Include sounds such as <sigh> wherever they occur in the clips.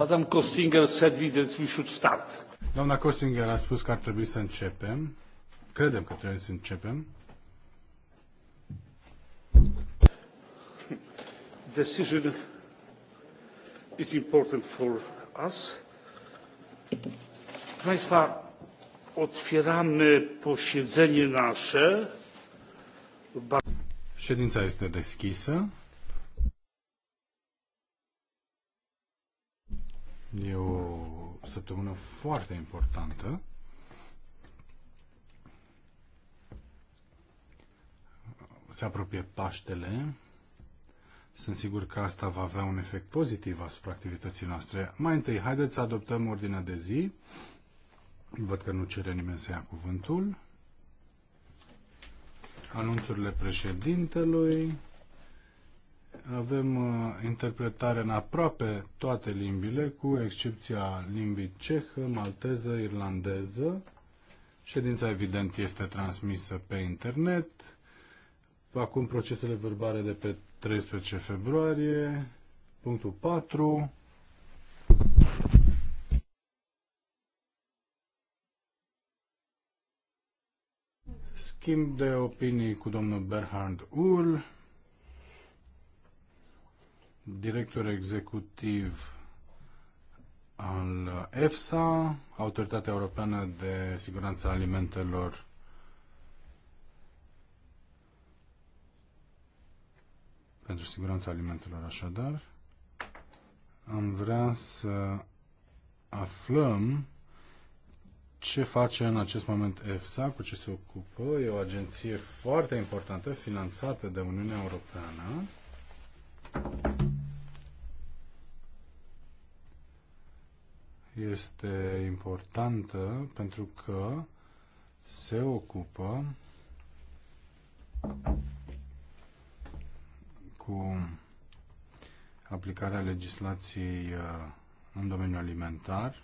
Madame Costinger said we that we should start. Doamna a spus că ar trebui să începem. Credem că trebuie să începem. Decision is important for us. Proszę Państwa, otwieramy posiedzenie nasze. Ședința este deschisă. E o săptămână foarte importantă. Se apropie Paștele. Sunt sigur că asta va avea un efect pozitiv asupra activității noastre. Mai întâi, haideți să adoptăm ordinea de zi. Văd că nu cere nimeni să ia cuvântul. Anunțurile președintelui avem uh, interpretare în aproape toate limbile, cu excepția limbii cehă, malteză, irlandeză. Ședința, evident, este transmisă pe internet. Acum procesele verbale de pe 13 februarie. Punctul 4. Schimb de opinii cu domnul Berhard Uhl director executiv al EFSA, Autoritatea Europeană de Siguranță Alimentelor pentru siguranța alimentelor așadar, am vrea să aflăm ce face în acest moment EFSA, cu ce se ocupă. E o agenție foarte importantă, finanțată de Uniunea Europeană. este importantă pentru că se ocupă cu aplicarea legislației uh, în domeniul alimentar,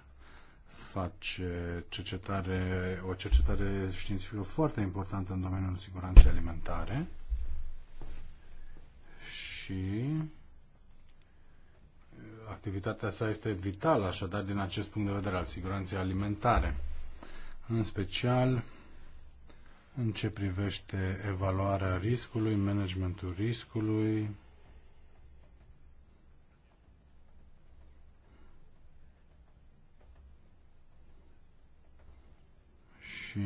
face cercetare, o cercetare științifică foarte importantă în domeniul siguranței alimentare și activitatea sa este vitală, așadar, din acest punct de vedere al siguranței alimentare. În special, în ce privește evaluarea riscului, managementul riscului, și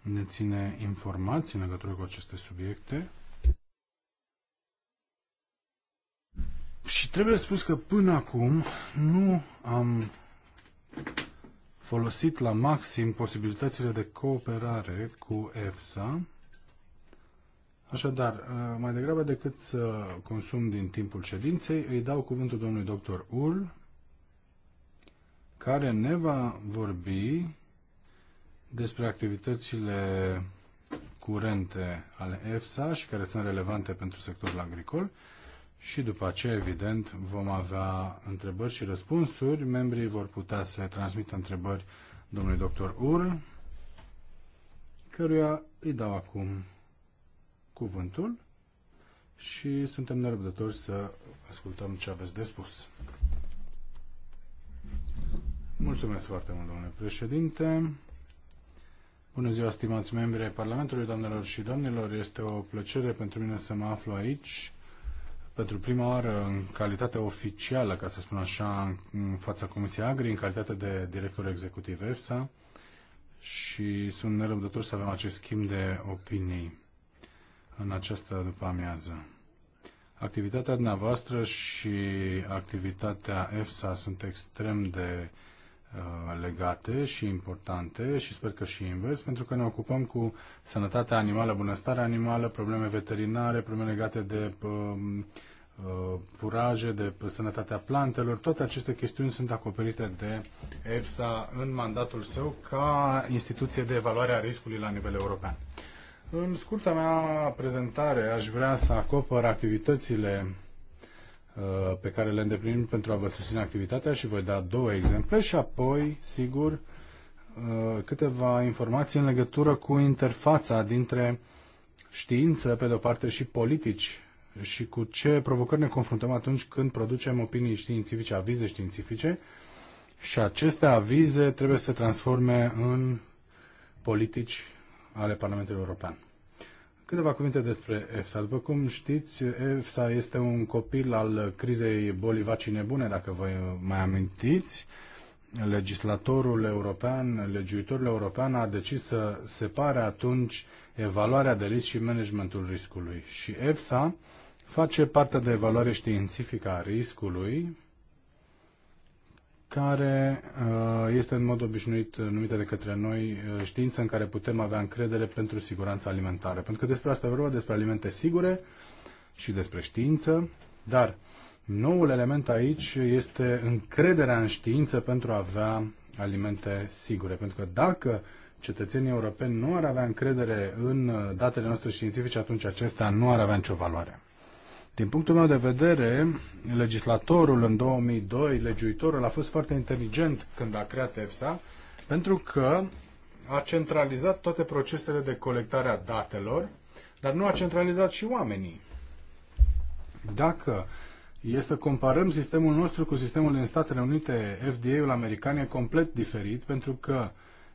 ne ține informații în legătură cu aceste subiecte. Și trebuie spus că până acum nu am folosit la maxim posibilitățile de cooperare cu EFSA. Așadar, uh, mai degrabă decât să consum din timpul ședinței, îi dau cuvântul domnului doctor Ul, care ne va vorbi despre activitățile curente ale EFSA și care sunt relevante pentru sectorul agricol și după aceea, evident, vom avea întrebări și răspunsuri. Membrii vor putea să transmită întrebări domnului doctor Ur, căruia îi dau acum cuvântul și suntem nerăbdători să ascultăm ce aveți de spus. Mulțumesc foarte mult, domnule președinte. Bună ziua, stimați membri ai Parlamentului, doamnelor și domnilor. Este o plăcere pentru mine să mă aflu aici pentru prima oară în calitate oficială, ca să spun așa, în fața Comisiei Agri, în calitate de director executiv EFSA și sunt nerăbdător să avem acest schimb de opinii în această după amiază. Activitatea dumneavoastră și activitatea EFSA sunt extrem de Uh, legate și importante și sper că și invers, pentru că ne ocupăm cu sănătatea animală, bunăstarea animală, probleme veterinare, probleme legate de um, uh, furaje, de sănătatea plantelor, toate aceste chestiuni sunt acoperite de EFSA în mandatul său ca instituție de evaluare a riscului la nivel european. În scurta mea prezentare aș vrea să acopăr activitățile Uh, pe care le îndeplinim pentru a vă susține activitatea și voi da două exemple și apoi, sigur, uh, câteva informații în legătură cu interfața dintre știință, pe de-o parte, și politici și cu ce provocări ne confruntăm atunci când producem opinii științifice, avize științifice și aceste avize trebuie să se transforme în politici ale Parlamentului European. Câteva cuvinte despre EFSA. După cum știți, EFSA este un copil al crizei bolii vacii nebune, dacă vă mai amintiți. Legislatorul european, legiuitorul european a decis să separe atunci evaluarea de risc și managementul riscului. Și EFSA face parte de evaluare științifică a riscului, care uh, este în mod obișnuit numită de către noi uh, știință în care putem avea încredere pentru siguranța alimentară. Pentru că despre asta vorba, despre alimente sigure și despre știință, dar noul element aici este încrederea în știință pentru a avea alimente sigure. Pentru că dacă cetățenii europeni nu ar avea încredere în uh, datele noastre științifice, atunci acestea nu ar avea nicio valoare. Din punctul meu de vedere, legislatorul în 2002, legiuitorul, a fost foarte inteligent când a creat EFSA, pentru că a centralizat toate procesele de colectare a datelor, dar nu a centralizat și oamenii. Dacă e să comparăm sistemul nostru cu sistemul din Statele Unite, FDA-ul american e complet diferit, pentru că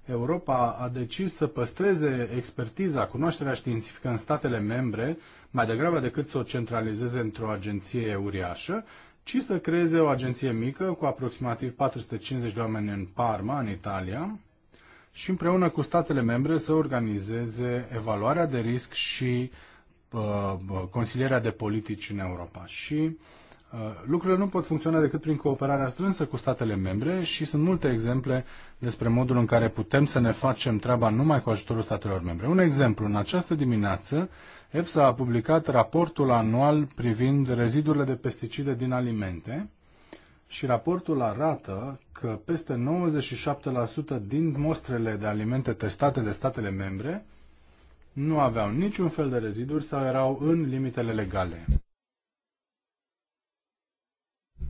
Europa a decis să păstreze expertiza, cunoașterea științifică în statele membre, mai degrabă decât să o centralizeze într-o agenție uriașă, ci să creeze o agenție mică cu aproximativ 450 de oameni în Parma, în Italia, și împreună cu statele membre să organizeze evaluarea de risc și uh, consilierea de politici în Europa. Și uh, lucrurile nu pot funcționa decât prin cooperarea strânsă cu statele membre și sunt multe exemple despre modul în care putem să ne facem treaba numai cu ajutorul statelor membre. Un exemplu, în această dimineață EFSA a publicat raportul anual privind rezidurile de pesticide din alimente și raportul arată că peste 97% din mostrele de alimente testate de statele membre nu aveau niciun fel de reziduri sau erau în limitele legale.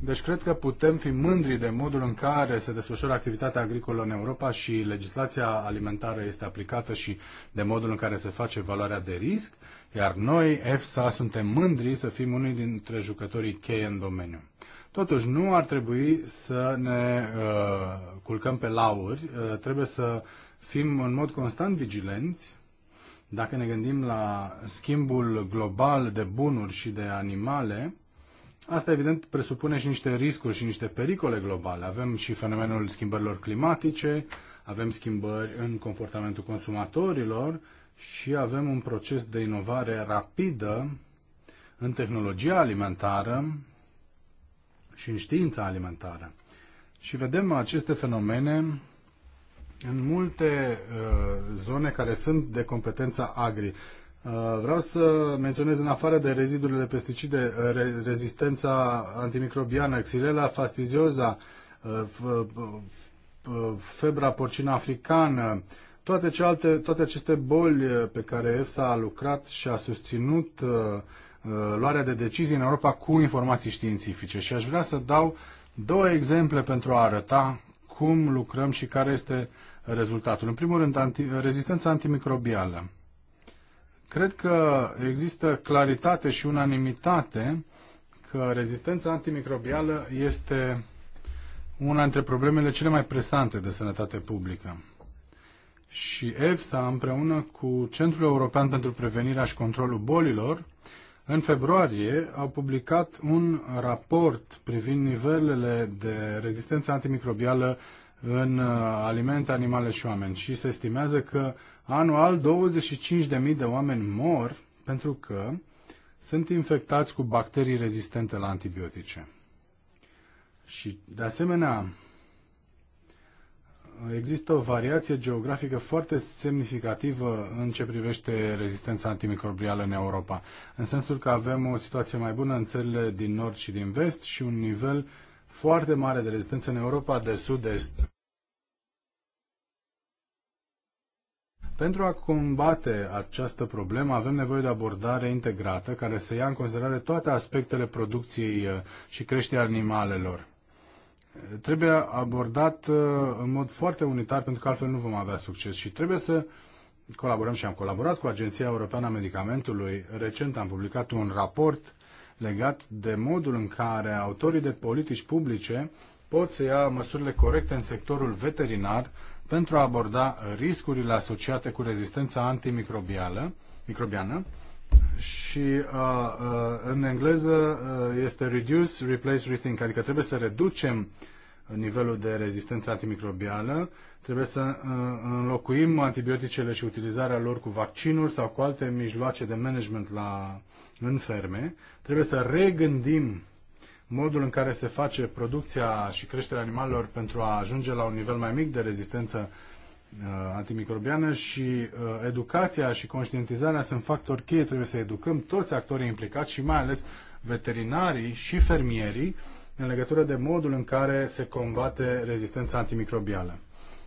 Deci cred că putem fi mândri de modul în care se desfășoară activitatea agricolă în Europa și legislația alimentară este aplicată și de modul în care se face valoarea de risc, iar noi, EFSA, suntem mândri să fim unii dintre jucătorii cheie în domeniu. Totuși, nu ar trebui să ne uh, culcăm pe lauri, uh, trebuie să fim în mod constant vigilenți dacă ne gândim la schimbul global de bunuri și de animale, Asta, evident, presupune și niște riscuri și niște pericole globale. Avem și fenomenul schimbărilor climatice, avem schimbări în comportamentul consumatorilor și avem un proces de inovare rapidă în tehnologia alimentară și în știința alimentară. Și vedem aceste fenomene în multe uh, zone care sunt de competența agri. Uh, vreau să menționez în afară de rezidurile de pesticide, uh, rezistența antimicrobiană, xilela fastidiosa, uh, febra porcină africană, toate, cealaltă, toate aceste boli pe care EFSA a lucrat și a susținut luarea de decizii în Europa cu informații științifice. Și aș vrea să dau două exemple pentru a arăta cum lucrăm și care este rezultatul. În primul rând, anti, rezistența antimicrobială. Cred că există claritate și unanimitate că rezistența antimicrobială este una dintre problemele cele mai presante de sănătate publică. Și EFSA, împreună cu Centrul European pentru Prevenirea și Controlul Bolilor, în februarie au publicat un raport privind nivelele de rezistență antimicrobială în uh, alimente, animale și oameni. Și se estimează că Anual, 25.000 de oameni mor pentru că sunt infectați cu bacterii rezistente la antibiotice. Și, de asemenea, există o variație geografică foarte semnificativă în ce privește rezistența antimicrobială în Europa, în sensul că avem o situație mai bună în țările din nord și din vest și un nivel foarte mare de rezistență în Europa de sud-est. Pentru a combate această problemă avem nevoie de o abordare integrată care să ia în considerare toate aspectele producției uh, și creșterii animalelor. Uh, trebuie abordat uh, în mod foarte unitar pentru că altfel nu vom avea succes și trebuie să colaborăm și am colaborat cu Agenția Europeană a Medicamentului. Recent am publicat un raport legat de modul în care autorii de politici publice pot să ia măsurile corecte în sectorul veterinar pentru a aborda riscurile asociate cu rezistența antimicrobială microbiană și uh, uh, în engleză uh, este reduce, replace, rethink, adică trebuie să reducem nivelul de rezistență antimicrobială, trebuie să uh, înlocuim antibioticele și utilizarea lor cu vaccinuri sau cu alte mijloace de management la, în ferme, trebuie să regândim modul în care se face producția și creșterea animalelor pentru a ajunge la un nivel mai mic de rezistență uh, antimicrobiană și uh, educația și conștientizarea sunt factori cheie. Trebuie să educăm toți actorii implicați și mai ales veterinarii și fermierii în legătură de modul în care se combate rezistența antimicrobială.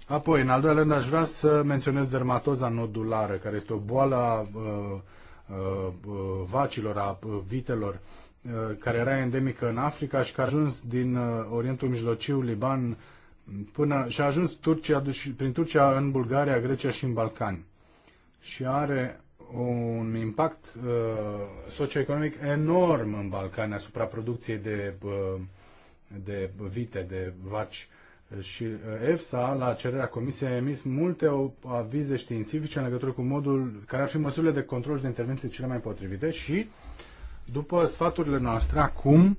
Apoi, în al doilea rând, aș vrea să menționez dermatoza nodulară, care este o boală a uh, uh, uh, vacilor, a vitelor, Uh, care era endemică în Africa și care a ajuns din uh, Orientul Mijlociu, Liban, până, și a ajuns Turcia, prin Turcia în Bulgaria, Grecia și în Balcani. Și are un impact uh, socioeconomic enorm în Balcani asupra producției de, uh, de vite, de vaci. Și EFSA, la cererea Comisiei, a emis multe avize științifice în legătură cu modul care ar fi măsurile de control și de intervenție cele mai potrivite și uh, după sfaturile noastre, acum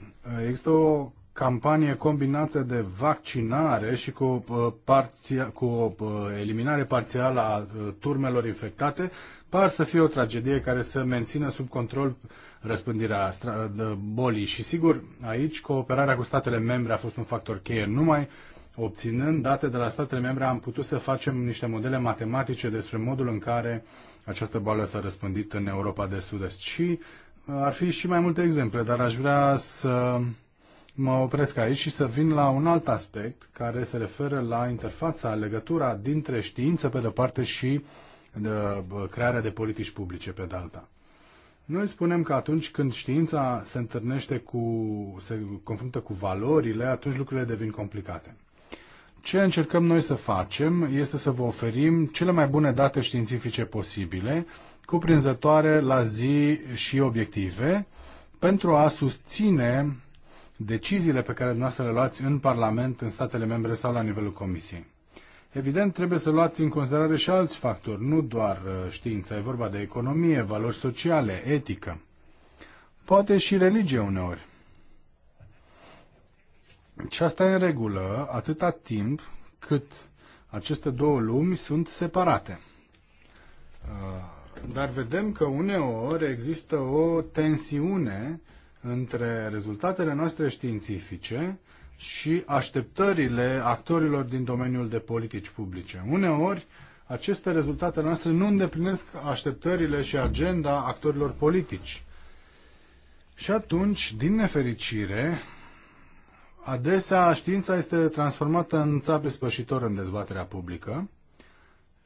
eh, există o campanie combinată de vaccinare și cu, eh, parția, cu o eh, eliminare parțială a turmelor infectate, par să fie o tragedie care să mențină sub control răspândirea bolii. Și sigur, aici cooperarea cu statele membre a fost un factor cheie. Numai obținând date de la statele membre am putut să facem niște modele matematice despre modul în care această boală s-a răspândit în Europa de Sud-Est. Și ar fi și mai multe exemple, dar aș vrea să mă opresc aici și să vin la un alt aspect care se referă la interfața, legătura dintre știință pe de parte și de uh, crearea de politici publice pe de alta. Noi spunem că atunci când știința se întâlnește cu, se confruntă cu valorile, atunci lucrurile devin complicate. Ce încercăm noi să facem este să vă oferim cele mai bune date științifice posibile, cuprinzătoare la zi și obiective pentru a susține deciziile pe care dumneavoastră le luați în Parlament, în statele membre sau la nivelul Comisiei. Evident, trebuie să luați în considerare și alți factori, nu doar uh, știința, e vorba de economie, valori sociale, etică, poate și religie uneori. Și asta e în regulă atâta timp cât aceste două lumi sunt separate. Uh, dar vedem că uneori există o tensiune între rezultatele noastre științifice și așteptările actorilor din domeniul de politici publice. Uneori, aceste rezultate noastre nu îndeplinesc așteptările și agenda actorilor politici. Și atunci, din nefericire, adesea știința este transformată în țapă spășitor în dezbaterea publică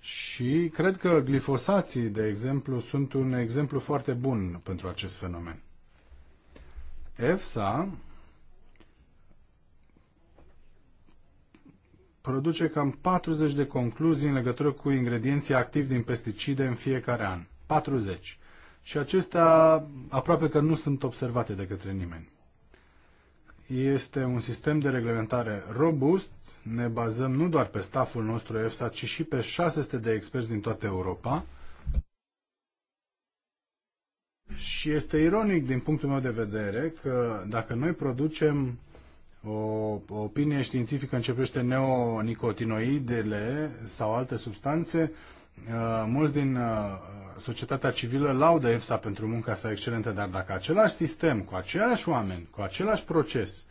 și cred că glifosații, de exemplu, sunt un exemplu foarte bun pentru acest fenomen. EFSA produce cam 40 de concluzii în legătură cu ingredienții activi din pesticide în fiecare an. 40. Și acestea aproape că nu sunt observate de către nimeni. Este un sistem de reglementare robust ne bazăm nu doar pe staful nostru EFSA, ci și pe 600 de experți din toată Europa. Și este ironic din punctul meu de vedere că dacă noi producem o opinie științifică începește neonicotinoidele sau alte substanțe, uh, mulți din uh, societatea civilă laudă EFSA pentru munca sa excelentă, dar dacă același sistem, cu aceiași oameni, cu același proces,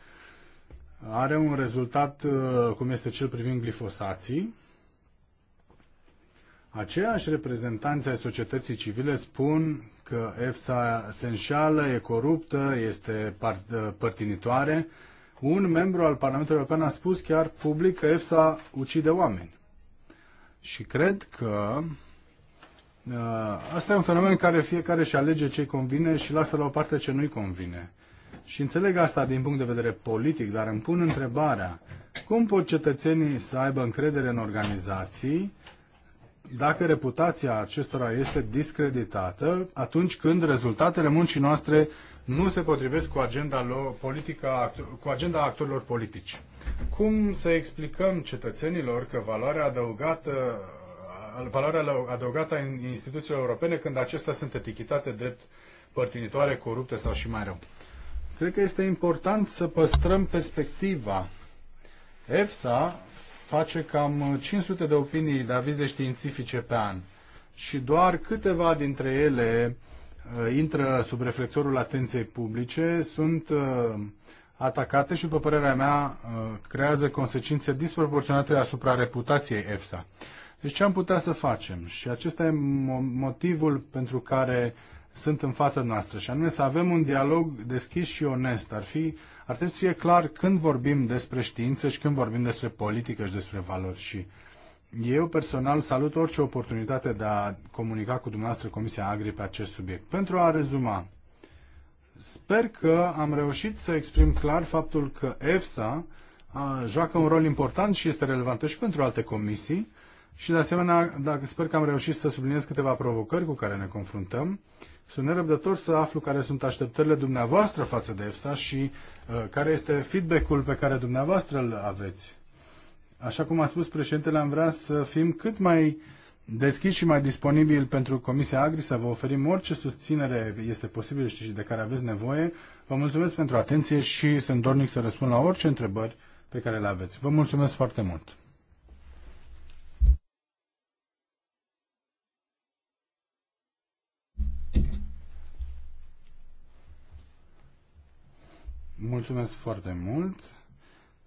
are un rezultat uh, cum este cel privind glifosații. Aceiași reprezentanți ai societății civile spun că EFSA se înșală, e coruptă, este uh, părtinitoare. Un membru al Parlamentului European a spus chiar public că EFSA ucide oameni. Și cred că uh, Asta e un fenomen care fiecare și alege ce-i convine și lasă la o parte ce nu-i convine. Și înțeleg asta din punct de vedere politic, dar îmi pun întrebarea, cum pot cetățenii să aibă încredere în organizații dacă reputația acestora este discreditată atunci când rezultatele muncii noastre nu se potrivesc cu agenda, politica, cu agenda actorilor politici. Cum să explicăm cetățenilor că valoarea adăugată valoarea adăugată a instituțiilor europene când acestea sunt etichetate drept părtinitoare, corupte sau și mai rău? Cred că este important să păstrăm perspectiva. EFSA face cam 500 de opinii de avize științifice pe an și doar câteva dintre ele uh, intră sub reflectorul atenției publice, sunt uh, atacate și, după părerea mea, uh, creează consecințe disproporționate asupra reputației EFSA. Deci ce am putea să facem? Și acesta e motivul pentru care sunt în fața noastră și anume să avem un dialog deschis și onest. Ar, fi, ar trebui să fie clar când vorbim despre știință și când vorbim despre politică și despre valori. Și eu personal salut orice oportunitate de a comunica cu dumneavoastră Comisia Agri pe acest subiect. Pentru a rezuma, sper că am reușit să exprim clar faptul că EFSA joacă un rol important și este relevantă și pentru alte comisii și de asemenea dacă sper că am reușit să subliniez câteva provocări cu care ne confruntăm sunt nerăbdător să aflu care sunt așteptările dumneavoastră față de EFSA și uh, care este feedback-ul pe care dumneavoastră îl aveți. Așa cum a spus președintele, am vrea să fim cât mai deschiși și mai disponibili pentru Comisia Agri, să vă oferim orice susținere este posibil și de care aveți nevoie. Vă mulțumesc pentru atenție și sunt dornic să răspund la orice întrebări pe care le aveți. Vă mulțumesc foarte mult! Mulțumesc foarte mult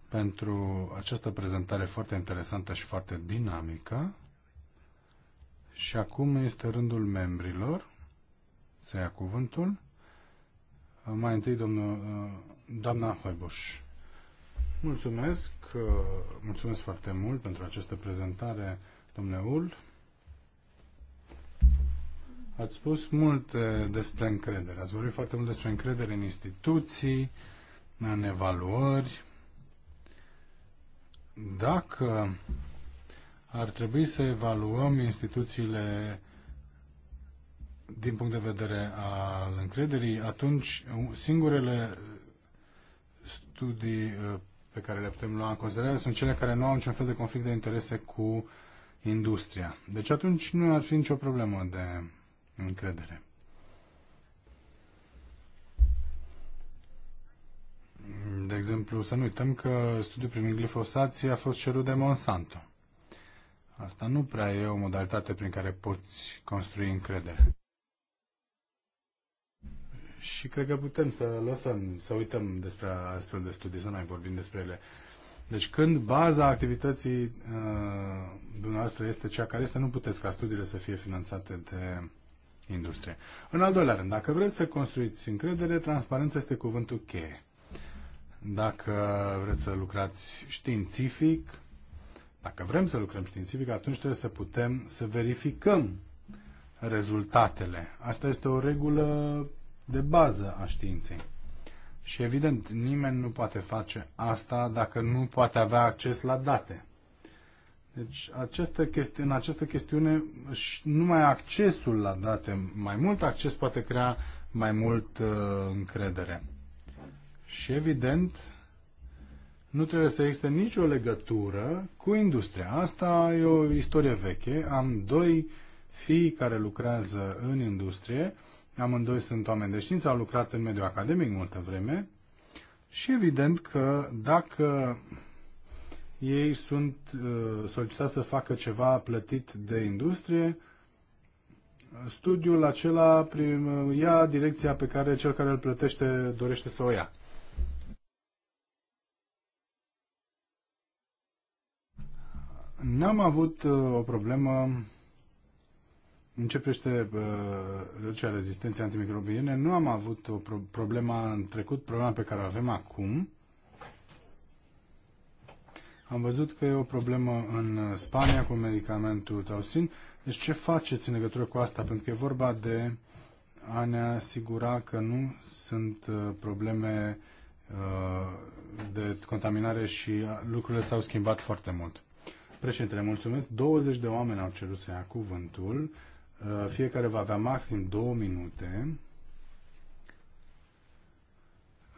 pentru această prezentare foarte interesantă și foarte dinamică. Și acum este rândul membrilor să ia cuvântul. Mai întâi, domnul, uh, doamna Hoibuș. Mulțumesc, uh, mulțumesc foarte mult pentru această prezentare, domnule Ul. Ați spus mult despre încredere, ați vorbit foarte mult despre încredere în instituții, în evaluări, dacă ar trebui să evaluăm instituțiile din punct de vedere al încrederii, atunci singurele studii uh, pe care le putem lua în considerare sunt cele care nu au niciun fel de conflict de interese cu industria. Deci atunci nu ar fi nicio problemă de încredere. De exemplu, să nu uităm că studiul privind glifosație a fost cerut de Monsanto. Asta nu prea e o modalitate prin care poți construi încredere. Și cred că putem să lăsăm, să uităm despre astfel de studii, să nu mai vorbim despre ele. Deci când baza activității uh, dumneavoastră este cea care este, nu puteți ca studiile să fie finanțate de industrie. În al doilea rând, dacă vreți să construiți încredere, transparența este cuvântul cheie. Dacă vreți să lucrați științific, dacă vrem să lucrăm științific, atunci trebuie să putem să verificăm rezultatele. Asta este o regulă de bază a științei. Și evident, nimeni nu poate face asta dacă nu poate avea acces la date. Deci această chesti- în această chestiune numai accesul la date, mai mult acces poate crea mai mult uh, încredere. Și evident, nu trebuie să existe nicio legătură cu industria. Asta e o istorie veche. Am doi fii care lucrează în industrie. Amândoi sunt oameni de știință, au lucrat în mediul academic multă vreme. Și evident că dacă ei sunt uh, solicitați să facă ceva plătit de industrie, studiul acela prim, uh, ia direcția pe care cel care îl plătește dorește să o ia. N-am avut uh, o problemă în uh, reducerea rezistenței antimicrobiene. Nu am avut o pro- problemă în trecut, problema pe care o avem acum. Am văzut că e o problemă în Spania cu medicamentul Tausin. Deci ce faceți în legătură cu asta? Pentru că e vorba de a ne asigura că nu sunt uh, probleme uh, de contaminare și lucrurile s-au schimbat foarte mult. Președintele, mulțumesc. 20 de oameni au cerut să ia cuvântul. Uh, fiecare va avea maxim două minute.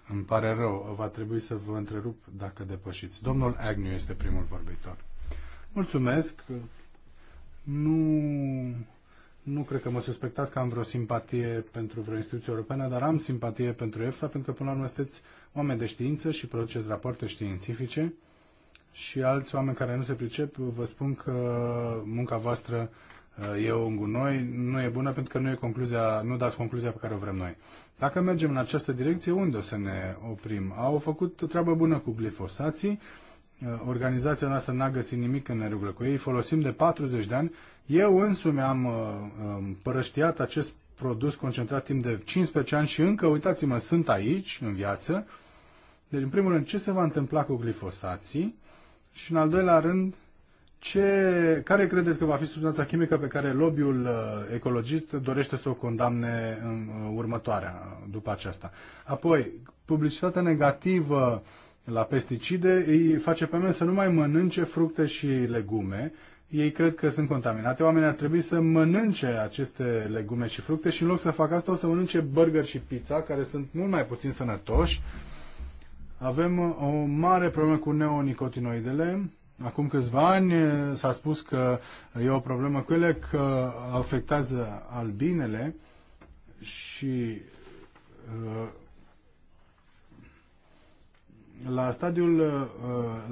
Îmi pare rău, va trebui să vă întrerup dacă depășiți. Domnul Agnew este primul vorbitor. Mulțumesc. Nu, nu cred că mă suspectați că am vreo simpatie pentru vreo instituție europeană, dar am simpatie pentru EFSA, pentru că până la urmă sunteți oameni de știință și produceți rapoarte științifice și alți oameni care nu se pricep, vă spun că munca voastră uh, e un gunoi, nu e bună pentru că nu, e concluzia, nu dați concluzia pe care o vrem noi. Dacă mergem în această direcție, unde o să ne oprim? Au făcut treabă bună cu glifosații, uh, organizația noastră n-a găsit nimic în neregulă cu ei, folosim de 40 de ani. Eu însumi uh, am părăștiat acest produs concentrat timp de 15 ani și încă, uitați-mă, sunt aici, în viață. Deci, în primul rând, ce se va întâmpla cu glifosații? Și în al doilea rând, ce, care credeți că va fi substanța chimică pe care lobby-ul uh, ecologist dorește să o condamne în uh, următoarea, uh, după aceasta? Apoi, publicitatea negativă la pesticide îi face pe mine să nu mai mănânce fructe și legume. Ei cred că sunt contaminate. Oamenii ar trebui să mănânce aceste legume și fructe și în loc să facă asta o să mănânce burger și pizza, care sunt mult mai puțin sănătoși avem uh, o mare problemă cu neonicotinoidele. Acum câțiva ani uh, s-a spus că e o problemă cu ele, că afectează albinele și uh, la stadiul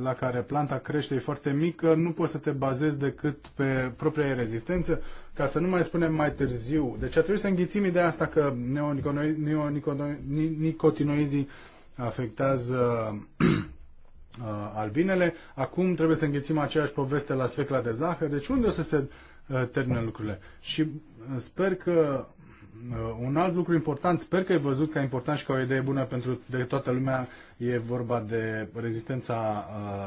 la care planta crește e foarte mică, nu poți să te bazezi decât pe propria rezistență, ca să nu mai spunem mai târziu. Deci a trebuit să înghițim ideea asta că neonicotinoizii afectează <clears throat> uh, albinele. Acum trebuie să înghețim aceeași poveste la sfecla de zahăr. Deci unde o să se uh, termină lucrurile? Și uh, sper că un alt lucru important, sper că ai văzut ca important și ca o idee bună pentru de toată lumea, e vorba de rezistența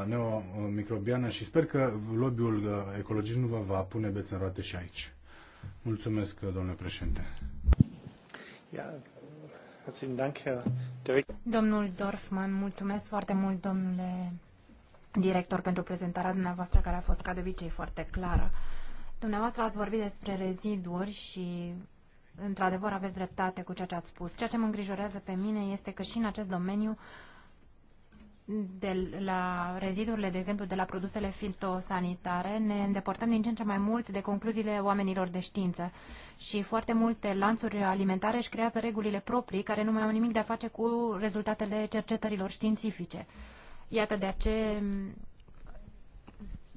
neomicrobiană și sper că lobby-ul ecologist nu vă va pune bețe în roate și aici. Mulțumesc, domnule președinte. Yeah. Domnul Dorfman, mulțumesc foarte mult, domnule director, pentru prezentarea dumneavoastră, care a fost, ca de obicei, foarte clară. Dumneavoastră ați vorbit despre reziduri și, într-adevăr, aveți dreptate cu ceea ce ați spus. Ceea ce mă îngrijorează pe mine este că și în acest domeniu uh, de la rezidurile, de exemplu, de la produsele fitosanitare, ne îndepărtăm din ce în ce mai mult de concluziile oamenilor de știință. Și foarte multe lanțuri alimentare își creează regulile proprii, care nu mai au nimic de a face cu rezultatele cercetărilor științifice. Iată de ce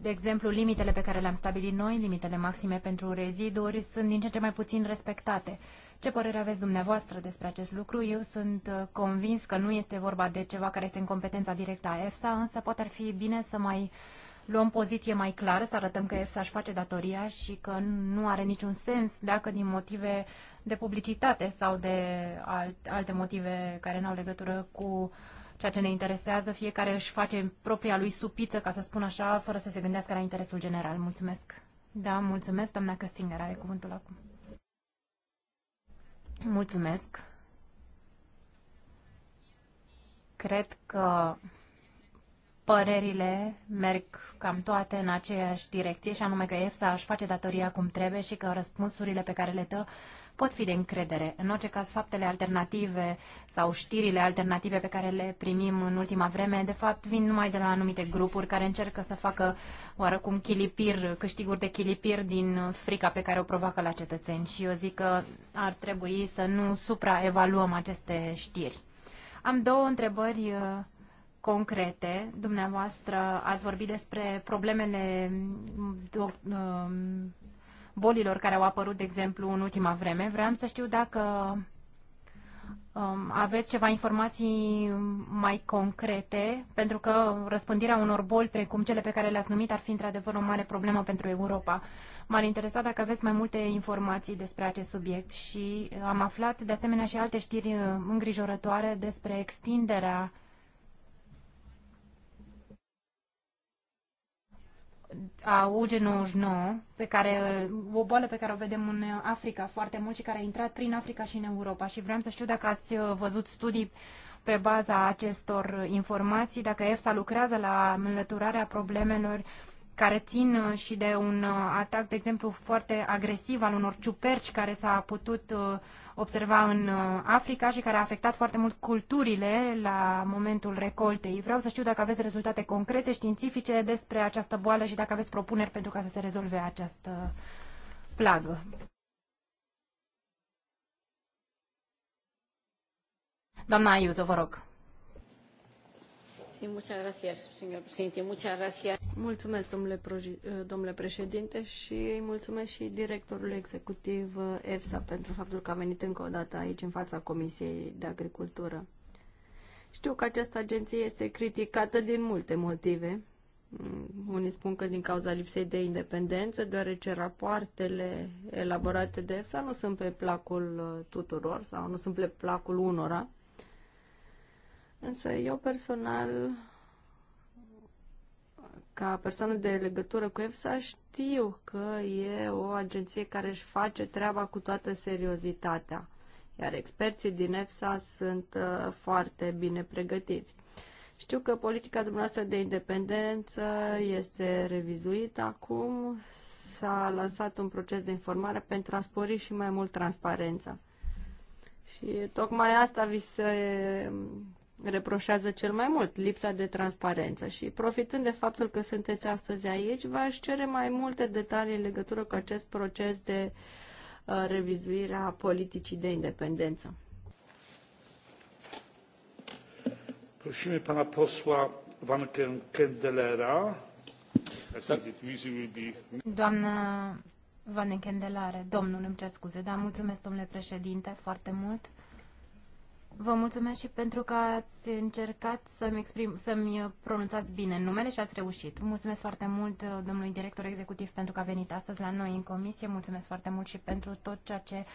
de exemplu, limitele pe care le-am stabilit noi, limitele maxime pentru reziduri, sunt din ce ce mai puțin respectate. Ce părere aveți dumneavoastră despre acest lucru? Eu sunt uh, convins că nu este vorba de ceva care este în competența directă a EFSA, însă poate ar fi bine să mai luăm poziție mai clară, să arătăm că EFSA își face datoria și că nu are niciun sens dacă din motive de publicitate sau de alte motive care nu au legătură cu uh, ceea ce ne interesează. Fiecare își face propria lui supiță, ca să spun așa, fără să se gândească la interesul general. Mulțumesc. Da, mulțumesc. Doamna Căstinger are cuvântul acum. Mulțumesc. Cred că părerile merg cam toate în aceeași direcție și anume că EFSA își face datoria cum trebuie și că răspunsurile pe care le dă pot fi de încredere. În orice caz, faptele alternative sau știrile alternative pe care le primim în ultima vreme, de fapt, vin numai de la anumite grupuri care încercă să facă oarecum chilipir, câștiguri de chilipir din frica pe care o provoacă la cetățeni. Și eu zic că ar trebui să nu supraevaluăm aceste știri. Am două întrebări uh, concrete. Dumneavoastră ați vorbit despre problemele uh, bolilor care au apărut, de exemplu, în ultima vreme. Vreau să știu dacă um, aveți ceva informații mai concrete, pentru că răspândirea unor boli precum cele pe care le-ați numit ar fi într-adevăr o mare problemă pentru Europa. M-ar interesa dacă aveți mai multe informații despre acest subiect și am aflat de asemenea și alte știri îngrijorătoare despre extinderea uh, a UG99, pe care, o boală pe care o vedem în Africa foarte mult și care a intrat prin Africa și în Europa. Și vreau să știu dacă ați uh, văzut studii pe baza acestor informații, dacă EFSA lucrează la înlăturarea problemelor care țin uh, și de un uh, atac, de exemplu, foarte agresiv al unor ciuperci care s-a putut uh, observa în uh, Africa și care a afectat foarte mult culturile la momentul recoltei. Vreau să știu dacă aveți rezultate concrete, științifice despre această boală și dacă aveți propuneri pentru ca să se rezolve această plagă. Doamna Aiuto, vă rog. Mulțumesc, domnule, eh, domnule președinte, și îi mulțumesc și directorului executiv eh, EFSA pentru faptul că a venit încă o dată aici în fața Comisiei de Agricultură. Știu că această agenție este criticată din multe motive. Mm, unii spun că din cauza lipsei de independență, deoarece rapoartele elaborate de EFSA nu sunt pe placul eh, tuturor sau nu sunt pe placul unora. Însă eu personal, ca persoană de legătură cu EFSA, știu că e o agenție care își face treaba cu toată seriozitatea, iar experții din EFSA sunt uh, foarte bine pregătiți. Știu că politica dumneavoastră de independență este revizuită acum, s-a lansat un proces de informare pentru a spori și mai mult transparența. Și tocmai asta vi se reproșează cel mai mult, lipsa de transparență. Și profitând de faptul că sunteți astăzi aici, v-aș cere mai multe detalii în legătură cu acest proces de uh, revizuire a politicii de independență. Prosimy pana posła Van Kendelera. Doamna Van Kendelare, domnul, îmi cer scuze, dar mulțumesc, domnule președinte, foarte mult. Vă mulțumesc și pentru că ați încercat să-mi, exprim, să-mi uh, pronunțați bine numele și ați reușit. Mulțumesc foarte mult uh, domnului director executiv pentru că a venit astăzi la noi în comisie. Mulțumesc foarte mult și pentru tot ceea ce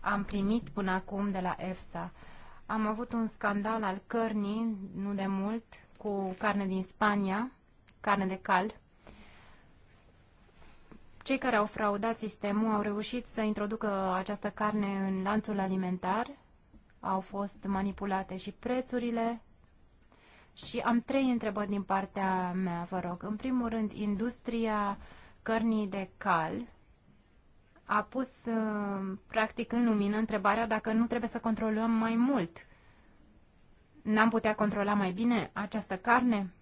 am primit până acum de la EFSA. Am avut un scandal al cărnii, nu de mult, cu carne din Spania, carne de cal. Cei care au fraudat sistemul au reușit să introducă această carne în lanțul alimentar – au fost manipulate și prețurile. Și am trei întrebări din partea mea, vă rog. În primul rând, industria cărnii de cal a pus uh, practic în lumină întrebarea dacă nu trebuie să controlăm mai mult. N-am putea controla mai bine această carne?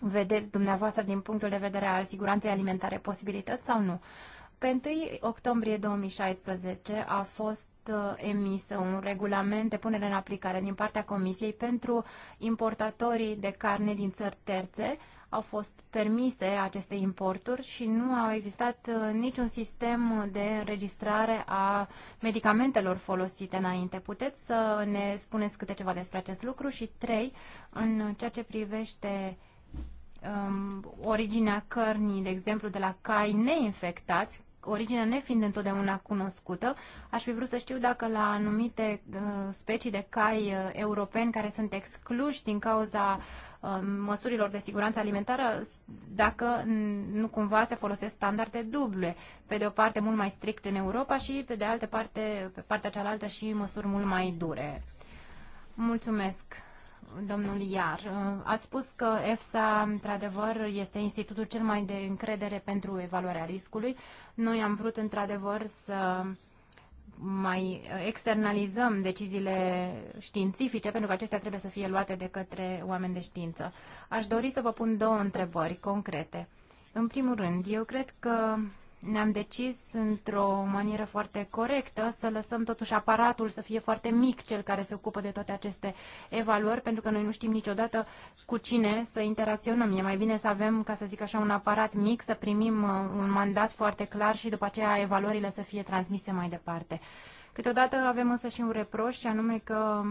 Vedeți dumneavoastră din punctul de vedere al siguranței alimentare posibilități sau nu? Pe 1 octombrie 2016 a fost Uh, emisă un regulament de punere în aplicare din partea Comisiei pentru importatorii de carne din țări terțe. Au fost permise aceste importuri și nu au existat uh, niciun sistem de înregistrare a medicamentelor folosite înainte. Puteți să ne spuneți câte ceva despre acest lucru? Și trei, în ceea ce privește um, originea cărnii, de exemplu, de la cai neinfectați, originea nefiind întotdeauna cunoscută, aș fi vrut să știu dacă la anumite uh, specii de cai uh, europeni care sunt excluși din cauza uh, măsurilor de siguranță alimentară, dacă nu cumva se folosesc standarde duble. Pe de o parte mult mai strict în Europa și pe de altă parte, pe partea cealaltă și măsuri mult mai dure. Mulțumesc! domnul Iar. Uh, ați spus că EFSA, într-adevăr, este institutul cel mai de încredere pentru evaluarea riscului. Noi am vrut, într-adevăr, să mai externalizăm deciziile științifice, pentru că acestea trebuie să fie luate de către oameni de știință. Aș dori să vă pun două întrebări concrete. În primul rând, eu cred că ne-am decis într-o manieră foarte corectă să lăsăm totuși aparatul să fie foarte mic cel care se ocupă de toate aceste evaluări, pentru că noi nu știm niciodată cu cine să interacționăm. E mai bine să avem, ca să zic așa, un aparat mic, să primim uh, un mandat foarte clar și după aceea evaluările să fie transmise mai departe. Câteodată avem însă și un reproș, și anume că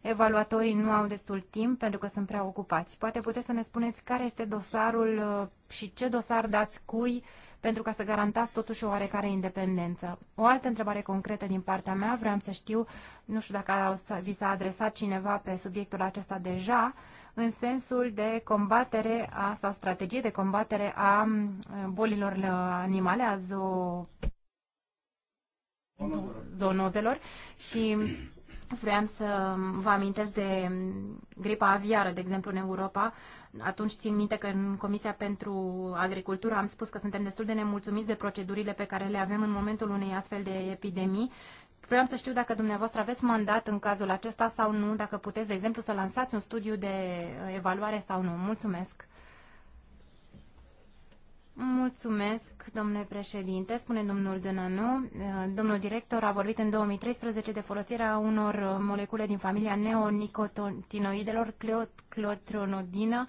evaluatorii nu au destul timp pentru că sunt prea ocupați. Poate puteți să ne spuneți care este dosarul uh, și ce dosar dați cui pentru ca să garantați totuși o oarecare independență. O altă întrebare concretă din partea mea, vreau să știu, nu știu dacă vi s-a adresat cineva pe subiectul acesta deja, în sensul de combatere a, sau strategie de combatere a bolilor uh, animale, a zo... zoonozelor și vreau să vă amintesc de gripa aviară, de exemplu, în Europa, atunci țin minte că în Comisia pentru Agricultură am spus că suntem destul de nemulțumiți de procedurile pe care le avem în momentul unei astfel de epidemii. Vreau să știu dacă dumneavoastră aveți mandat în cazul acesta sau nu, dacă puteți, de exemplu, să lansați un studiu de evaluare sau nu. Mulțumesc! Mulțumesc, domnule președinte, spune domnul Dânanu. Domnul director a vorbit în 2013 de folosirea unor molecule din familia neonicotinoidelor, clotronodină,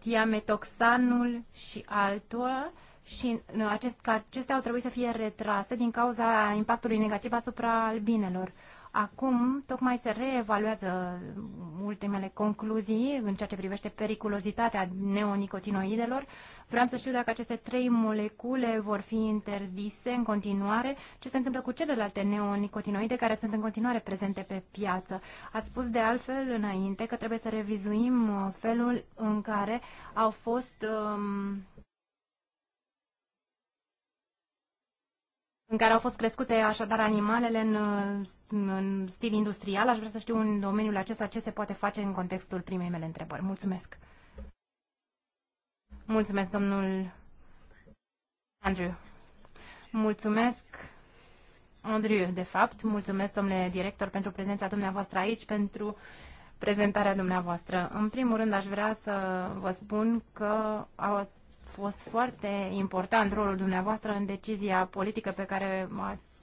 tiametoxanul și altul și uh, acest, acestea au trebuit să fie retrase din cauza impactului negativ asupra albinelor. Acum, tocmai se reevaluează ultimele concluzii în ceea ce privește periculozitatea neonicotinoidelor. Vreau să știu dacă aceste trei molecule vor fi interzise în continuare, ce se întâmplă cu celelalte neonicotinoide care sunt în continuare prezente pe piață. Ați spus de altfel înainte că trebuie să revizuim uh, felul în care au fost um, în care au fost crescute așadar animalele în, în stil industrial. Aș vrea să știu în domeniul acesta ce se poate face în contextul primei mele întrebări. Mulțumesc! Mulțumesc, domnul Andrew. Mulțumesc, Andrew, de fapt. Mulțumesc, domnule director, pentru prezența dumneavoastră aici, pentru prezentarea dumneavoastră. În primul rând, aș vrea să vă spun că fost foarte important rolul dumneavoastră în decizia politică pe care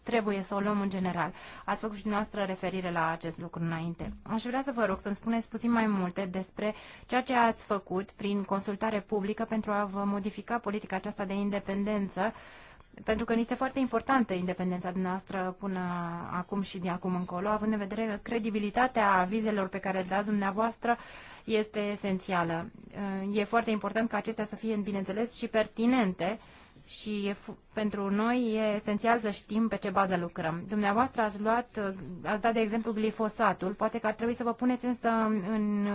trebuie să o luăm în general. Ați făcut și dumneavoastră referire la acest lucru înainte. Aș vrea să vă rog să-mi spuneți puțin mai multe despre ceea ce ați făcut prin consultare publică pentru a vă modifica politica aceasta de independență uh, pentru că ni este foarte importantă independența dumneavoastră până acum și de acum încolo, având în vedere că credibilitatea vizelor pe care le dați dumneavoastră este esențială. E foarte important ca acestea să fie, bineînțeles, și pertinente și e, pentru noi e esențial să știm pe ce bază lucrăm. Dumneavoastră ați, luat, ați dat de exemplu glifosatul, poate că ar trebui să vă puneți însă în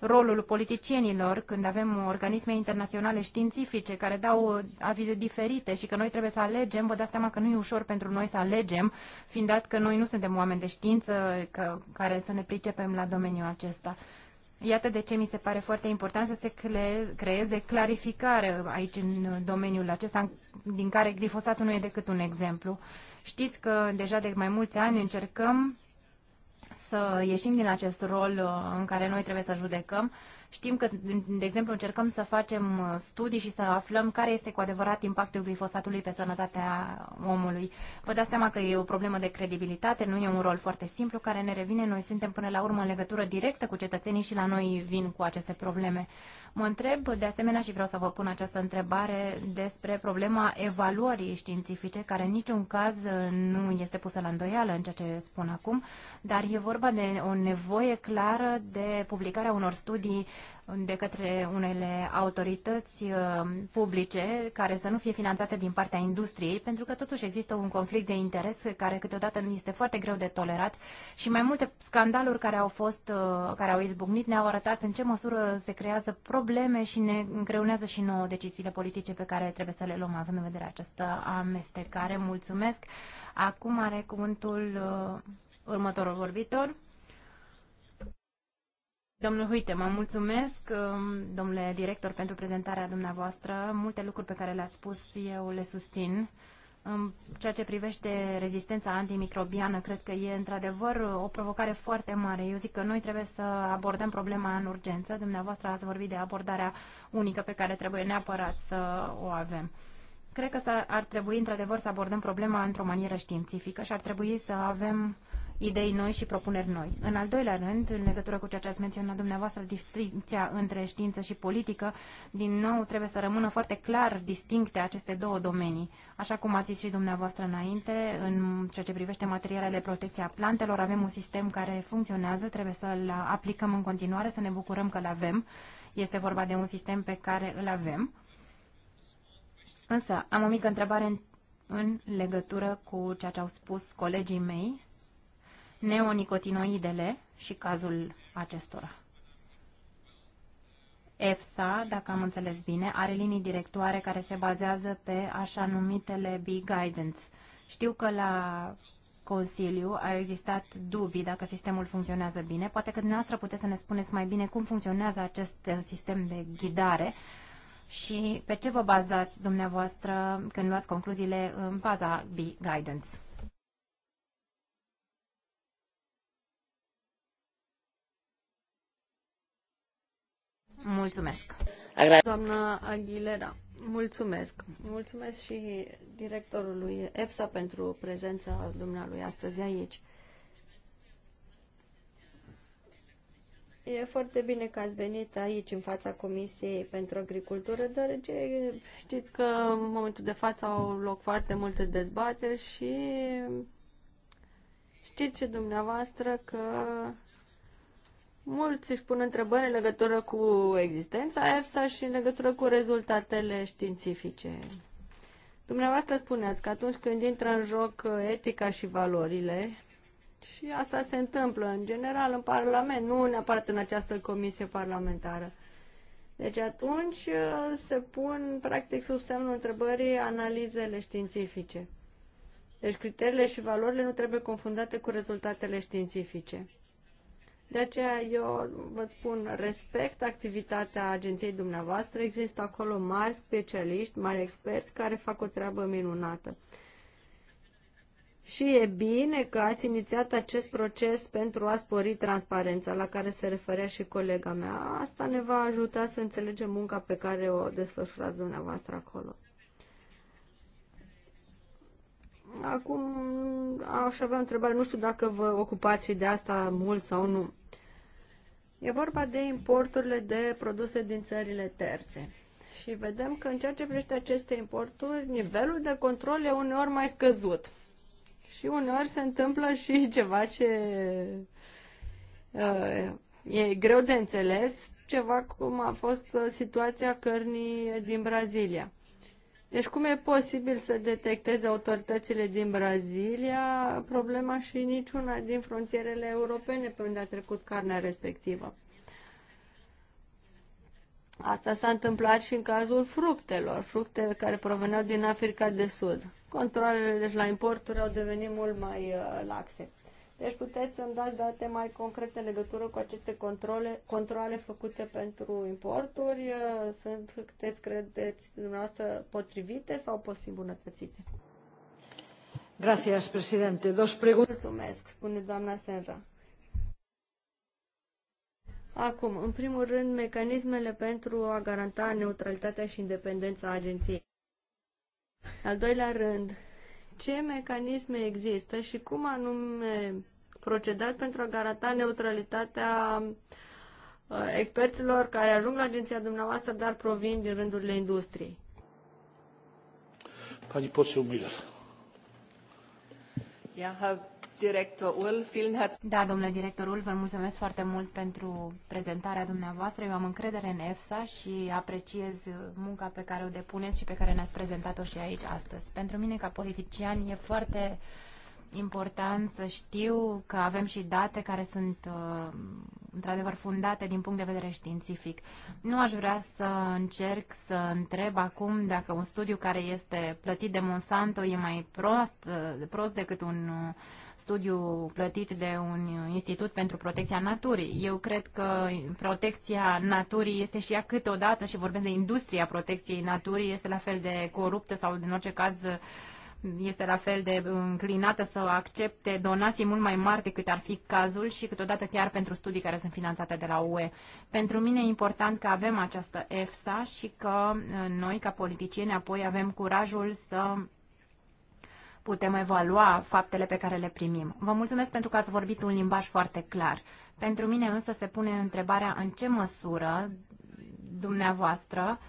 rolul politicienilor când avem organisme internaționale științifice care dau avize diferite și că noi trebuie să alegem, vă dați seama că nu e ușor pentru noi să alegem, fiind dat că noi nu suntem oameni de știință că, care să ne pricepem la domeniul acesta. Iată de ce mi se pare foarte important să se creeze clarificare aici în domeniul acesta, din care glifosatul nu e decât un exemplu. Știți că deja de mai mulți ani încercăm să ieșim din acest rol uh, în care noi trebuie să judecăm Știm că, de exemplu, încercăm să facem uh, studii și să aflăm care este cu adevărat impactul glifosatului pe sănătatea omului. Vă dați seama că e o problemă de credibilitate, nu e un rol foarte simplu care ne revine. Noi suntem până la urmă în legătură directă cu cetățenii și la noi vin cu aceste probleme. Mă întreb de asemenea și vreau să vă pun această întrebare despre problema evaluării științifice, care în niciun caz uh, nu este pusă la îndoială în ceea ce spun acum, dar e vorba de o nevoie clară de publicarea unor studii de către unele autorități uh, publice care să nu fie finanțate din partea industriei, pentru că totuși există un conflict de interes care câteodată nu este foarte greu de tolerat și mai multe scandaluri care au fost, uh, care au izbucnit ne-au arătat în ce măsură se creează probleme și ne îngreunează și nouă deciziile politice pe care trebuie să le luăm având în vedere această amestecare. Mulțumesc! Acum are cuvântul uh, următorul vorbitor. Domnul Huite, mă mulțumesc, um, domnule director, pentru prezentarea dumneavoastră. Multe lucruri pe care le-ați spus eu le susțin. În ceea ce privește rezistența antimicrobiană, cred că e într-adevăr o provocare foarte mare. Eu zic că noi trebuie să abordăm problema în urgență. Dumneavoastră ați vorbit de abordarea unică pe care trebuie neapărat să o avem. Cred că ar trebui într-adevăr să abordăm problema într-o manieră științifică și ar trebui să avem idei noi și propuneri noi. În al doilea rând, în legătură cu ceea ce ați menționat dumneavoastră, distinția între știință și politică, din nou trebuie să rămână foarte clar distincte aceste două domenii. Așa cum ați zis și dumneavoastră înainte, în ceea ce privește materialele protecția plantelor, avem un sistem care funcționează, trebuie să-l aplicăm în continuare, să ne bucurăm că-l avem. Este vorba de un sistem pe care îl avem. Însă, am o mică întrebare în, în legătură cu ceea ce au spus colegii mei neonicotinoidele și cazul acestora. EFSA, dacă am înțeles bine, are linii directoare care se bazează pe așa numitele B-Guidance. Știu că la Consiliu a existat dubii dacă sistemul funcționează bine. Poate că dumneavoastră puteți să ne spuneți mai bine cum funcționează acest uh, sistem de ghidare și pe ce vă bazați dumneavoastră când luați concluziile în baza B-Guidance. Mulțumesc. Doamna Aguilera, mulțumesc. Mulțumesc și directorului EFSA pentru prezența dumnealui astăzi aici. E foarte bine că ați venit aici, în fața Comisiei pentru Agricultură, deoarece știți că în momentul de față au loc foarte multe dezbateri și știți și dumneavoastră că Mulți își pun întrebări în legătură cu existența EFSA și în legătură cu rezultatele științifice. Dumneavoastră spuneați că atunci când intră în joc etica și valorile, și asta se întâmplă în general în Parlament, nu neapărat în această comisie parlamentară. Deci atunci uh, se pun practic sub semnul întrebării analizele științifice. Deci criteriile și valorile nu trebuie confundate cu rezultatele științifice. De aceea eu vă spun, respect activitatea agenției dumneavoastră, există acolo mari specialiști, mari experți care fac o treabă minunată. Și e bine că ați inițiat acest proces pentru a spori transparența la care se referea și colega mea. Asta ne va ajuta să înțelegem munca pe care o desfășurați dumneavoastră acolo. Acum aș avea o întrebare, nu știu dacă vă ocupați și de asta mult sau nu. E vorba de importurile de produse din țările terțe. Și vedem că în ceea ce privește aceste importuri, nivelul de control e uneori mai scăzut. Și uneori se întâmplă și ceva ce uh, e greu de înțeles, ceva cum a fost uh, situația cărnii din Brazilia. Deci cum e posibil să detecteze autoritățile din Brazilia problema și niciuna din frontierele europene pe unde a trecut carnea respectivă? Asta s-a întâmplat și în cazul fructelor, fructe care proveneau din Africa de Sud. Controlele deci, la importuri au devenit mult mai uh, laxe. Deci puteți să-mi dați date mai concrete în legătură cu aceste controle, controle făcute pentru importuri. Uh, sunt, câteți credeți dumneavoastră, potrivite sau pot fi îmbunătățite? Gracias, presidente. Dos preguntas. Mulțumesc, spune doamna Senra. Acum, în primul rând, mecanismele pentru a garanta neutralitatea și independența agenției. Al doilea rând, ce mecanisme există și cum anume procedați pentru a garanta neutralitatea uh, experților care ajung la agenția dumneavoastră, dar provin din rândurile industriei? Pani Poseu Miller. Ja, vielen herzlichen Da, domnule directorul, vă mulțumesc foarte mult pentru prezentarea dumneavoastră. Eu am încredere în EFSA și apreciez munca pe care o depuneți și pe care ne-ați prezentat-o și aici astăzi. Pentru mine, ca politician, e foarte uh, important să știu că avem și date care sunt uh, într-adevăr fundate din punct de vedere științific. Nu aș vrea să încerc să întreb acum dacă un studiu care este plătit de Monsanto e mai prost, uh, prost decât un uh, studiu plătit de un institut pentru protecția naturii. Eu cred că protecția naturii este și ea câteodată, și vorbesc de industria protecției naturii, este la fel de coruptă sau, în orice caz, uh, este la fel de înclinată să accepte donații mult mai mari decât ar fi cazul și câteodată chiar pentru studii care sunt finanțate de la UE. Pentru mine e important că avem această EFSA și că uh, noi, ca politicieni, apoi avem curajul să putem evalua faptele pe care le primim. Vă mulțumesc pentru că ați vorbit un limbaj foarte clar. Pentru mine însă se pune întrebarea în ce măsură dumneavoastră uh,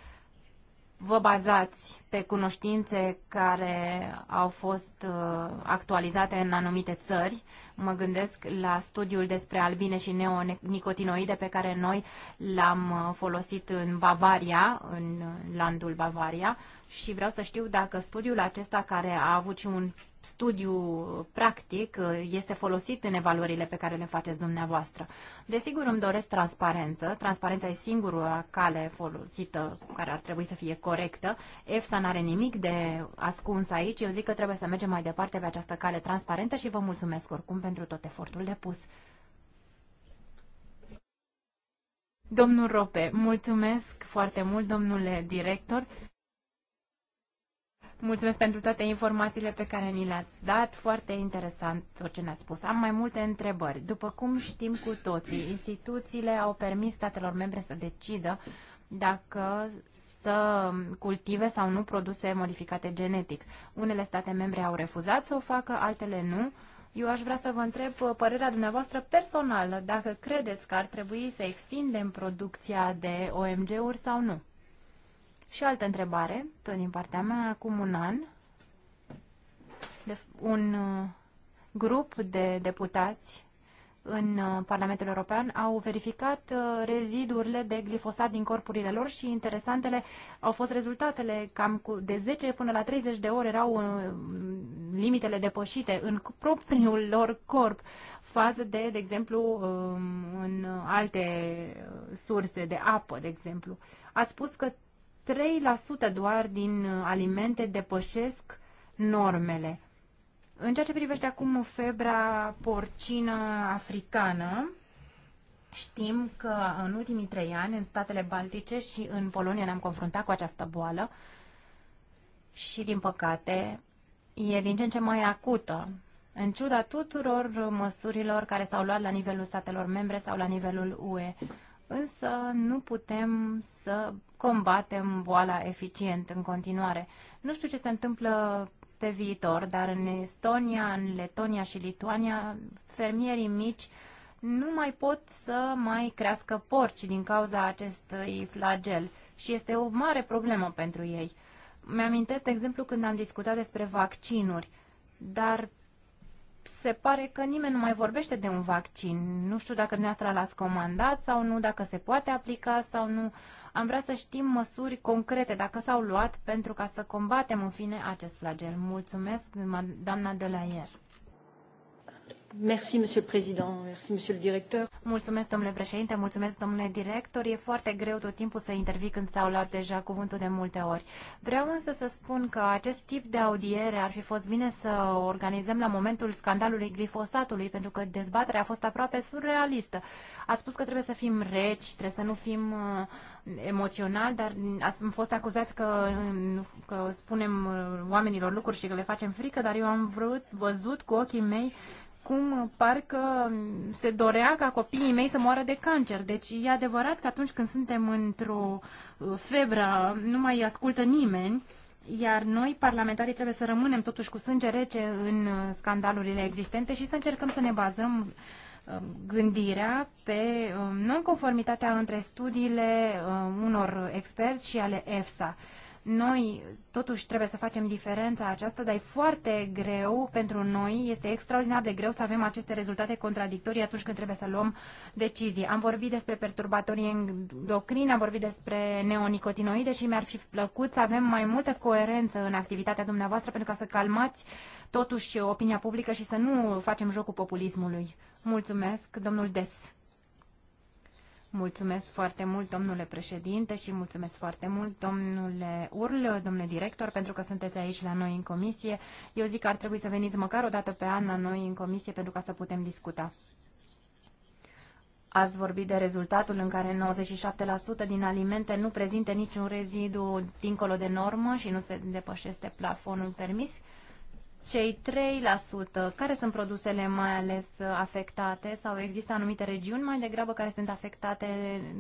vă bazați pe cunoștințe care au fost uh, actualizate în anumite țări. Mă gândesc la studiul despre albine și neonicotinoide pe care noi l-am uh, folosit în Bavaria, în uh, landul Bavaria și vreau să știu dacă studiul acesta care a avut și un studiu practic uh, este folosit în evaluările pe care le faceți dumneavoastră. Desigur îmi doresc transparență. Transparența e singura cale folosită care ar trebui să fie corectă. EFSA n-are nimic de ascuns aici. Eu zic că trebuie să mergem mai departe pe această cale transparentă și vă mulțumesc oricum pentru tot efortul depus. Domnul Rope, mulțumesc foarte mult, domnule director. Mulțumesc pentru toate informațiile pe care ni le-ați dat. Foarte interesant tot ce ne-ați spus. Am mai multe întrebări. După cum știm cu toții, instituțiile au permis statelor membre să decidă dacă să cultive sau nu produse modificate genetic. Unele state membre au refuzat să o facă, altele nu. Eu aș vrea să vă întreb uh, părerea dumneavoastră personală, dacă credeți că ar trebui să extindem producția de OMG-uri sau nu. Și altă întrebare, tot din partea mea, acum un an, de un uh, grup de deputați în uh, Parlamentul European au verificat uh, rezidurile de glifosat din corpurile lor și interesantele au fost rezultatele cam cu de 10 până la 30 de ore erau limitele depășite în propriul lor corp față de, de exemplu, um, în alte surse de apă, de exemplu. Ați spus că 3% doar din uh, alimente depășesc normele. În ceea ce privește acum febra porcină africană, știm că în ultimii trei ani în statele baltice și în Polonia ne-am confruntat cu această boală și, din păcate, e din ce în ce mai acută. În ciuda tuturor măsurilor care s-au luat la nivelul statelor membre sau la nivelul UE, însă nu putem să combatem boala eficient în continuare. Nu știu ce se întâmplă pe viitor, dar în Estonia, în Letonia și Lituania, fermierii mici nu mai pot să mai crească porci din cauza acestui flagel și este o mare problemă pentru ei. Mi-amintesc, de exemplu, când am discutat despre vaccinuri, dar se pare că nimeni nu mai vorbește de un vaccin. Nu știu dacă dumneavoastră l-ați comandat sau nu, dacă se poate aplica sau nu. Am vrea să știm măsuri concrete, dacă s-au luat, pentru ca să combatem în fine acest flagel. Mulțumesc, doamna Delaier. Mulțumesc, domnule președinte, mulțumesc, domnule director. E foarte greu tot timpul să intervii când s-au luat deja cuvântul de multe ori. Vreau însă să spun că acest tip de audiere ar fi fost bine să o organizăm la momentul scandalului glifosatului, pentru că dezbaterea a fost aproape surrealistă. Ați spus că trebuie să fim reci, trebuie să nu fim uh, emoțional, dar am fost acuzați că, uh, că spunem uh, oamenilor lucruri și că le facem frică, dar eu am vrut, văzut cu ochii mei acum parcă se dorea ca copiii mei să moară de cancer. Deci e adevărat că atunci când suntem într-o uh, febră, nu mai ascultă nimeni, iar noi, parlamentarii, trebuie să rămânem totuși cu sânge rece în uh, scandalurile existente și să încercăm să ne bazăm uh, gândirea pe nonconformitatea între studiile unor experți și ale EFSA. Noi totuși trebuie să facem diferența aceasta, dar e foarte greu pentru noi, este extraordinar de greu să avem aceste rezultate contradictorii atunci când trebuie să luăm decizii. Am vorbit despre perturbatorii endocrini, am vorbit despre neonicotinoide și mi-ar fi plăcut să avem mai multă coerență în activitatea dumneavoastră pentru ca să calmați totuși opinia publică și să nu facem jocul populismului. Mulțumesc, domnul Des. Mulțumesc foarte mult, domnule președinte, și mulțumesc foarte mult, domnule Url, domnule director, pentru că sunteți aici la noi în comisie. Eu zic că ar trebui să veniți măcar o dată pe an la noi în comisie pentru ca să putem discuta. Ați vorbit de rezultatul în care 97% din alimente nu prezintă niciun rezidu dincolo de normă și nu se depășește plafonul permis cei 3%, care sunt produsele mai ales afectate sau există anumite regiuni mai degrabă care sunt afectate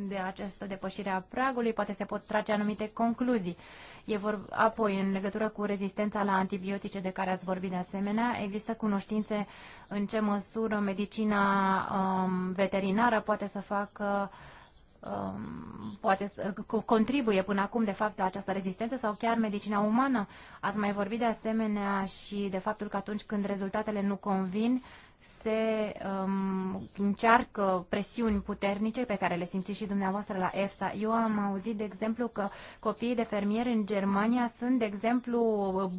de această depășire a pragului? Poate se pot trage anumite concluzii. E vor... Apoi, în legătură cu rezistența la antibiotice de care ați vorbit de asemenea, există cunoștințe în ce măsură medicina um, veterinară poate să facă uh, Um, poate să contribuie până acum de fapt la această rezistență sau chiar medicina umană. Ați mai vorbit de asemenea și de faptul că atunci când rezultatele nu convin, se um, încearcă presiuni puternice pe care le simțiți și dumneavoastră la EFSA. Eu am auzit, de exemplu, că copiii de fermieri în Germania sunt, de exemplu,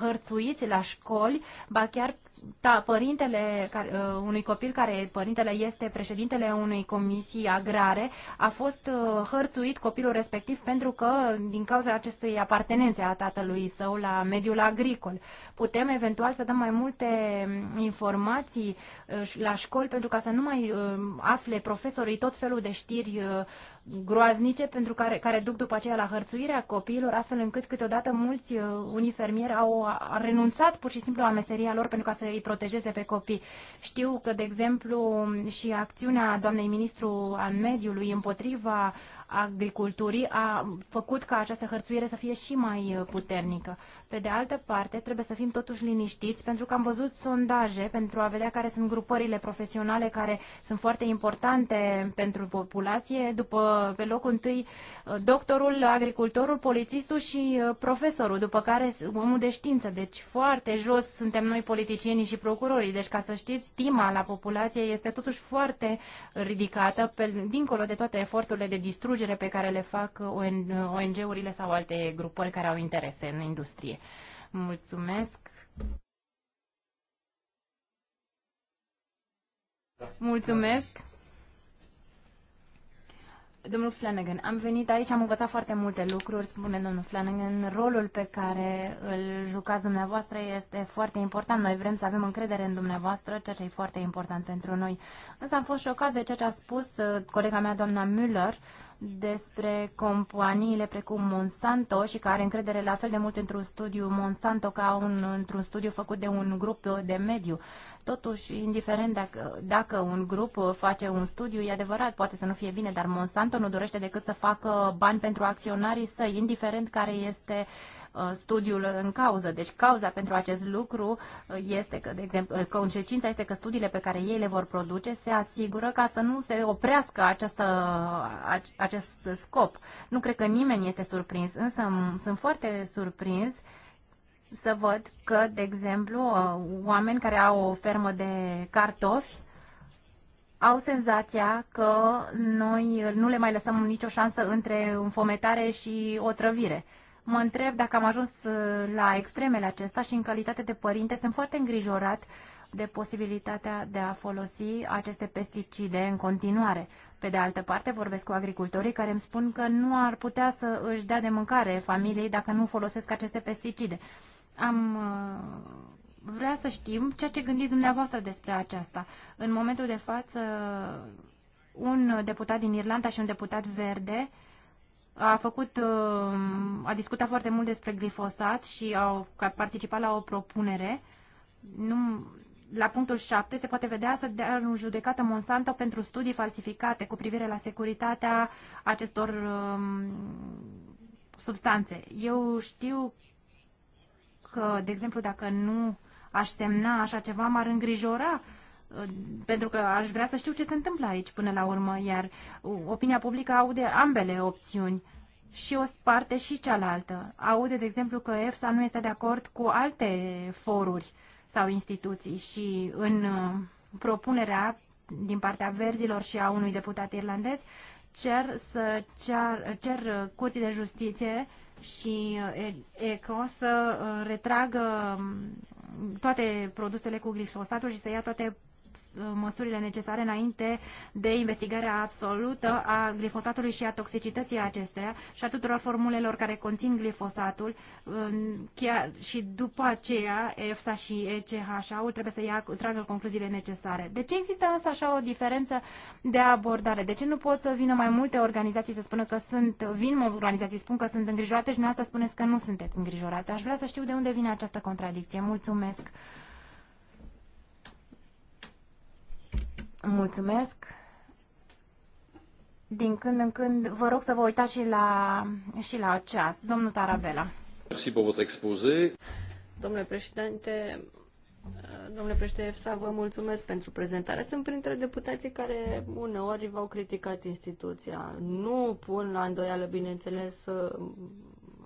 hărțuiți la școli, ba chiar da, părintele care, uh, unui copil care părintele este președintele unei comisii agrare a fost uh, hărțuit copilul respectiv pentru că din cauza acestei apartenențe a tatălui său la mediul agricol. Putem eventual să dăm mai multe informații uh, la școli pentru ca să nu mai uh, afle profesorii tot felul de știri uh, groaznice pentru care, care duc după aceea la hărțuirea copiilor, astfel încât câteodată mulți uh, unii fermieri au renunțat pur și simplu la meseria lor pentru ca să îi protejeze pe copii. Știu că, de exemplu, și acțiunea doamnei ministru al mediului împotriva agriculturii a făcut ca această hărțuire să fie și mai uh, puternică. Pe de altă parte, trebuie să fim totuși liniștiți pentru că am văzut sondaje pentru a vedea care sunt grupările profesionale care sunt foarte importante pentru populație. După, pe locul întâi, uh, doctorul, agricultorul, polițistul și uh, profesorul, după care omul de știință. Deci foarte jos suntem noi politicienii și procurorii. Deci ca să știți, stima la populație este totuși foarte ridicată, pe, dincolo de toate eforturile de distrugere recurgere pe care le fac ONG-urile sau alte grupări care au interese în industrie. Mulțumesc! Mulțumesc! Domnul Flanagan, am venit aici, am învățat foarte multe lucruri, spune domnul Flanagan. Rolul pe care îl jucați dumneavoastră este foarte important. Noi vrem să avem încredere în dumneavoastră, ceea ce e foarte important pentru noi. Însă am fost șocat de ceea ce a spus uh, colega mea, doamna Müller, despre companiile precum Monsanto și care are încredere la fel de mult într-un studiu Monsanto ca un, într-un studiu făcut de un grup de mediu. Totuși, indiferent dacă, dacă un grup face un studiu, e adevărat, poate să nu fie bine, dar Monsanto nu dorește decât să facă bani pentru acționarii săi, indiferent care este uh, Uh, studiul în cauză. Deci cauza pentru acest lucru uh, este că, de exemplu, uh, consecința este că studiile pe care ei le vor produce se asigură ca să nu se oprească această, acest scop. Nu cred că nimeni este surprins, însă sunt foarte surprins să văd că, de exemplu, oameni care au o fermă de cartofi au senzația că noi nu le mai lăsăm nicio șansă între înfometare și otrăvire mă întreb dacă am ajuns uh, la extremele acesta și în calitate de părinte sunt foarte îngrijorat de posibilitatea de a folosi aceste pesticide în continuare. Pe de altă parte, vorbesc cu agricultorii care îmi spun că nu ar putea să își dea de mâncare familiei dacă nu folosesc aceste pesticide. Am uh, vrea să știm ceea ce gândiți dumneavoastră despre aceasta. În momentul de față, un deputat din Irlanda și un deputat verde uh, a făcut, uh, a discutat foarte mult despre glifosat și au participat la o propunere. Nu, la punctul 7 se poate vedea să dea un judecată Monsanto pentru studii falsificate cu privire la securitatea acestor um, substanțe. Eu știu că, de exemplu, dacă nu aș semna așa ceva, m-ar îngrijora pentru că aș vrea să știu ce se întâmplă aici până la urmă, iar opinia publică aude ambele opțiuni și o parte și cealaltă. Aude, de exemplu, că EFSA nu este de acord cu alte foruri sau instituții și în uh, propunerea din partea verzilor și a unui deputat irlandez cer să cer, cer Curții de Justiție și uh, ECO să uh, retragă um, toate produsele cu glifosatul și să ia toate Uh, măsurile necesare înainte de investigarea absolută a glifosatului și a toxicității acesteia și a tuturor formulelor care conțin glifosatul. Chiar și după aceea, EFSA și ECHA-ul trebuie să ia, tragă concluziile necesare. De ce există însă așa o diferență de abordare? De ce nu pot să vină mai multe organizații să spună că sunt, vin organizații, spun că sunt îngrijorate și asta spuneți că nu sunteți îngrijorate? Aș vrea să știu de unde vine această contradicție. Mulțumesc! Mulțumesc. Din când în când vă rog să vă uitați și la, și la ceas. Domnul Tarabela. Merci pour votre exposé. Domnule președinte, Domnule președinte EFSA, vă mulțumesc pentru prezentare. Sunt printre deputații care uneori v-au criticat instituția. Nu pun la îndoială, bineînțeles,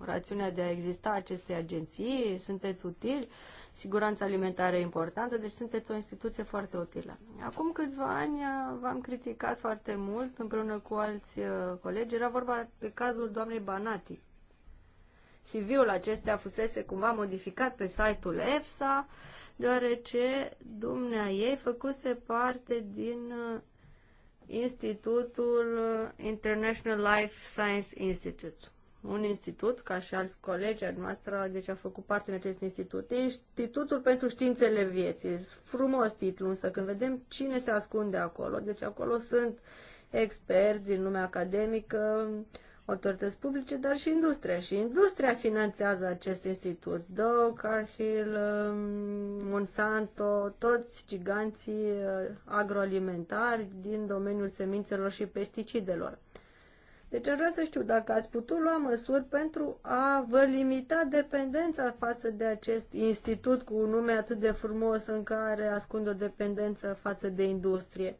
rațiunea de a exista acestei agenții, sunteți utili, siguranța alimentară e importantă, deci sunteți o instituție foarte utilă. Acum câțiva ani uh, v-am criticat foarte mult împreună cu alți uh, colegi, era vorba de cazul doamnei Banati. CV-ul acestea fusese cumva modificat pe site-ul EFSA, deoarece dumnea ei făcuse parte din uh, Institutul International Life Science Institute un institut, ca și alți colegi al noastră, deci a făcut parte în acest institut. E Institutul pentru Științele Vieții. Frumos titlu, însă când vedem cine se ascunde acolo, deci acolo sunt experți din lumea academică, autorități publice, dar și industria. Și industria finanțează acest institut. Dow, Carhill, um, Monsanto, toți giganții uh, agroalimentari din domeniul semințelor și pesticidelor. Deci vrea să știu dacă ați putut lua măsuri pentru a vă limita dependența față de acest institut cu un nume atât de frumos în care ascunde o dependență față de industrie.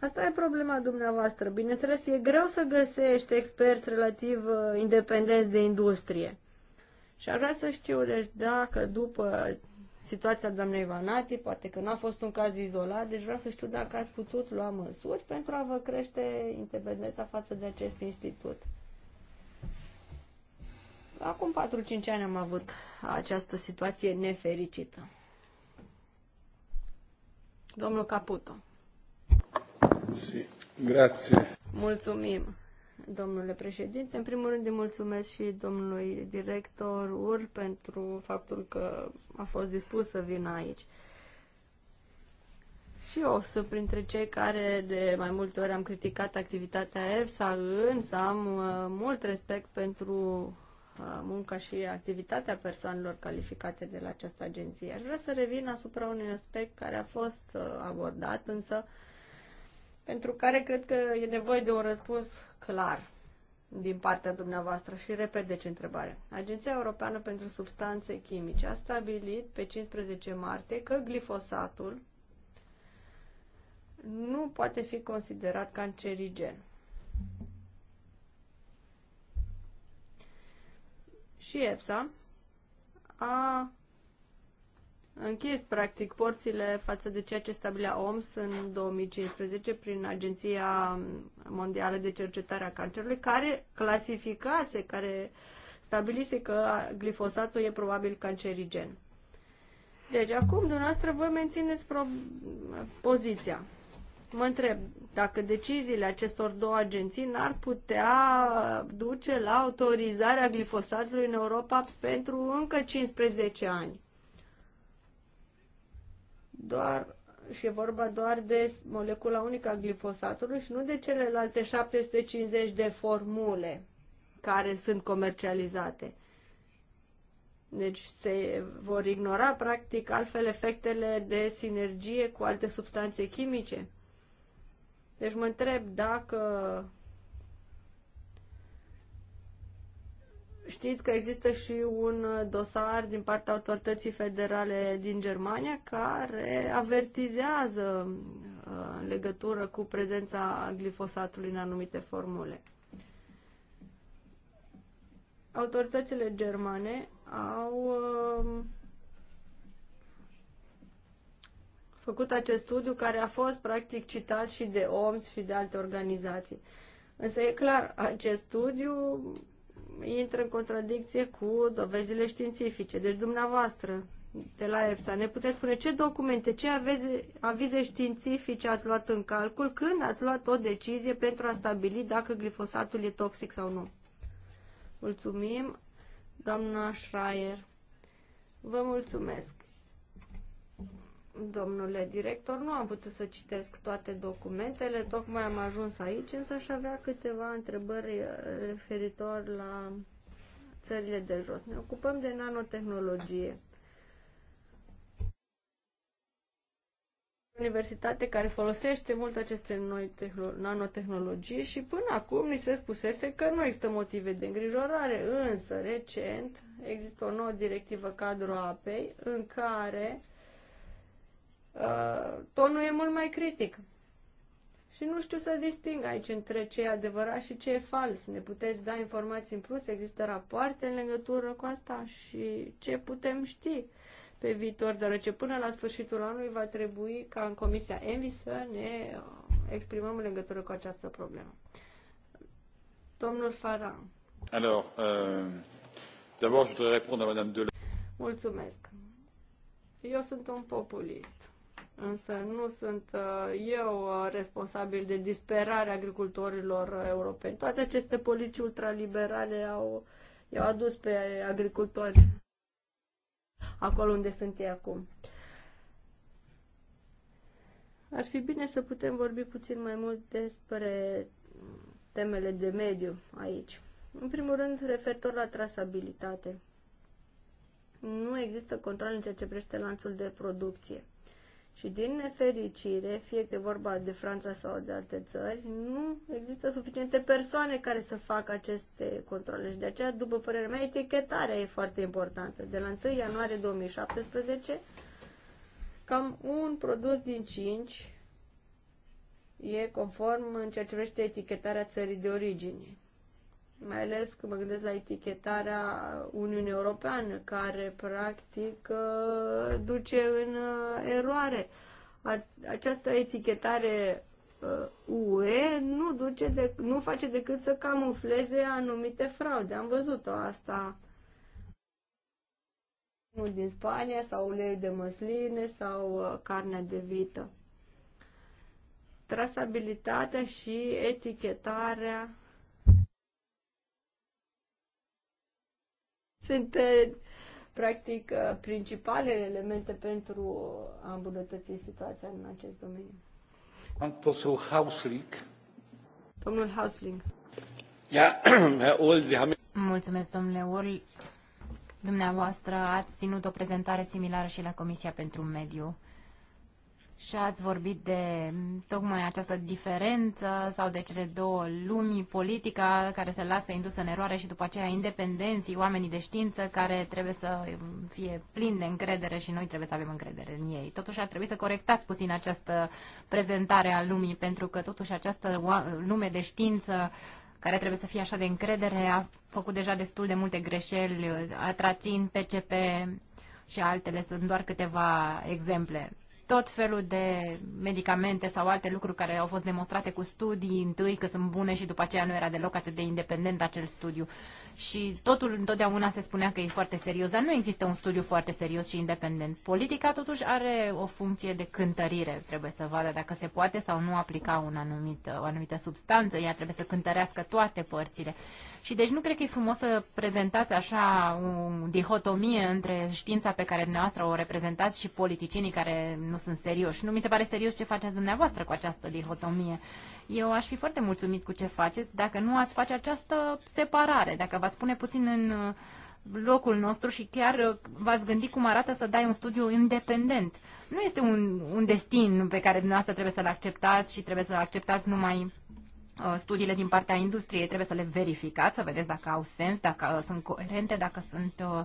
Asta e problema dumneavoastră. Bineînțeles, e greu să găsești experți relativ uh, independenți de industrie. Și aș vrea să știu, deci, dacă după situația doamnei Vanati, poate că nu a fost un caz izolat, deci vreau să știu dacă ați putut lua măsuri pentru a vă crește independența față de acest institut. Acum 4-5 ani am avut această situație nefericită. Domnul Caputo. Si, grazie. Mulțumim domnule președinte. În primul rând îi mulțumesc și domnului director UR pentru faptul că a fost dispus să vină aici. Și eu sunt printre cei care de mai multe ori am criticat activitatea EFSA, însă am uh, mult respect pentru uh, munca și activitatea persoanelor calificate de la această agenție. Aș vrea să revin asupra unui aspect care a fost uh, abordat, însă pentru care cred că e nevoie de un răspuns clar din partea dumneavoastră și repet deci întrebare. Agenția Europeană pentru Substanțe Chimice a stabilit pe 15 martie că glifosatul nu poate fi considerat cancerigen. Și EFSA a închis, practic, porțile față de ceea ce stabilea OMS în 2015 prin Agenția Mondială de Cercetare a Cancerului, care clasificase, care stabilise că glifosatul e probabil cancerigen. Deci, acum, dumneavoastră, voi mențineți poziția. Mă întreb dacă deciziile acestor două agenții n-ar putea duce la autorizarea glifosatului în Europa pentru încă 15 ani doar și e vorba doar de molecula unică a glifosatului și nu de celelalte 750 de formule care sunt comercializate. Deci se vor ignora practic altfel efectele de sinergie cu alte substanțe chimice. Deci mă întreb dacă Știți că există și un dosar din partea autorității federale din Germania care avertizează uh, în legătură cu prezența glifosatului în anumite formule. Autoritățile germane au uh, făcut acest studiu care a fost practic citat și de OMS și de alte organizații. Însă e clar, acest studiu intră în contradicție cu dovezile științifice. Deci dumneavoastră, de la EFSA, ne puteți spune ce documente, ce aveze, avize științifice ați luat în calcul când ați luat o decizie pentru a stabili dacă glifosatul e toxic sau nu. Mulțumim, doamna Schreier. Vă mulțumesc. Domnule director, nu am putut să citesc toate documentele, tocmai am ajuns aici, însă aș avea câteva întrebări eh, referitor la țările de jos. Ne ocupăm de nanotehnologie. Universitate care folosește mult aceste noi nanotehnologii și până acum ni se spusese că nu există motive de îngrijorare, însă recent există o nouă directivă cadru apei în care Uh, tonul e mult mai critic. Și nu știu să disting aici între ce e adevărat și ce e fals. Ne puteți da informații în plus, există rapoarte în legătură cu asta și ce putem ști pe viitor, deoarece până la sfârșitul anului va trebui ca în Comisia ENVI să ne uh, exprimăm în legătură cu această problemă. Domnul Faran. Alors, euh, d'abord, je voudrais répondre à Madame Mulțumesc. Eu sunt un populist Însă nu sunt uh, eu uh, responsabil de disperarea agricultorilor europeni. Toate aceste politici ultraliberale au, i-au adus pe agricultori acolo unde sunt ei acum. Ar fi bine să putem vorbi puțin mai mult despre temele de mediu aici. În primul rând, referitor la trasabilitate. Nu există control în ceea ce privește lanțul de producție. Și din nefericire, fie că e vorba de Franța sau de alte țări, nu există suficiente persoane care să facă aceste controle. Și de aceea, după părerea mea, etichetarea e foarte importantă. De la 1 ianuarie 2017, cam un produs din 5 e conform în ceea ce privește etichetarea țării de origine mai ales când mă gândesc la etichetarea Uniunii Europeană, care practic ă, duce în ă, eroare. Această etichetare ă, UE nu, duce de, nu face decât să camufleze anumite fraude. Am văzut-o asta din Spania sau ulei de măsline sau carnea de vită. Trasabilitatea și etichetarea sunt eh, practic eh, principalele elemente pentru a îmbunătăți situația în acest domeniu. Am posul Hausling. Domnul Hausling. Ja, <clears throat> Herr Ohl, Sie haben... Mulțumesc, domnule Ohl. Dumneavoastră ați ținut o prezentare similară și la Comisia pentru Mediu și ați vorbit de tocmai această diferență sau de cele două lumi, politica care se lasă indusă în eroare și după aceea independenții, oamenii de știință care trebuie să fie plini de încredere și noi trebuie să avem încredere în ei. Totuși ar trebui să corectați puțin această prezentare a lumii, pentru că totuși această lume de știință care trebuie să fie așa de încredere a făcut deja destul de multe greșeli, atrațin PCP și altele, sunt doar câteva exemple tot felul de medicamente sau alte lucruri care au fost demonstrate cu studii întâi că sunt bune și după aceea nu era deloc atât de independent acel studiu. Și totul întotdeauna se spunea că e foarte serios, dar nu există un studiu foarte serios și independent. Politica totuși are o funcție de cântărire, trebuie să vadă dacă se poate sau nu aplica un anumit, o anumită substanță, ea trebuie să cântărească toate părțile. Și deci nu cred că e frumos să prezentați așa o dihotomie între știința pe care dumneavoastră o reprezentați și politicienii care nu sunt serioși. Nu mi se pare serios ce faceți dumneavoastră cu această dihotomie. Eu aș fi foarte mulțumit cu ce faceți dacă nu ați face această separare, dacă v-ați pune puțin în uh, locul nostru și chiar uh, v-ați gândit cum arată să dai un studiu independent. Nu este un, un destin pe care dumneavoastră trebuie să-l acceptați și trebuie să-l acceptați numai Uh, studiile din partea industriei, trebuie să le verificați, să vedeți dacă au sens, dacă uh, sunt coerente, dacă sunt uh,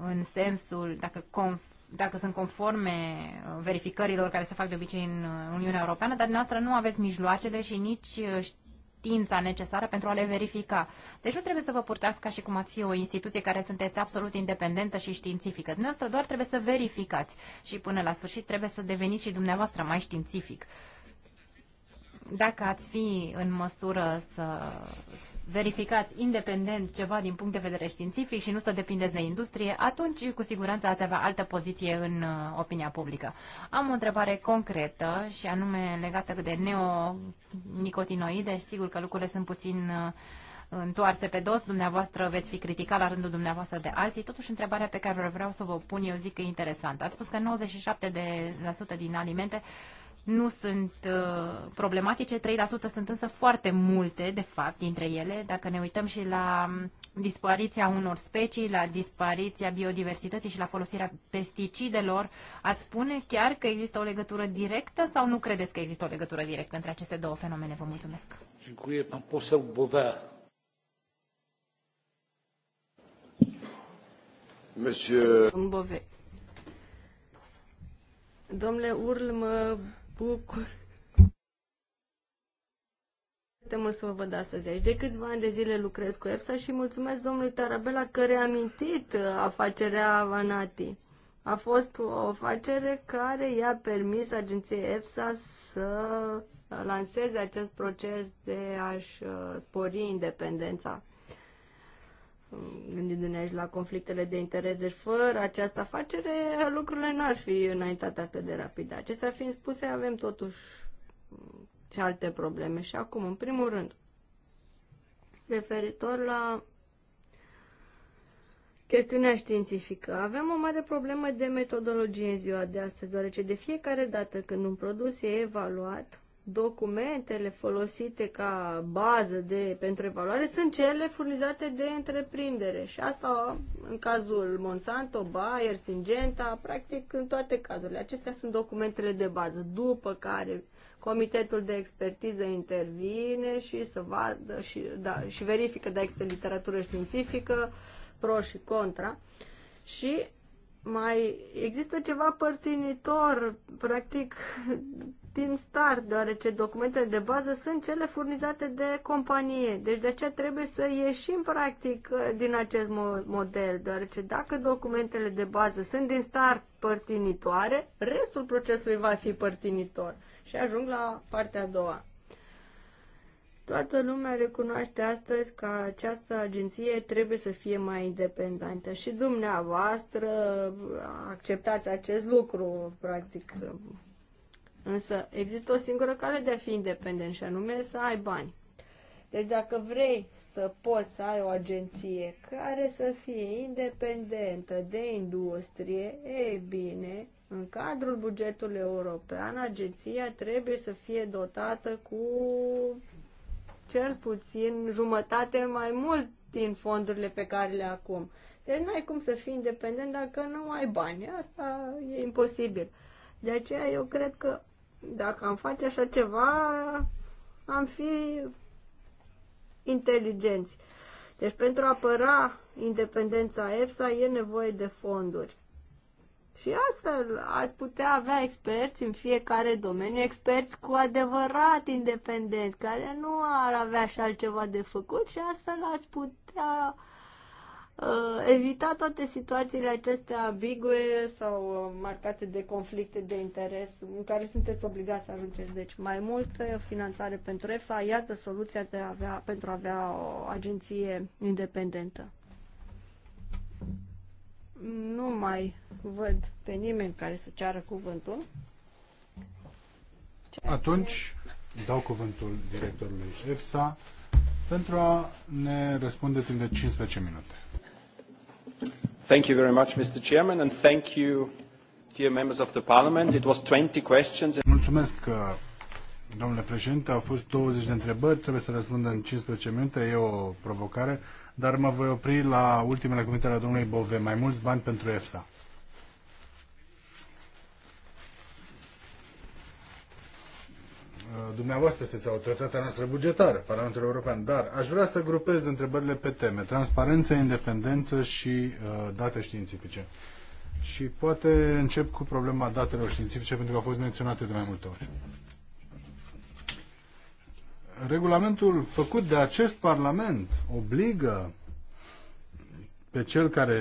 în sensul, dacă, conf, dacă sunt conforme verificărilor care se fac de obicei în Uniunea Europeană, dar dumneavoastră nu aveți mijloacele și nici știința necesară pentru a le verifica. Deci nu trebuie să vă purtați ca și cum ați fi o instituție care sunteți absolut independentă și științifică. Dumneavoastră doar trebuie să verificați și până la sfârșit trebuie să deveniți și dumneavoastră mai științific dacă ați fi în măsură să verificați independent ceva din punct de vedere științific și nu să depindeți de industrie, atunci cu siguranță ați avea altă poziție în uh, opinia publică. Am o întrebare concretă și anume legată de neonicotinoide. Sigur că lucrurile sunt puțin uh, întoarse pe dos, dumneavoastră veți fi criticat la rândul dumneavoastră de alții. Totuși, întrebarea pe care vreau să vă pun eu zic că e interesantă. Ați spus că 97% din alimente uh, nu sunt uh, problematice, 3% sunt însă foarte multe, de fapt, dintre ele. Dacă ne uităm și la um, dispariția unor specii, la dispariția biodiversității și la folosirea pesticidelor, ați spune chiar că există o legătură directă sau nu credeți că există o legătură directă între aceste două fenomene? Vă mulțumesc! Dziękuję. Pan poseł Bovea. Monsieur... Domnule Url, mă bucur foarte mult să vă văd astăzi aici. De câțiva ani de zile lucrez cu EFSA și mulțumesc domnului Tarabela că reamintit afacerea Vanati. A fost o afacere care i-a permis agenției EFSA să lanseze acest proces de a-și uh, spori independența gândindu-ne aici la conflictele de interes. Deci, fără această afacere, lucrurile nu ar fi înaintate atât de rapid. Acestea fiind spuse, avem totuși mm, și alte probleme. Și acum, în primul rând, referitor la chestiunea științifică. Avem o mare problemă de metodologie în ziua de astăzi, deoarece de fiecare dată când un produs e evaluat, documentele folosite ca bază de, pentru evaluare sunt cele furnizate de întreprindere și asta în cazul Monsanto, Bayer, Syngenta, practic în toate cazurile. Acestea sunt documentele de bază, după care comitetul de expertiză intervine și să vadă și, da, și verifică dacă există literatură științifică, pro și contra. Și mai există ceva părținitor, practic, din start, deoarece documentele de bază sunt cele furnizate de companie. Deci de aceea trebuie să ieșim, practic, din acest model, deoarece dacă documentele de bază sunt din start părtinitoare, restul procesului va fi părtinitor. Și ajung la partea a doua. Toată lumea recunoaște astăzi că această agenție trebuie să fie mai independentă și dumneavoastră acceptați acest lucru, practic. Însă există o singură cale de a fi independent și anume să ai bani. Deci dacă vrei să poți să ai o agenție care să fie independentă de industrie, e bine, în cadrul bugetului european, agenția trebuie să fie dotată cu cel puțin jumătate mai mult din fondurile pe care le acum. Deci nu ai cum să fii independent dacă nu ai bani. Asta e imposibil. De aceea eu cred că dacă am face așa ceva, am fi inteligenți. Deci pentru a apăra independența EFSA e nevoie de fonduri. Și astfel ați putea avea experți în fiecare domeniu, experți cu adevărat independenți, care nu ar avea și altceva de făcut și astfel ați putea uh, evita toate situațiile acestea ambigue sau uh, marcate de conflicte de interes în care sunteți obligați să ajungeți. Deci mai mult uh, finanțare pentru EFSA, iată soluția de a avea, pentru a avea o agenție independentă. Nu mai văd pe nimeni care să ceară cuvântul. Atunci dau cuvântul directorului EFSA pentru a ne răspunde timp de 15 minute. Thank you very much, Mr. Chairman, and thank you, dear members of the Parliament. It was 20 questions. Mulțumesc, uh, domnule președinte. Au fost 20 de întrebări. Trebuie să răspund în 15 minute. E o provocare dar mă voi opri la ultimele cuvinte ale domnului Bove. Mai mulți bani pentru EFSA. Uh, dumneavoastră sunteți autoritatea noastră bugetară, Parlamentul European, dar aș vrea să grupez întrebările pe teme, transparență, independență și uh, date științifice. Și poate încep cu problema datelor științifice, pentru că au fost menționate de mai multe ori regulamentul făcut de acest Parlament obligă pe cel care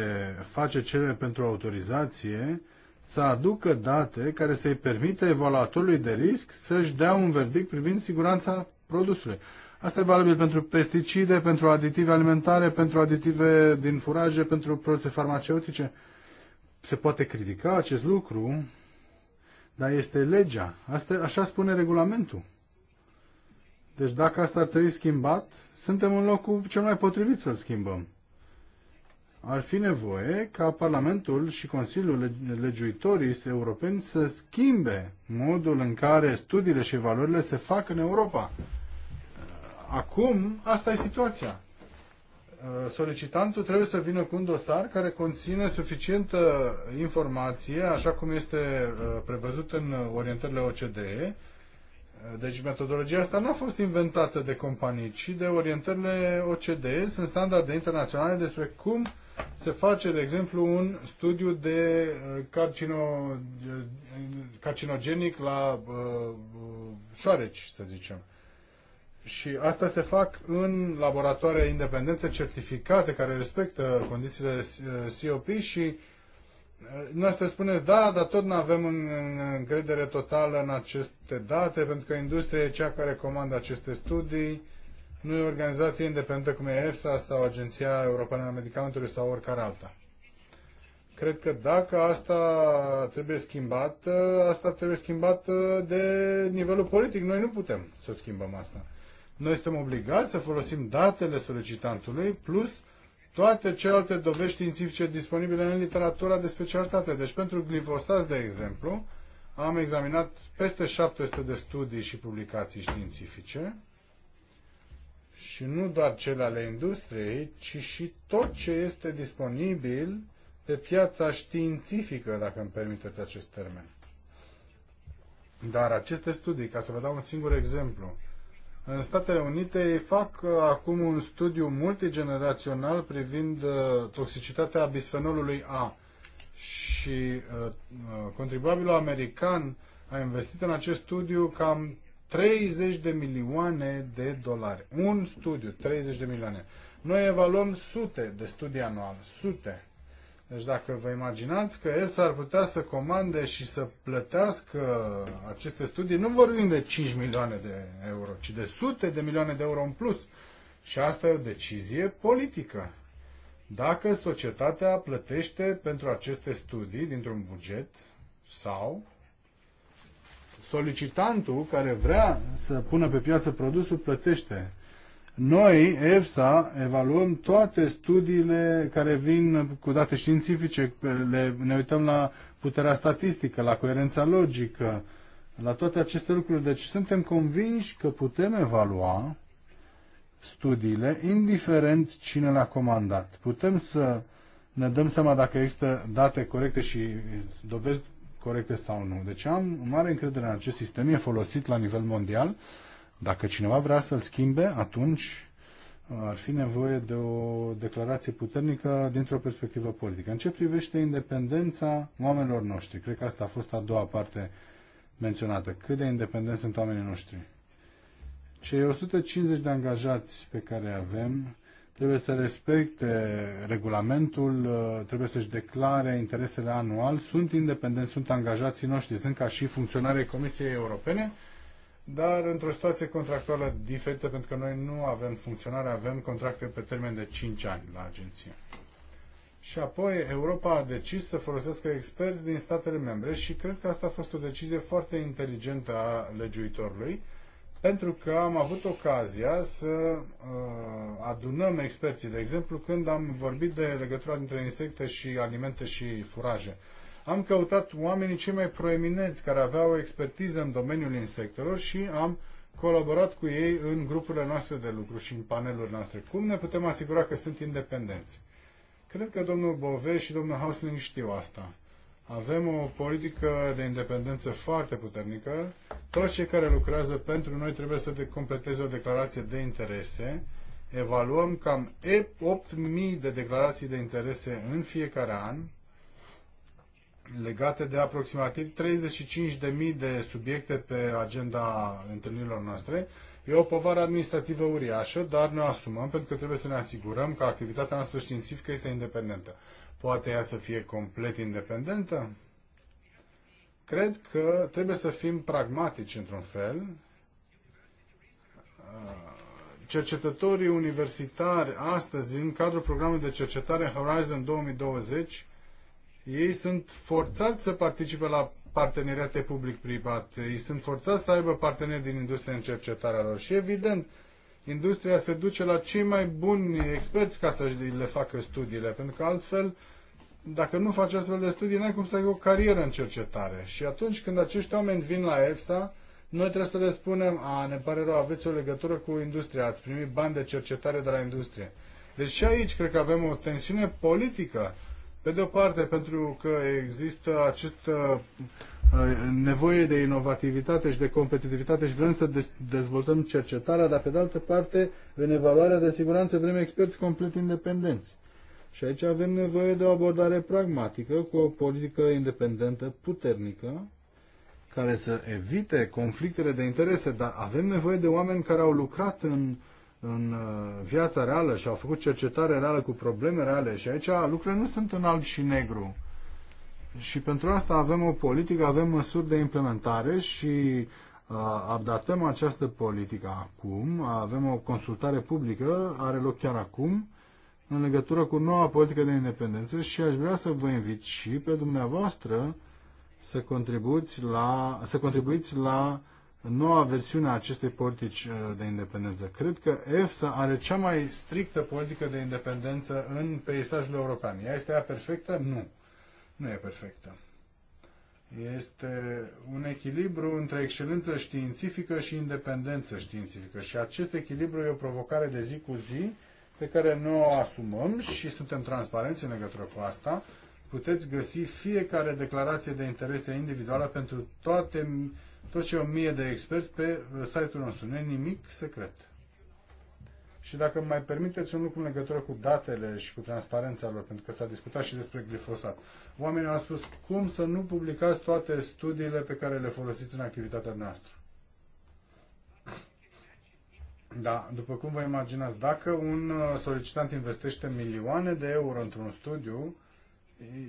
face cele pentru autorizație să aducă date care să-i permită evaluatorului de risc să-și dea un verdict privind siguranța produsului. Asta e valabil pentru pesticide, pentru aditive alimentare, pentru aditive din furaje, pentru produse farmaceutice. Se poate critica acest lucru, dar este legea. Asta, așa spune regulamentul. Deci dacă asta ar trebui schimbat, suntem în locul cel mai potrivit să-l schimbăm. Ar fi nevoie ca Parlamentul și Consiliul Legiuitorii Europeni să schimbe modul în care studiile și valorile se fac în Europa. Acum, asta e situația. Solicitantul trebuie să vină cu un dosar care conține suficientă informație, așa cum este uh, prevăzut în orientările OCDE, deci metodologia asta nu a fost inventată de companii, ci de orientările OCDE. Sunt standarde internaționale despre cum se face, de exemplu, un studiu de uh, carcino, uh, carcinogenic la uh, șoareci, să zicem. Și asta se fac în laboratoare independente certificate care respectă condițiile COP uh, și uh, Noastră spuneți, da, dar tot nu avem încredere totală în aceste date, pentru că industria e cea care comandă aceste studii, nu e o organizație independentă cum e EFSA sau Agenția Europeană a Medicamentului sau oricare alta. Cred că dacă asta trebuie schimbat, asta trebuie schimbat de nivelul politic. Noi nu putem să schimbăm asta. Noi suntem obligați să folosim datele solicitantului plus toate celelalte dovești științifice disponibile în literatura de specialitate. Deci pentru glifosat, de exemplu, am examinat peste 700 de studii și publicații științifice și nu doar cele ale industriei, ci și tot ce este disponibil pe piața științifică, dacă îmi permiteți acest termen. Dar aceste studii, ca să vă dau un singur exemplu, în Statele Unite ei fac uh, acum un studiu multigenerațional privind uh, toxicitatea bisfenolului A și uh, contribuabilul american a investit în acest studiu cam 30 de milioane de dolari. Un studiu, 30 de milioane. Noi evaluăm sute de studii anual, sute. Deci dacă vă imaginați că el s-ar putea să comande și să plătească aceste studii, nu vorbim de 5 milioane de euro, ci de sute de milioane de euro în plus. Și asta e o decizie politică. Dacă societatea plătește pentru aceste studii dintr-un buget sau solicitantul care vrea să pună pe piață produsul plătește noi, EFSA, evaluăm toate studiile care vin cu date științifice, le, ne uităm la puterea statistică, la coerența logică, la toate aceste lucruri. Deci suntem convinși că putem evalua studiile, indiferent cine le-a comandat. Putem să ne dăm seama dacă există date corecte și dovezi corecte sau nu. Deci am mare încredere în acest sistem, e folosit la nivel mondial dacă cineva vrea să-l schimbe, atunci uh, ar fi nevoie de o declarație puternică dintr-o perspectivă politică. În ce privește independența oamenilor noștri? Cred că asta a fost a doua parte menționată. Cât de independenți sunt oamenii noștri? Cei 150 de angajați pe care avem trebuie să respecte regulamentul, uh, trebuie să-și declare interesele anual, sunt independenți, sunt angajații noștri, sunt ca și funcționarii Comisiei Europene, dar într-o situație contractuală diferită, pentru că noi nu avem funcționare, avem contracte pe termen de 5 ani la agenție. Și apoi Europa a decis să folosească experți din statele membre și cred că asta a fost o decizie foarte inteligentă a legiuitorului, pentru că am avut ocazia să uh, adunăm experții. De exemplu, când am vorbit de legătura dintre insecte și alimente și furaje. Uh, am căutat oamenii cei mai proeminenți care aveau expertiză în domeniul insectelor și am colaborat cu ei în grupurile noastre de lucru și în panelurile noastre. Cum ne putem asigura că sunt independenți? Cred că domnul Bove și domnul Hausling știu asta. Avem o politică de independență foarte puternică. Toți cei care lucrează pentru noi trebuie să completeze o declarație de interese. Evaluăm cam 8.000 de declarații de interese în fiecare an legate de aproximativ 35.000 de subiecte pe agenda întâlnirilor noastre. E o povară administrativă uriașă, dar ne asumăm pentru că trebuie să ne asigurăm că activitatea noastră științifică este independentă. Poate ea să fie complet independentă? Cred că trebuie să fim pragmatici într-un fel. Uh, cercetătorii universitari astăzi, în cadrul programului de cercetare Horizon 2020, ei sunt forțați să participe la parteneriate public-private, ei sunt forțați să aibă parteneri din industria în cercetarea lor și evident, industria se duce la cei mai buni experți ca să le facă studiile, pentru că altfel, dacă nu faci astfel de studii, n-ai cum să ai o carieră în cercetare. Și atunci când acești oameni vin la EFSA, noi trebuie să le spunem, a, ne pare rău, aveți o legătură cu industria, ați primit bani de cercetare de la industrie. Deci și aici cred că avem o tensiune politică pe de o parte, pentru că există această uh, uh, nevoie de inovativitate și de competitivitate și vrem să dezvoltăm cercetarea, dar pe de altă parte, în evaluarea de siguranță vrem experți complet independenți. Și aici avem nevoie de o abordare pragmatică, cu o politică independentă puternică, care să evite conflictele de interese, dar avem nevoie de oameni care au lucrat în uh, în uh, viața reală și au făcut cercetare reală cu probleme reale și aici lucrurile nu sunt în alb și negru. Și pentru asta avem o politică, avem măsuri de implementare și uh, updatăm această politică acum. Avem o consultare publică, are loc chiar acum, în legătură cu noua politică de independență și aș vrea să vă invit și pe dumneavoastră să contribuiți la, să contribuiți la noua versiune a acestei politici uh, de independență. Cred că EFSA are cea mai strictă politică de independență în peisajul european. Ea este ea perfectă? Nu. Nu e perfectă. Este un echilibru între excelență științifică și independență științifică și acest echilibru e o provocare de zi cu zi pe care noi o asumăm și suntem transparenți în legătură cu asta. Puteți găsi fiecare declarație de interese individuală pentru toate toți cei mie de experți pe uh, site-ul nostru. Nu e nimic secret. Și dacă mai permiteți un lucru în legătură cu datele și cu transparența lor, pentru că s-a discutat și despre glifosat, oamenii au spus cum să nu publicați toate studiile pe care le folosiți în activitatea noastră. Da, după cum vă imaginați, dacă un uh, solicitant investește milioane de euro într-un studiu,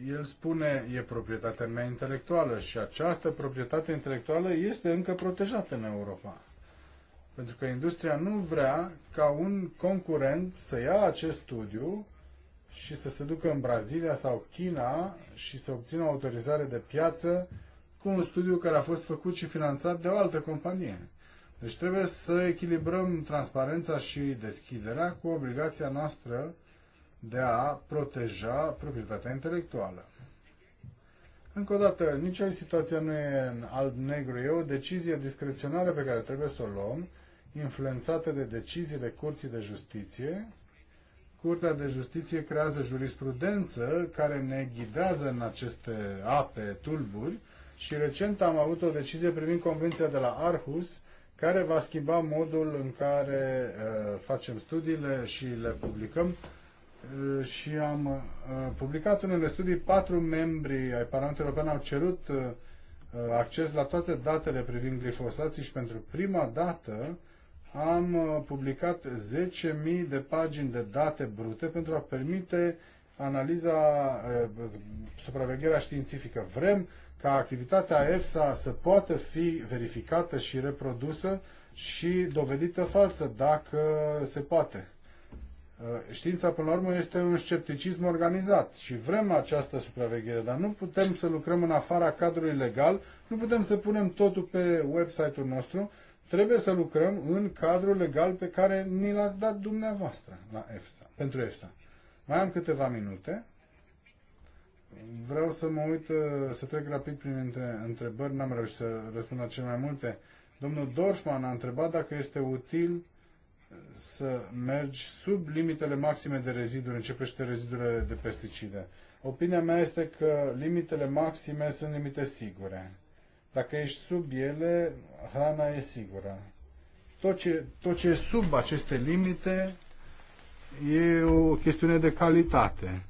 el spune, e proprietatea mea intelectuală și această proprietate intelectuală este încă protejată în Europa. Pentru că industria nu vrea ca un concurent să ia acest studiu și să se ducă în Brazilia sau China și să obțină autorizare de piață cu un studiu care a fost făcut și finanțat de o altă companie. Deci trebuie să echilibrăm transparența și deschiderea cu obligația noastră de a proteja proprietatea intelectuală. Încă o dată, o situație nu e în alb-negru, e o decizie discreționară pe care trebuie să o luăm, influențată de deciziile Curții de Justiție. Curtea de Justiție creează jurisprudență care ne ghidează în aceste ape tulburi și recent am avut o decizie privind Convenția de la Arhus, care va schimba modul în care uh, facem studiile și le publicăm Eh, și am eh, publicat unele studii, patru membri ai Parlamentului European au cerut eh, acces la toate datele privind glifosații și pentru prima dată am publicat 10.000 de pagini de date brute pentru a permite analiza, supravegherea științifică. Vrem ca activitatea EFSA să poată fi verificată și reprodusă și dovedită falsă, dacă se poate. Eh, știința, până la urmă, este un scepticism organizat și vrem această supraveghere, dar nu putem să lucrăm în afara cadrului legal, nu putem să punem totul pe website-ul nostru, trebuie să lucrăm în cadrul legal pe care ni l-ați dat dumneavoastră la EFSA, pentru EFSA. Mai am câteva minute. Vreau să mă uit, eh, să trec rapid prin între, întrebări, n-am reușit să răspund la cele mai multe. Domnul Dorfman a întrebat dacă este util să mergi sub limitele maxime de reziduri, începește rezidurile de pesticide. Opinia mea este că limitele maxime sunt limite sigure. Dacă ești sub ele, hrana e sigură. Tot ce, tot ce e sub aceste limite e o chestiune de calitate.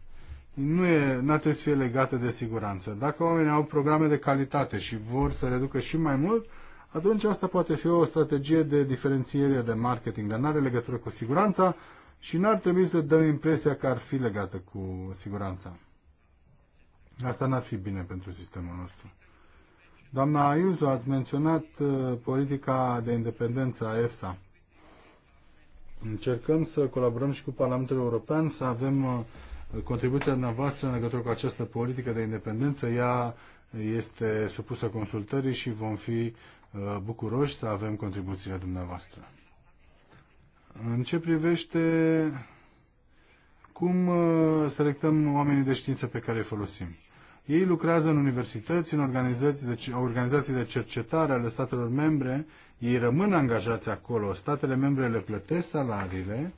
Nu e, n-ar trebui să fie legată de siguranță. Dacă oamenii au programe de calitate și vor să reducă și mai mult, atunci asta poate fi o strategie de diferențiere de marketing, dar nu are legătură cu siguranța și n-ar trebui să dăm impresia că ar fi legată cu siguranța. Asta n-ar fi bine pentru sistemul nostru. Doamna Ayuso, ați menționat uh, politica de independență a EFSA. Încercăm să colaborăm și cu Parlamentul European, să avem uh, contribuția dumneavoastră în legătură cu această politică de independență. Ea este supusă consultării și vom fi Uh, bucuroși să avem contribuțiile dumneavoastră. În ce privește cum uh, selectăm oamenii de știință pe care îi folosim? Ei lucrează în universități, în organizații de, organizații de cercetare ale statelor membre, ei rămân angajați acolo, statele membre le plătesc salariile,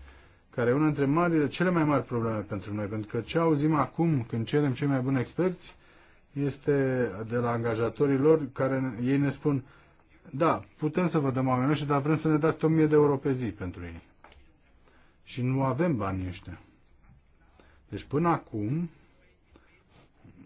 care e una dintre marile, cele mai mari probleme pentru noi, pentru că ce auzim acum când cerem cei mai buni experți este de la angajatorii lor care ei ne spun da, putem să vă dăm oamenii ăștia, dar vrem să ne dați 1000 de euro pe zi pentru ei. Și nu avem bani, ăștia. Deci până acum,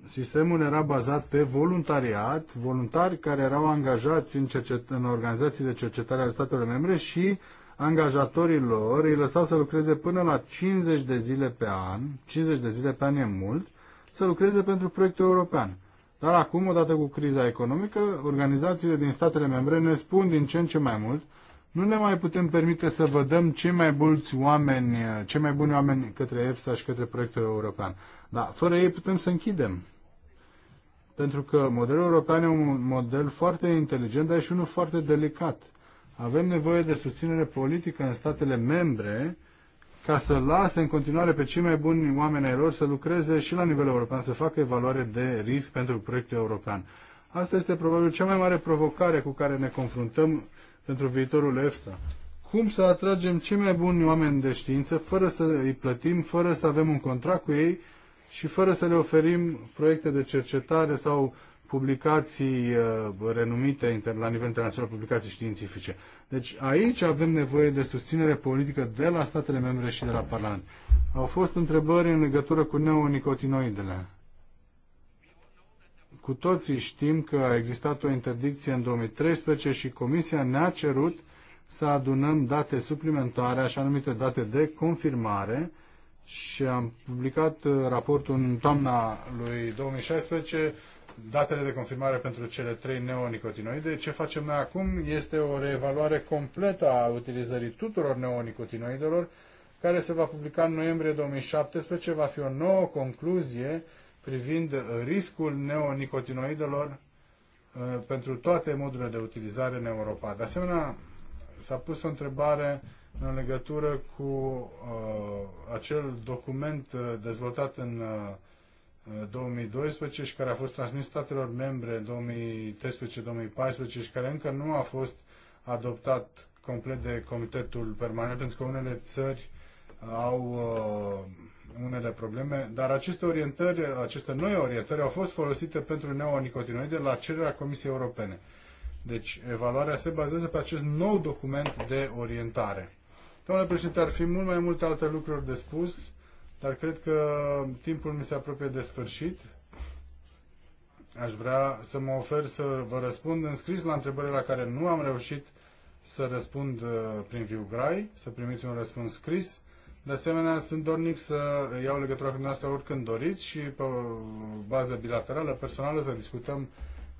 sistemul era bazat pe voluntariat, voluntari care erau angajați în, cercet- în organizații de cercetare ale statelor membre și angajatorii lor îi lăsau să lucreze până la 50 de zile pe an, 50 de zile pe an e mult, să lucreze pentru proiectul european. Dar acum, odată cu criza economică, organizațiile din statele membre ne spun din ce în ce mai mult nu ne mai putem permite să vă dăm cei mai mulți oameni, cei mai buni oameni către EFSA și către proiectul european. Dar fără ei putem să închidem. Pentru că modelul european e un model foarte inteligent, dar e și unul foarte delicat. Avem nevoie de susținere politică în statele membre ca să lase în continuare pe cei mai buni oameni ai lor să lucreze și la nivel european, să facă evaluare de risc pentru proiectul european. Asta este probabil cea mai mare provocare cu care ne confruntăm pentru viitorul EFSA. Cum să atragem cei mai buni oameni de știință fără să îi plătim, fără să avem un contract cu ei și fără să le oferim proiecte de cercetare sau publicații uh, renumite la nivel internațional, publicații științifice. Deci aici avem nevoie de susținere politică de la statele membre și de la Parlament. Au fost întrebări în legătură cu neonicotinoidele. Cu toții știm că a existat o interdicție în 2013 și Comisia ne-a cerut să adunăm date suplimentare, așa numite date de confirmare, și am publicat uh, raportul în toamna lui 2016 datele de confirmare pentru cele trei neonicotinoide. Ce facem noi acum este o reevaluare completă a utilizării tuturor neonicotinoidelor, care se va publica în noiembrie 2017. Va fi o nouă concluzie privind riscul neonicotinoidelor uh, pentru toate modurile de utilizare în Europa. De asemenea, s-a pus o întrebare în legătură cu uh, acel document uh, dezvoltat în uh, 2012 și care a fost transmis statelor membre 2013-2014 și care încă nu a fost adoptat complet de Comitetul Permanent, pentru că unele țări au uh, unele probleme, dar aceste orientări, aceste noi orientări au fost folosite pentru neonicotinoide la cererea Comisiei Europene. Deci, evaluarea se bazează pe acest nou document de orientare. Domnule președinte, ar fi mult mai multe alte lucruri de spus dar cred că timpul mi se apropie de sfârșit. Aș vrea să mă ofer să vă răspund în scris la întrebările la care nu am reușit să răspund uh, prin viu grai, să primiți un răspuns scris. De asemenea, sunt dornic să iau legătura cu dumneavoastră oricând doriți și pe uh, bază bilaterală, personală, să discutăm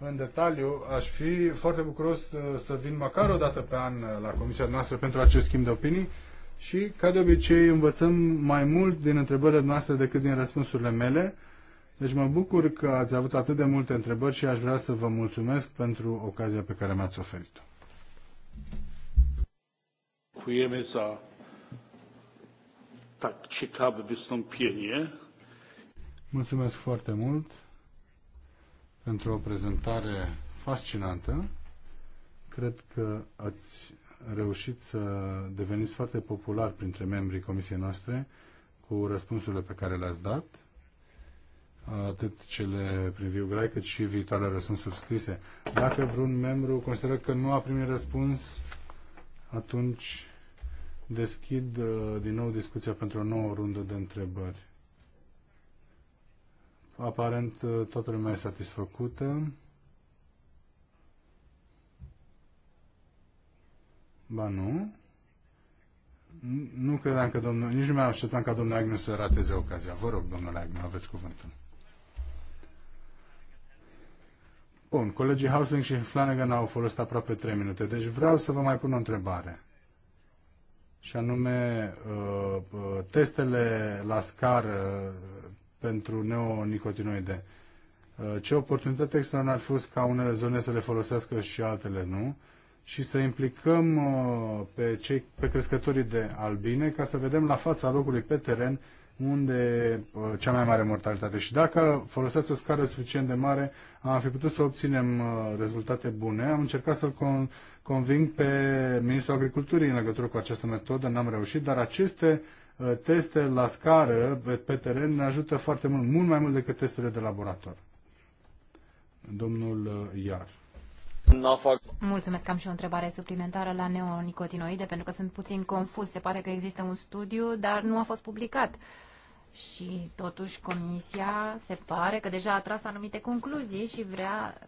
în detaliu. Aș fi foarte bucuros uh, să vin măcar o dată pe an la comisia noastră pentru acest schimb de opinii și, ca de obicei, învățăm mai mult din întrebările noastre decât din răspunsurile mele. Deci mă bucur că ați avut atât de multe întrebări și aș vrea să vă mulțumesc pentru ocazia pe care mi-ați oferit-o. Dziękujemy za tak ciekawe wystąpienie. Mulțumesc foarte mult pentru o prezentare fascinantă. Cred că ați reușit să deveniți foarte popular printre membrii comisiei noastre cu răspunsurile pe care le-ați dat, atât cele prin viu grai, cât și viitoarele răspunsuri scrise. Dacă vreun membru consideră că nu a primit răspuns, atunci deschid uh, din nou discuția pentru o nouă rundă de întrebări. Aparent, uh, toată lumea e satisfăcută. Ba nu. Nu credeam că domnul... Nici nu mai așteptam ca domnul Agnew să rateze ocazia. Vă rog, domnule Agnew, aveți cuvântul. Bun, colegii Hausling și Flanagan au folosit aproape 3 minute, deci vreau să vă mai pun o întrebare. Și anume, uh, uh, testele la scară uh, pentru neonicotinoide. Ce oportunitate extraordinară a fost ca unele zone să le folosească și altele nu? și să implicăm uh, pe, cei, pe crescătorii de albine ca să vedem la fața locului pe teren unde uh, cea mai mare mortalitate. Și dacă folosați o scară suficient de mare, am fi putut să obținem uh, rezultate bune. Am încercat să-l con- conving pe Ministrul Agriculturii în legătură cu această metodă, n-am reușit, dar aceste teste la scară, pe teren, ne ajută foarte mult, mult mai mult decât testele de laborator. Domnul Iar. Mulțumesc, am și o întrebare suplimentară la neonicotinoide, pentru că sunt puțin confuz. Se pare că există un studiu, dar nu a fost publicat. Și totuși comisia se pare că deja a tras anumite concluzii și vrea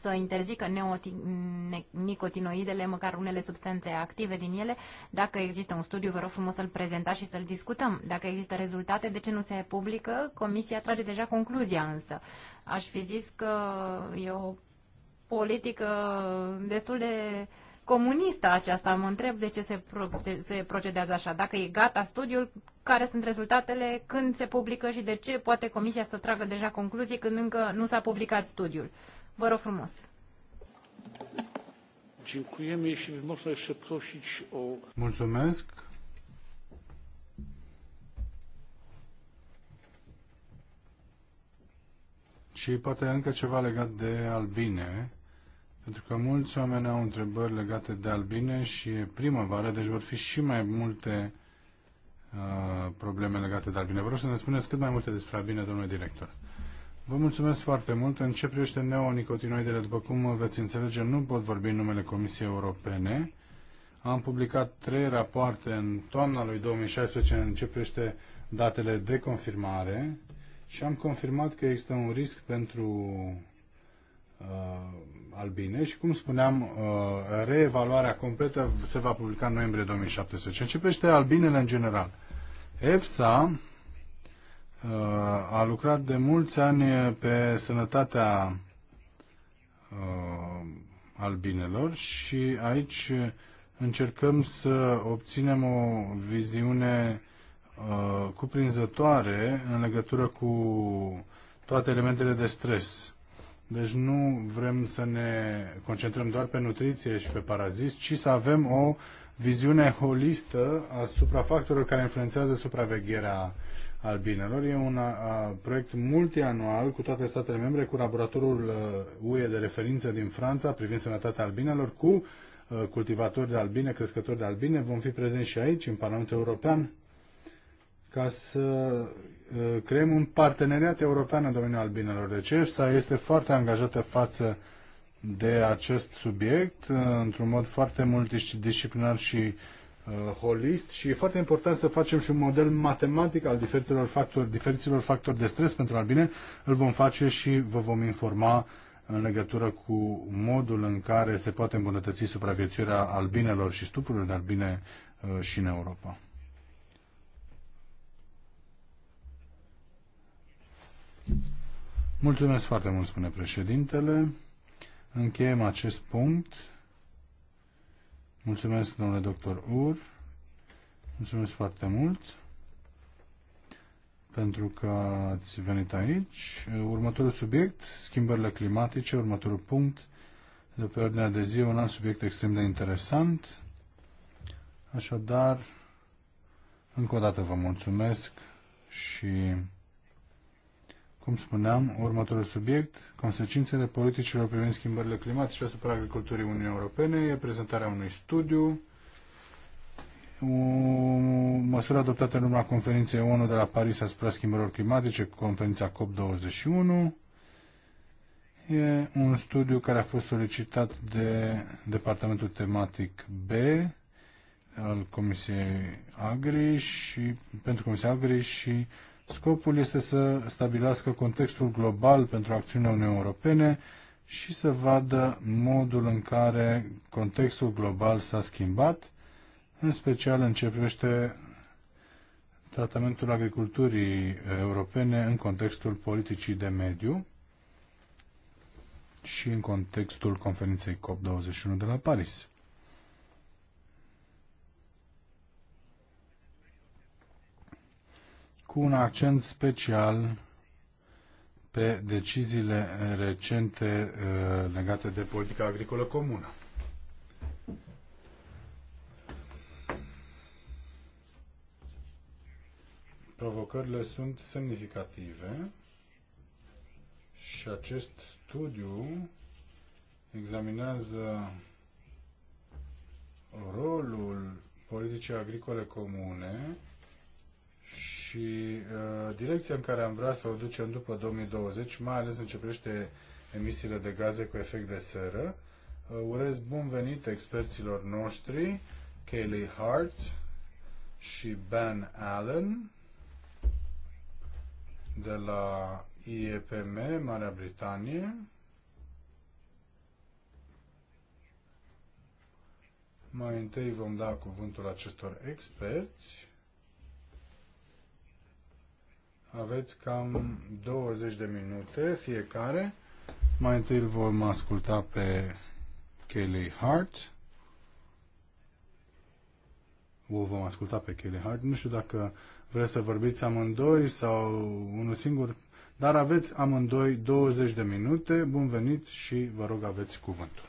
să interzică neonicotinoidele, măcar unele substanțe active din ele. Dacă există un studiu, vă rog frumos să-l prezentați și să-l discutăm. Dacă există rezultate, de ce nu se publică? Comisia trage deja concluzia însă. Aș fi zis că e o politică destul de comunistă aceasta. Mă întreb de ce se, pro, se, se procedează așa. Dacă e gata studiul, care sunt rezultatele, când se publică și de ce poate Comisia să tragă deja concluzii când încă nu s-a publicat studiul. Vă rog frumos. Mulțumesc. Și poate încă ceva legat de albine, pentru că mulți oameni au întrebări legate de albine și e primăvară, deci vor fi și mai multe uh, probleme legate de albine. Vreau să ne spuneți cât mai multe despre albine, domnule director. Vă mulțumesc foarte mult. În ce privește neonicotinoidele, după cum veți înțelege, nu pot vorbi în numele Comisiei Europene. Am publicat trei rapoarte în toamna lui 2016 în ce privește datele de confirmare și am confirmat că există un risc pentru uh, albine și, cum spuneam, uh, reevaluarea completă se va publica în noiembrie 2017. Începește albinele în general. EFSA uh, a lucrat de mulți ani pe sănătatea uh, albinelor și aici încercăm să obținem o viziune uh, Uh, cuprinzătoare în legătură cu toate elementele de stres. Deci nu vrem să ne concentrăm doar pe nutriție și pe parazit, ci să avem o viziune holistă asupra factorilor care influențează supravegherea albinelor. E un a, uh, proiect multianual cu toate statele membre, cu laboratorul UE uh, de referință din Franța privind sănătatea albinelor, cu cultivatori de albine, crescători de albine. Vom fi prezenți și aici, în Parlamentul European, ca să uh, creăm un parteneriat european în domeniul albinelor. Deci EFSA este foarte angajată față de acest subiect uh, într-un mod foarte multidisciplinar și uh, holist și e foarte important să facem și un model matematic al diferitelor factori, diferiților factori de stres pentru albine. Îl vom face și vă vom informa în legătură cu modul în care se poate îmbunătăți supraviețuirea albinelor și stupurilor de albine și în Europa. Mulțumesc foarte mult, spune președintele. Încheiem acest punct. Mulțumesc, domnule doctor Ur. Mulțumesc foarte mult pentru că ați venit aici. Următorul subiect, schimbările climatice, următorul punct de pe ordinea de zi, un alt subiect extrem de interesant. Așadar, încă o dată vă mulțumesc și cum spuneam, următorul subiect, consecințele politicilor privind schimbările climatice asupra agriculturii Uniunii Europene, e prezentarea unui studiu, o măsură adoptată în urma conferinței ONU de la Paris asupra schimbărilor climatice, conferința COP21, E un studiu care a fost solicitat de departamentul tematic B al Comisiei Agri și pentru Comisia Agri și Scopul este să stabilească contextul global pentru acțiunea Uniunii Europene și să vadă modul în care contextul global s-a schimbat, în special în ce privește tratamentul agriculturii europene în contextul politicii de mediu și în contextul conferinței COP21 de la Paris. cu un accent special pe deciziile recente uh, legate de politica agricolă comună. Provocările sunt semnificative și acest studiu examinează rolul politicii agricole comune și uh, direcția în care am vrea să o ducem după 2020, mai ales în ce privește emisiile de gaze cu efect de seră. Uh, urez bun venit experților noștri, Kaylee Hart și Ben Allen de la IEPM, Marea Britanie. Mai întâi vom da cuvântul acestor experți aveți cam 20 de minute fiecare. Mai întâi îl vom asculta pe Kelly Hart. O vom asculta pe Kelly Hart. Nu știu dacă vreți să vorbiți amândoi sau unul singur, dar aveți amândoi 20 de minute. Bun venit și vă rog aveți cuvântul.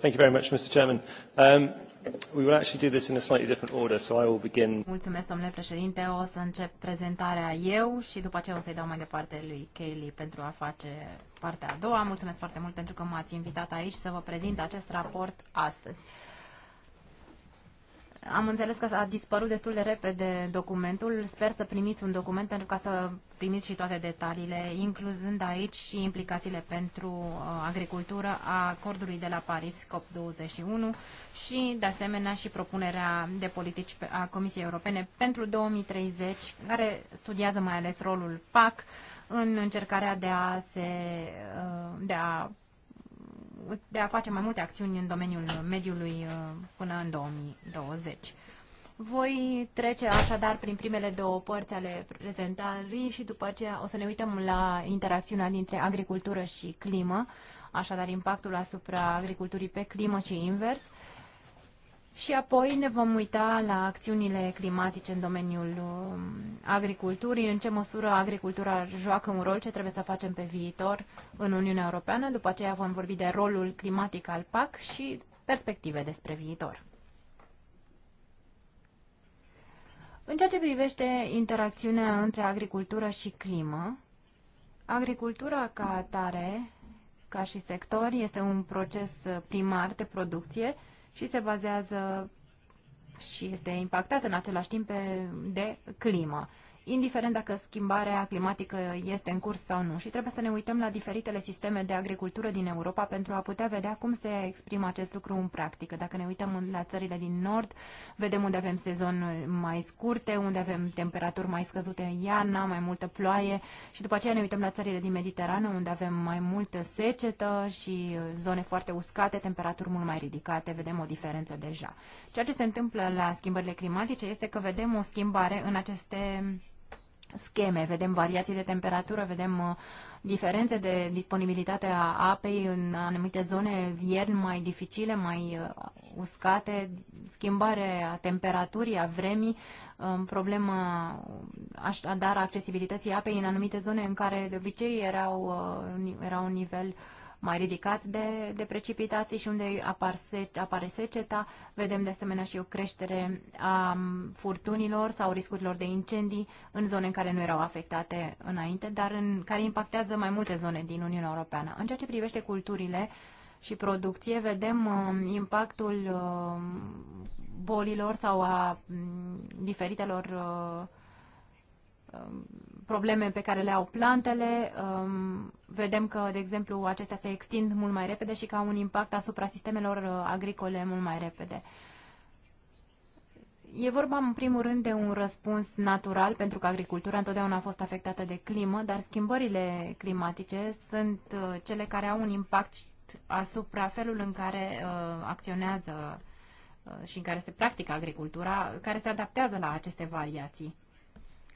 Thank you very much, Mr. Chairman. Um, Mulțumesc, domnule președinte. O să încep prezentarea eu și după aceea o să-i dau mai departe lui Kelly pentru a face partea a doua. Mulțumesc foarte mult pentru că m-ați invitat aici să vă prezint acest raport astăzi. Am înțeles că a dispărut destul de repede documentul. Sper să primiți un document pentru ca să primiți și toate detaliile, incluzând aici și implicațiile pentru uh, agricultură a acordului de la Paris COP21 și, de asemenea, și propunerea de politici a Comisiei Europene pentru 2030, care studiază mai ales rolul PAC în încercarea de a, se, uh, de a de a face mai multe acțiuni în domeniul mediului uh, până în 2020. Voi trece așadar prin primele două părți ale prezentării și după aceea o să ne uităm la interacțiunea dintre agricultură și climă, așadar impactul asupra agriculturii pe climă și invers. Și apoi ne vom uita la acțiunile climatice în domeniul um, agriculturii, în ce măsură agricultura joacă un rol, ce trebuie să facem pe viitor în Uniunea Europeană. După aceea vom vorbi de rolul climatic al PAC și perspective despre viitor. În ceea ce privește interacțiunea între agricultură și climă, agricultura ca atare, ca și sector, este un proces primar de producție, și se bazează și este impactat în același timp pe, de climă indiferent dacă schimbarea climatică este în curs sau nu. Și trebuie să ne uităm la diferitele sisteme de agricultură din Europa pentru a putea vedea cum se exprimă acest lucru în practică. Dacă ne uităm la țările din nord, vedem unde avem sezon mai scurte, unde avem temperaturi mai scăzute iarna, mai multă ploaie și după aceea ne uităm la țările din Mediterană, unde avem mai multă secetă și zone foarte uscate, temperaturi mult mai ridicate, vedem o diferență deja. Ceea ce se întâmplă la schimbările climatice este că vedem o schimbare în aceste scheme, vedem variații de temperatură, vedem uh, diferențe de disponibilitate a apei în anumite zone ierni mai dificile, mai uh, uscate, schimbare a temperaturii, a vremii, uh, problema așadar accesibilității apei în anumite zone în care de obicei erau, era un nivel uh, mai ridicat de, de precipitații și unde apar se, apare seceta. Vedem de asemenea și o creștere a furtunilor sau riscurilor de incendii în zone în care nu erau afectate înainte, dar în care impactează mai multe zone din Uniunea Europeană. În ceea ce privește culturile, și producție, vedem uh, impactul uh, bolilor sau a um, diferitelor uh, um, probleme pe care le au plantele. Um, vedem că, de exemplu, acestea se extind mult mai repede și că au un impact asupra sistemelor uh, agricole mult mai repede. E vorba, în primul rând, de un răspuns natural, pentru că agricultura întotdeauna a fost afectată de climă, dar schimbările climatice sunt uh, cele care au un impact asupra felului în care uh, acționează și în care se practică agricultura, care se adaptează la aceste variații.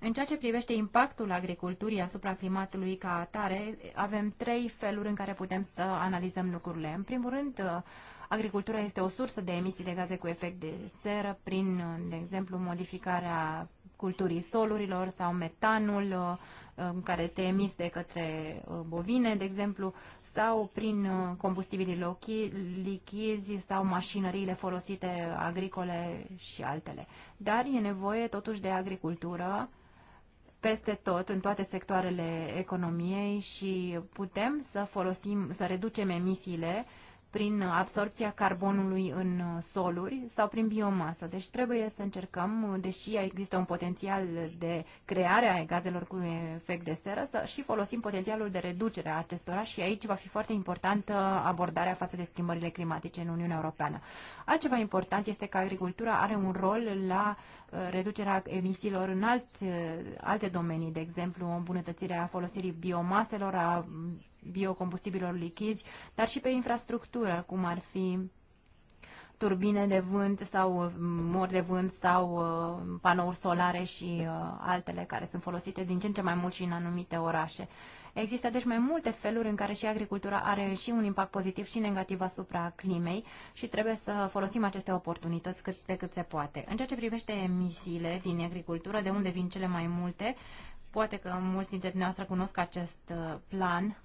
În ceea ce privește impactul agriculturii asupra climatului ca atare, avem trei feluri în care putem să analizăm lucrurile. În primul rând, agricultura este o sursă de emisii de gaze cu efect de seră prin, de exemplu, modificarea culturii solurilor sau metanul uh, care este emis de către uh, bovine, de exemplu, sau prin uh, combustibilii lichizi sau mașinăriile folosite agricole și altele. Dar e nevoie totuși de agricultură peste tot, în toate sectoarele economiei și putem să folosim, să reducem emisiile prin absorpția carbonului în uh, soluri sau prin biomasă. Deci trebuie să încercăm, uh, deși există un potențial de creare a gazelor cu efect de seră, să și folosim potențialul de reducere a acestora și aici va fi foarte importantă abordarea față de schimbările climatice în Uniunea Europeană. Altceva important este că agricultura are un rol la uh, reducerea emisiilor în alți, alte domenii, de exemplu, îmbunătățirea folosirii biomaselor, a biocombustibilor lichizi, dar și pe infrastructură, cum ar fi turbine de vânt sau uh, mor de vânt sau uh, panouri solare și uh, altele care sunt folosite din ce în ce mai mult și în anumite orașe. Există deci mai multe feluri în care și agricultura are și un impact pozitiv și negativ asupra climei și trebuie să folosim aceste oportunități cât pe cât se poate. În ceea ce privește emisiile din agricultură, de unde vin cele mai multe, poate că mulți dintre dumneavoastră cunosc acest plan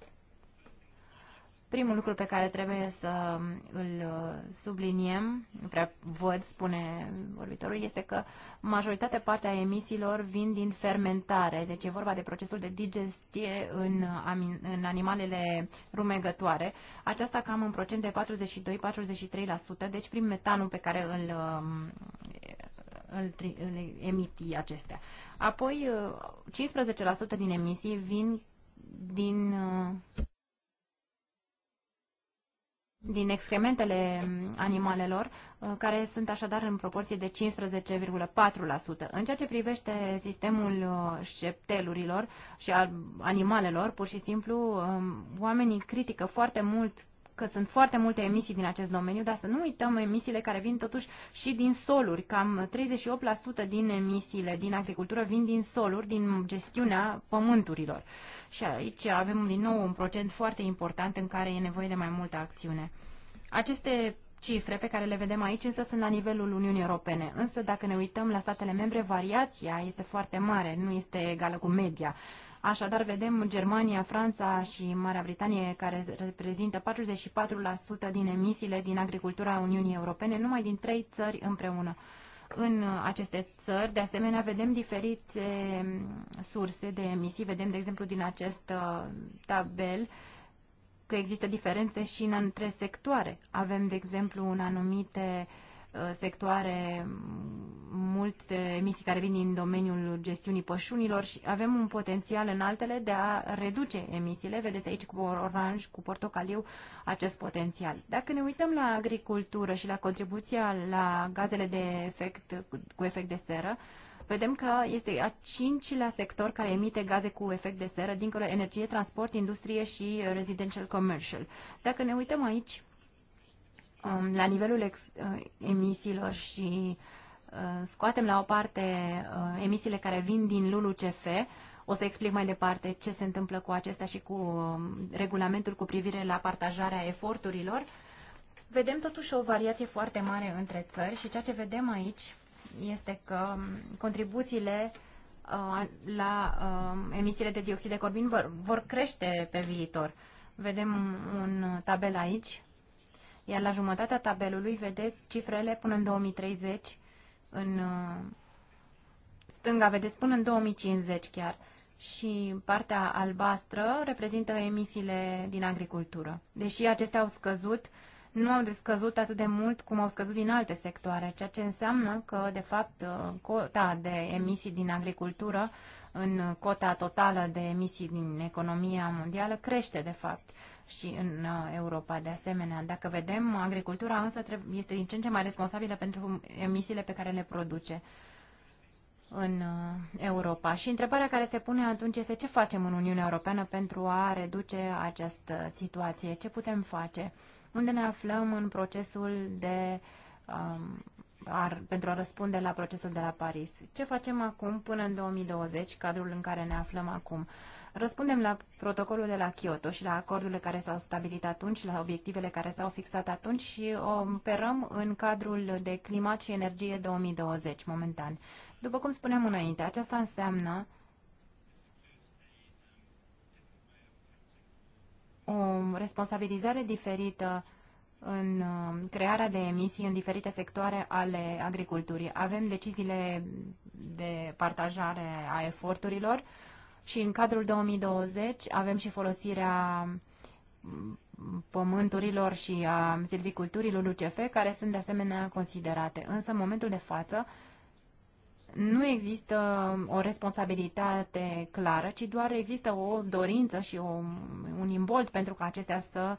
Primul lucru pe care trebuie să îl uh, subliniem, nu prea văd, spune vorbitorul, este că majoritatea partea emisiilor vin din fermentare. Deci e vorba de procesul de digestie în, uh, în animalele rumegătoare. Aceasta cam în procent de 42-43%, deci prin metanul pe care îl, um, îl, îl emiti acestea. Apoi, 15% uh, din emisii vin din din excrementele animalelor, uh, care sunt așadar în proporție de 15,4%. În ceea ce privește sistemul uh, șeptelurilor și al animalelor, pur și simplu, um, oamenii critică foarte mult că sunt foarte multe emisii din acest domeniu, dar să nu uităm emisiile care vin totuși și din soluri. Cam 38% din emisiile din agricultură vin din soluri, din gestiunea pământurilor. Și aici avem din nou un procent foarte important în care e nevoie de mai multă acțiune. Aceste cifre pe care le vedem aici însă sunt la nivelul Uniunii Europene. Însă dacă ne uităm la statele membre, variația este foarte mare, nu este egală cu media. Așadar, vedem Germania, Franța și Marea Britanie, care reprezintă 44% din emisiile din agricultura Uniunii Europene, numai din trei țări împreună în aceste țări. De asemenea, vedem diferite mm, surse de emisii. Vedem, de exemplu, din acest uh, tabel că există diferențe și în între sectoare. Avem, de exemplu, în anumite uh, Uh, sectoare, multe emisii care vin din domeniul gestiunii pășunilor și avem un potențial în altele de a reduce emisiile. Vedeți aici cu oranj, cu portocaliu acest potențial. Dacă ne uităm la agricultură și la contribuția la gazele de efect, cu efect de seră, vedem că este a cincilea sector care emite gaze cu efect de seră, dincolo energie, transport, industrie și residential commercial. Dacă ne uităm aici, Um, la nivelul uh, emisiilor și uh, scoatem la o parte uh, emisiile care vin din LULUCF, o să explic mai departe ce se întâmplă cu acestea și cu um, regulamentul cu privire la partajarea eforturilor, vedem totuși o variație foarte mare între țări și ceea ce vedem aici este că um, contribuțiile la emisiile de dioxid de corbin vor crește pe viitor. Vedem un tabel aici iar la jumătatea tabelului vedeți cifrele până în 2030, în uh, stânga vedeți până în 2050 chiar. Și partea albastră reprezintă emisiile din agricultură. Deși acestea au scăzut, nu au descăzut atât de mult cum au scăzut din alte sectoare, ceea ce înseamnă că, de fapt, uh, cota de emisii din agricultură în cota totală de emisii din economia mondială crește, de fapt și în uh, Europa de asemenea. Dacă vedem, agricultura însă este din ce în ce mai responsabilă pentru emisiile pe care le produce în uh, Europa. Și întrebarea care se pune atunci este ce facem în Uniunea Europeană pentru a reduce această situație? Ce putem face? Unde ne aflăm în procesul de um, ar, pentru a răspunde la procesul de la Paris? Ce facem acum până în 2020, cadrul în care ne aflăm acum? Uh, răspundem la protocolul de la Kyoto și la acordurile care s-au stabilit atunci, la obiectivele care s-au fixat atunci și o operăm în cadrul de climat și energie 2020 momentan. După cum spuneam înainte, aceasta înseamnă o responsabilizare diferită în uh, crearea de emisii în diferite sectoare ale agriculturii. Avem deciziile de partajare a eforturilor și în cadrul 2020 avem și folosirea pământurilor și a silviculturilor UCF, care sunt de asemenea considerate. Însă, în momentul de față, nu există o responsabilitate clară, ci doar există o dorință și o, un imbold pentru ca acestea să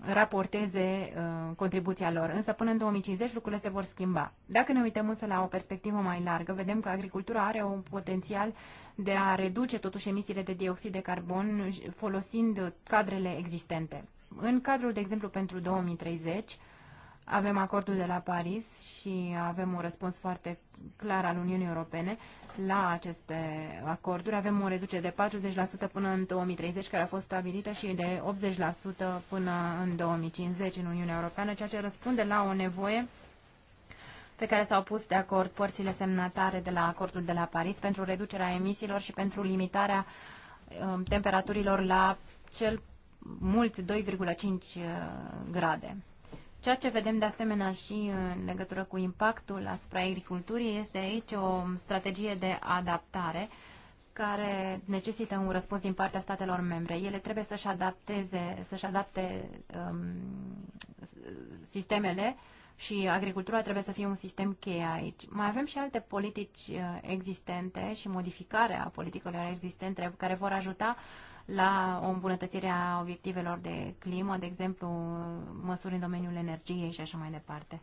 raporteze uh, contribuția lor. Însă până în 2050 lucrurile se vor schimba. Dacă ne uităm însă la o perspectivă mai largă, vedem că agricultura are un potențial de a reduce totuși emisiile de dioxid de carbon folosind cadrele existente. În cadrul, de exemplu, pentru 2030, avem acordul de la Paris și avem un răspuns foarte clar al Uniunii Europene la aceste acorduri. Avem o reducere de 40% până în 2030, care a fost stabilită, și de 80% până în 2050 în Uniunea Europeană, ceea ce răspunde la o nevoie pe care s-au pus de acord părțile semnatare de la acordul de la Paris pentru reducerea emisiilor și pentru limitarea um, temperaturilor la cel mult 2,5 uh, grade. Ceea ce vedem de asemenea și în legătură cu impactul asupra agriculturii este aici o strategie de adaptare care necesită un răspuns din partea statelor membre. Ele trebuie să-și adapteze, să-și adapte um, sistemele și agricultura trebuie să fie un sistem cheie aici. Mai avem și alte politici uh, existente și modificarea politicilor existente care vor ajuta la o îmbunătățire a obiectivelor de climă, de exemplu, măsuri în domeniul energiei și așa mai departe.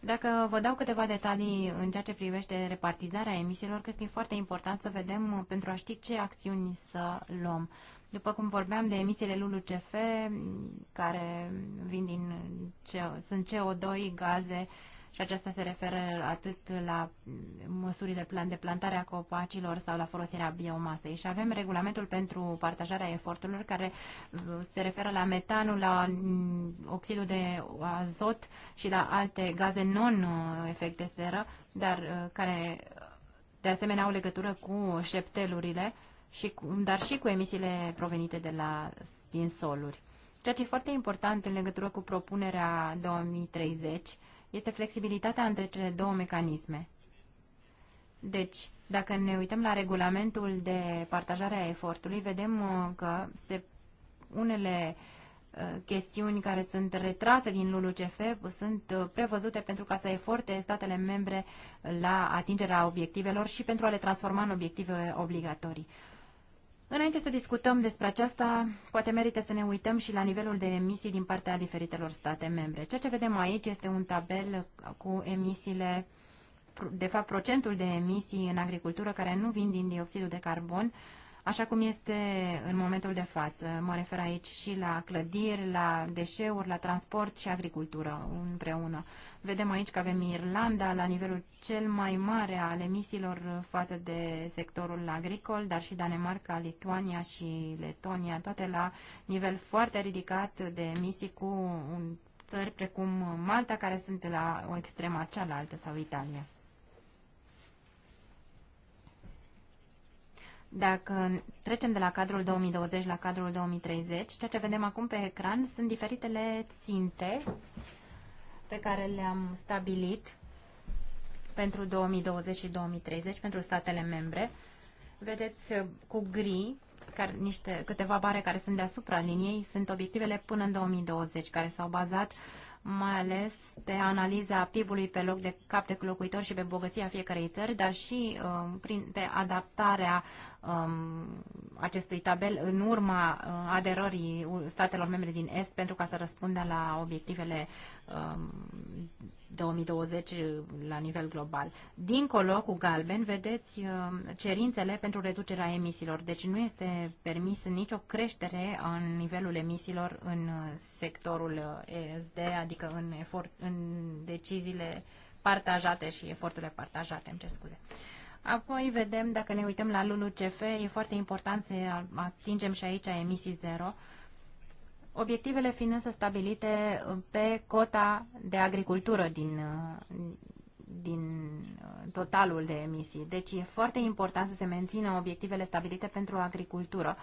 Dacă vă dau câteva detalii în ceea ce privește repartizarea emisiilor, cred că e foarte important să vedem pentru a ști ce acțiuni să luăm. După cum vorbeam de emisiile LULUCF, care vin din, sunt CO2, gaze, și aceasta se referă atât la măsurile plan de plantare a copacilor sau la folosirea biomasei. Și avem regulamentul pentru partajarea eforturilor care uh, se referă la metanul, la mm, oxidul de azot și la alte gaze non-efect de seră, dar uh, care de asemenea au legătură cu șeptelurile, și cu, dar și cu emisiile provenite de la, din soluri. Ceea ce e foarte important în legătură cu propunerea 2030 este flexibilitatea între cele două mecanisme. Deci, dacă ne uităm la regulamentul de partajare a efortului, vedem uh, că se, unele uh, chestiuni care sunt retrase din LULUCF sunt uh, prevăzute pentru ca să eforte statele membre la atingerea obiectivelor și pentru a le transforma în obiective obligatorii. Înainte să discutăm despre aceasta, poate merită să ne uităm și la nivelul de emisii din partea diferitelor state membre. Ceea ce vedem aici este un tabel cu emisiile, de fapt procentul de emisii în agricultură care nu vin din dioxidul de carbon, așa cum este în momentul de față. Mă refer aici și la clădiri, la deșeuri, la transport și agricultură împreună. Vedem aici că avem Irlanda la nivelul cel mai mare al emisiilor față de sectorul agricol, dar și Danemarca, Lituania și Letonia, toate la nivel foarte ridicat de emisii cu un țări precum Malta, care sunt la o extremă cealaltă, sau Italia. Dacă trecem de la cadrul 2020 la cadrul 2030, ceea ce vedem acum pe ecran sunt diferitele ținte pe care le-am stabilit pentru 2020 și 2030 pentru statele membre. Vedeți uh, cu gri care, niște, câteva bare care sunt deasupra liniei, sunt obiectivele până în 2020, care s-au bazat mai ales pe analiza PIB-ului pe loc de cap de locuitor și pe bogăția fiecarei țări, dar și uh, prin, pe adaptarea um, acestui tabel în urma uh, aderării statelor membre din Est pentru ca să răspundă la obiectivele um, 2020 la nivel global. Dincolo, cu galben, vedeți um, cerințele pentru reducerea emisiilor. Deci nu este permis nicio creștere în nivelul emisiilor în sectorul uh, ESD, adică în, efort, în deciziile partajate și eforturile partajate, îmi cer scuze. Uh, Apoi vedem, dacă ne uităm la LULUCF, e foarte important să atingem și aici emisii zero. Obiectivele fiind însă stabilite pe cota de agricultură din, din totalul de emisii. Deci e foarte important să se mențină obiectivele stabilite pentru agricultură,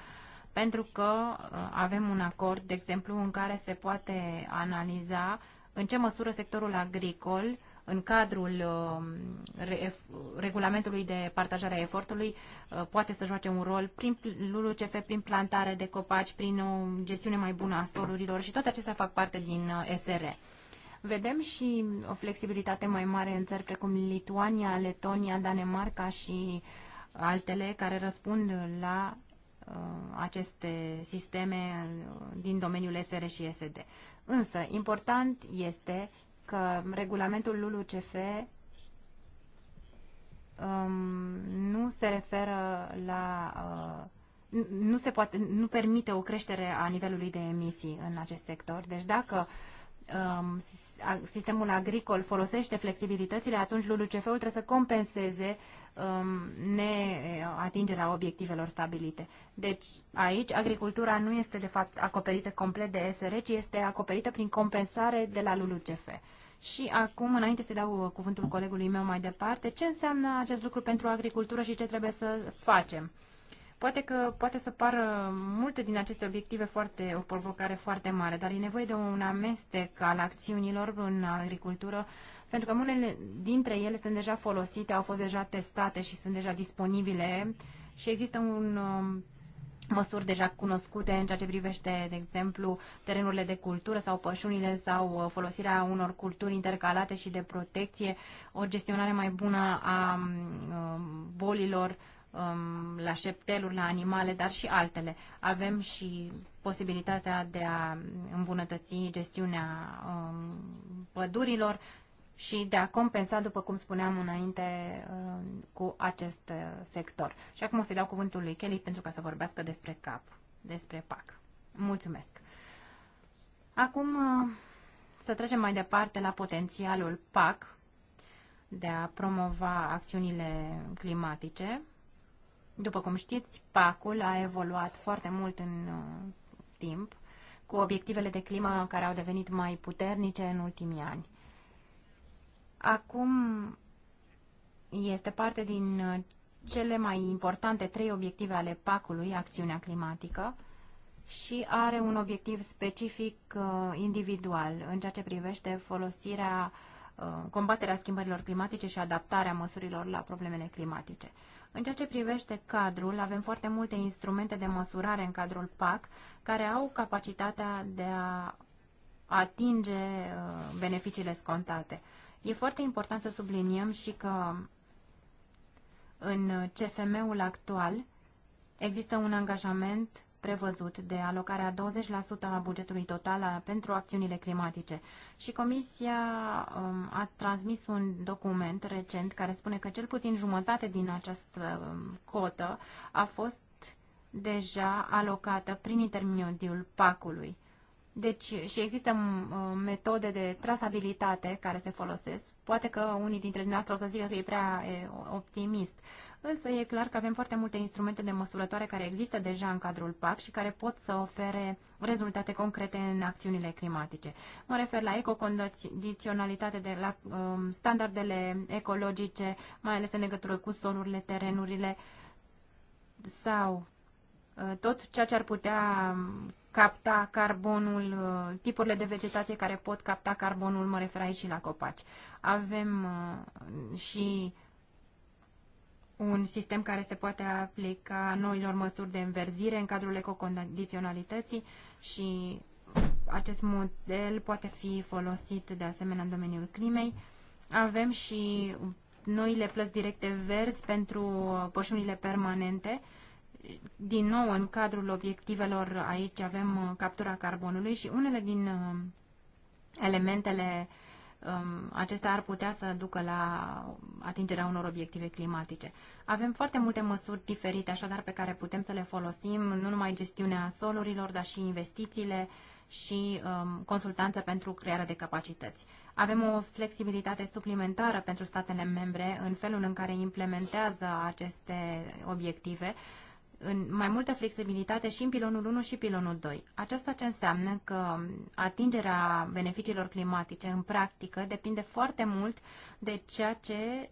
pentru că uh, avem un acord, de exemplu, în care se poate analiza în ce măsură sectorul agricol uh, în cadrul um, regulamentului de partajare a efortului uh, poate să joace un rol prin LULUCF, prin plantare de copaci, prin o gestiune mai bună a solurilor și toate acestea fac parte din uh, SR. Vedem și o flexibilitate mai mare în țări precum Lituania, Letonia, Danemarca și altele care răspund la uh, aceste sisteme din domeniul SR și SD. Însă, important este că regulamentul LULUCF um, nu se referă la uh, nu se poate, nu permite o creștere a nivelului de emisii în acest sector. Deci dacă um, sistemul agricol folosește flexibilitățile, atunci LULUCF-ul trebuie să compenseze um, neatingerea obiectivelor stabilite. Deci aici agricultura nu este de fapt acoperită complet de SR, ci este acoperită prin compensare de la LULUCF. Și acum, înainte să dau uh, cuvântul colegului meu mai departe, ce înseamnă acest lucru pentru agricultură și ce trebuie să facem? Poate că poate să pară multe din aceste obiective foarte, o provocare foarte mare, dar e nevoie de un amestec al acțiunilor în agricultură, pentru că unele dintre ele sunt deja folosite, au fost deja testate și sunt deja disponibile și există un um, măsuri deja cunoscute în ceea ce privește, de exemplu, terenurile de cultură sau pășunile sau uh, folosirea unor culturi intercalate și de protecție, o gestionare mai bună a mm, uh, bolilor um, la șepteluri, la animale, dar și altele. Avem și posibilitatea de a mm, îmbunătăți gestiunea um, pădurilor și de a compensa, după cum spuneam înainte, uh, cu acest uh, sector. Și acum o să-i dau cuvântul lui Kelly pentru ca să vorbească despre CAP, despre PAC. Mulțumesc! Acum uh, să trecem mai departe la potențialul PAC de a promova acțiunile climatice. După cum știți, PAC-ul a evoluat foarte mult în timp, cu obiectivele de climă care au devenit mai puternice în ultimii ani. Acum este parte din uh, cele mai importante trei obiective ale PAC-ului, acțiunea climatică, și are un obiectiv specific uh, individual în ceea ce privește folosirea, uh, combaterea schimbărilor climatice și adaptarea măsurilor la problemele climatice. În ceea ce privește cadrul, avem foarte multe instrumente de măsurare în cadrul PAC care au capacitatea de a atinge beneficiile scontate. E foarte important să subliniem și că în CFM-ul actual există un angajament prevăzut de alocarea 20% a bugetului total pentru acțiunile climatice. Și Comisia um, a transmis un document recent care spune că cel puțin jumătate din această um, cotă a fost deja alocată prin intermediul PAC-ului. Deci, și există uh, metode de trasabilitate care se folosesc. Poate că unii dintre dumneavoastră o să zică că e prea e, optimist. Însă e clar că avem foarte multe instrumente de măsurătoare care există deja în cadrul PAC și care pot să ofere rezultate concrete în acțiunile climatice. Mă refer la ecocondiționalitate, de la um, standardele ecologice, mai ales în legătură cu solurile, terenurile sau uh, tot ceea ce ar putea capta carbonul, uh, tipurile de vegetație care pot capta carbonul, mă refer aici și la copaci. Avem uh, și un sistem care se poate aplica noilor măsuri de înverzire în cadrul ecocondiționalității și acest model poate fi folosit de asemenea în domeniul climei. Avem și noile plăți directe verzi pentru uh, pășunile permanente, din nou, în cadrul obiectivelor, aici avem uh, captura carbonului și unele din uh, elementele um, acestea ar putea să ducă la atingerea unor obiective climatice. Avem foarte multe măsuri diferite, așadar, pe care putem să le folosim, nu numai gestiunea solurilor, dar și investițiile și um, consultanță pentru crearea de capacități. Avem o flexibilitate suplimentară pentru statele membre în felul în care implementează aceste obiective, în mai multă flexibilitate și în pilonul 1 și pilonul 2. Aceasta ce înseamnă că atingerea beneficiilor climatice în practică depinde foarte mult de ceea ce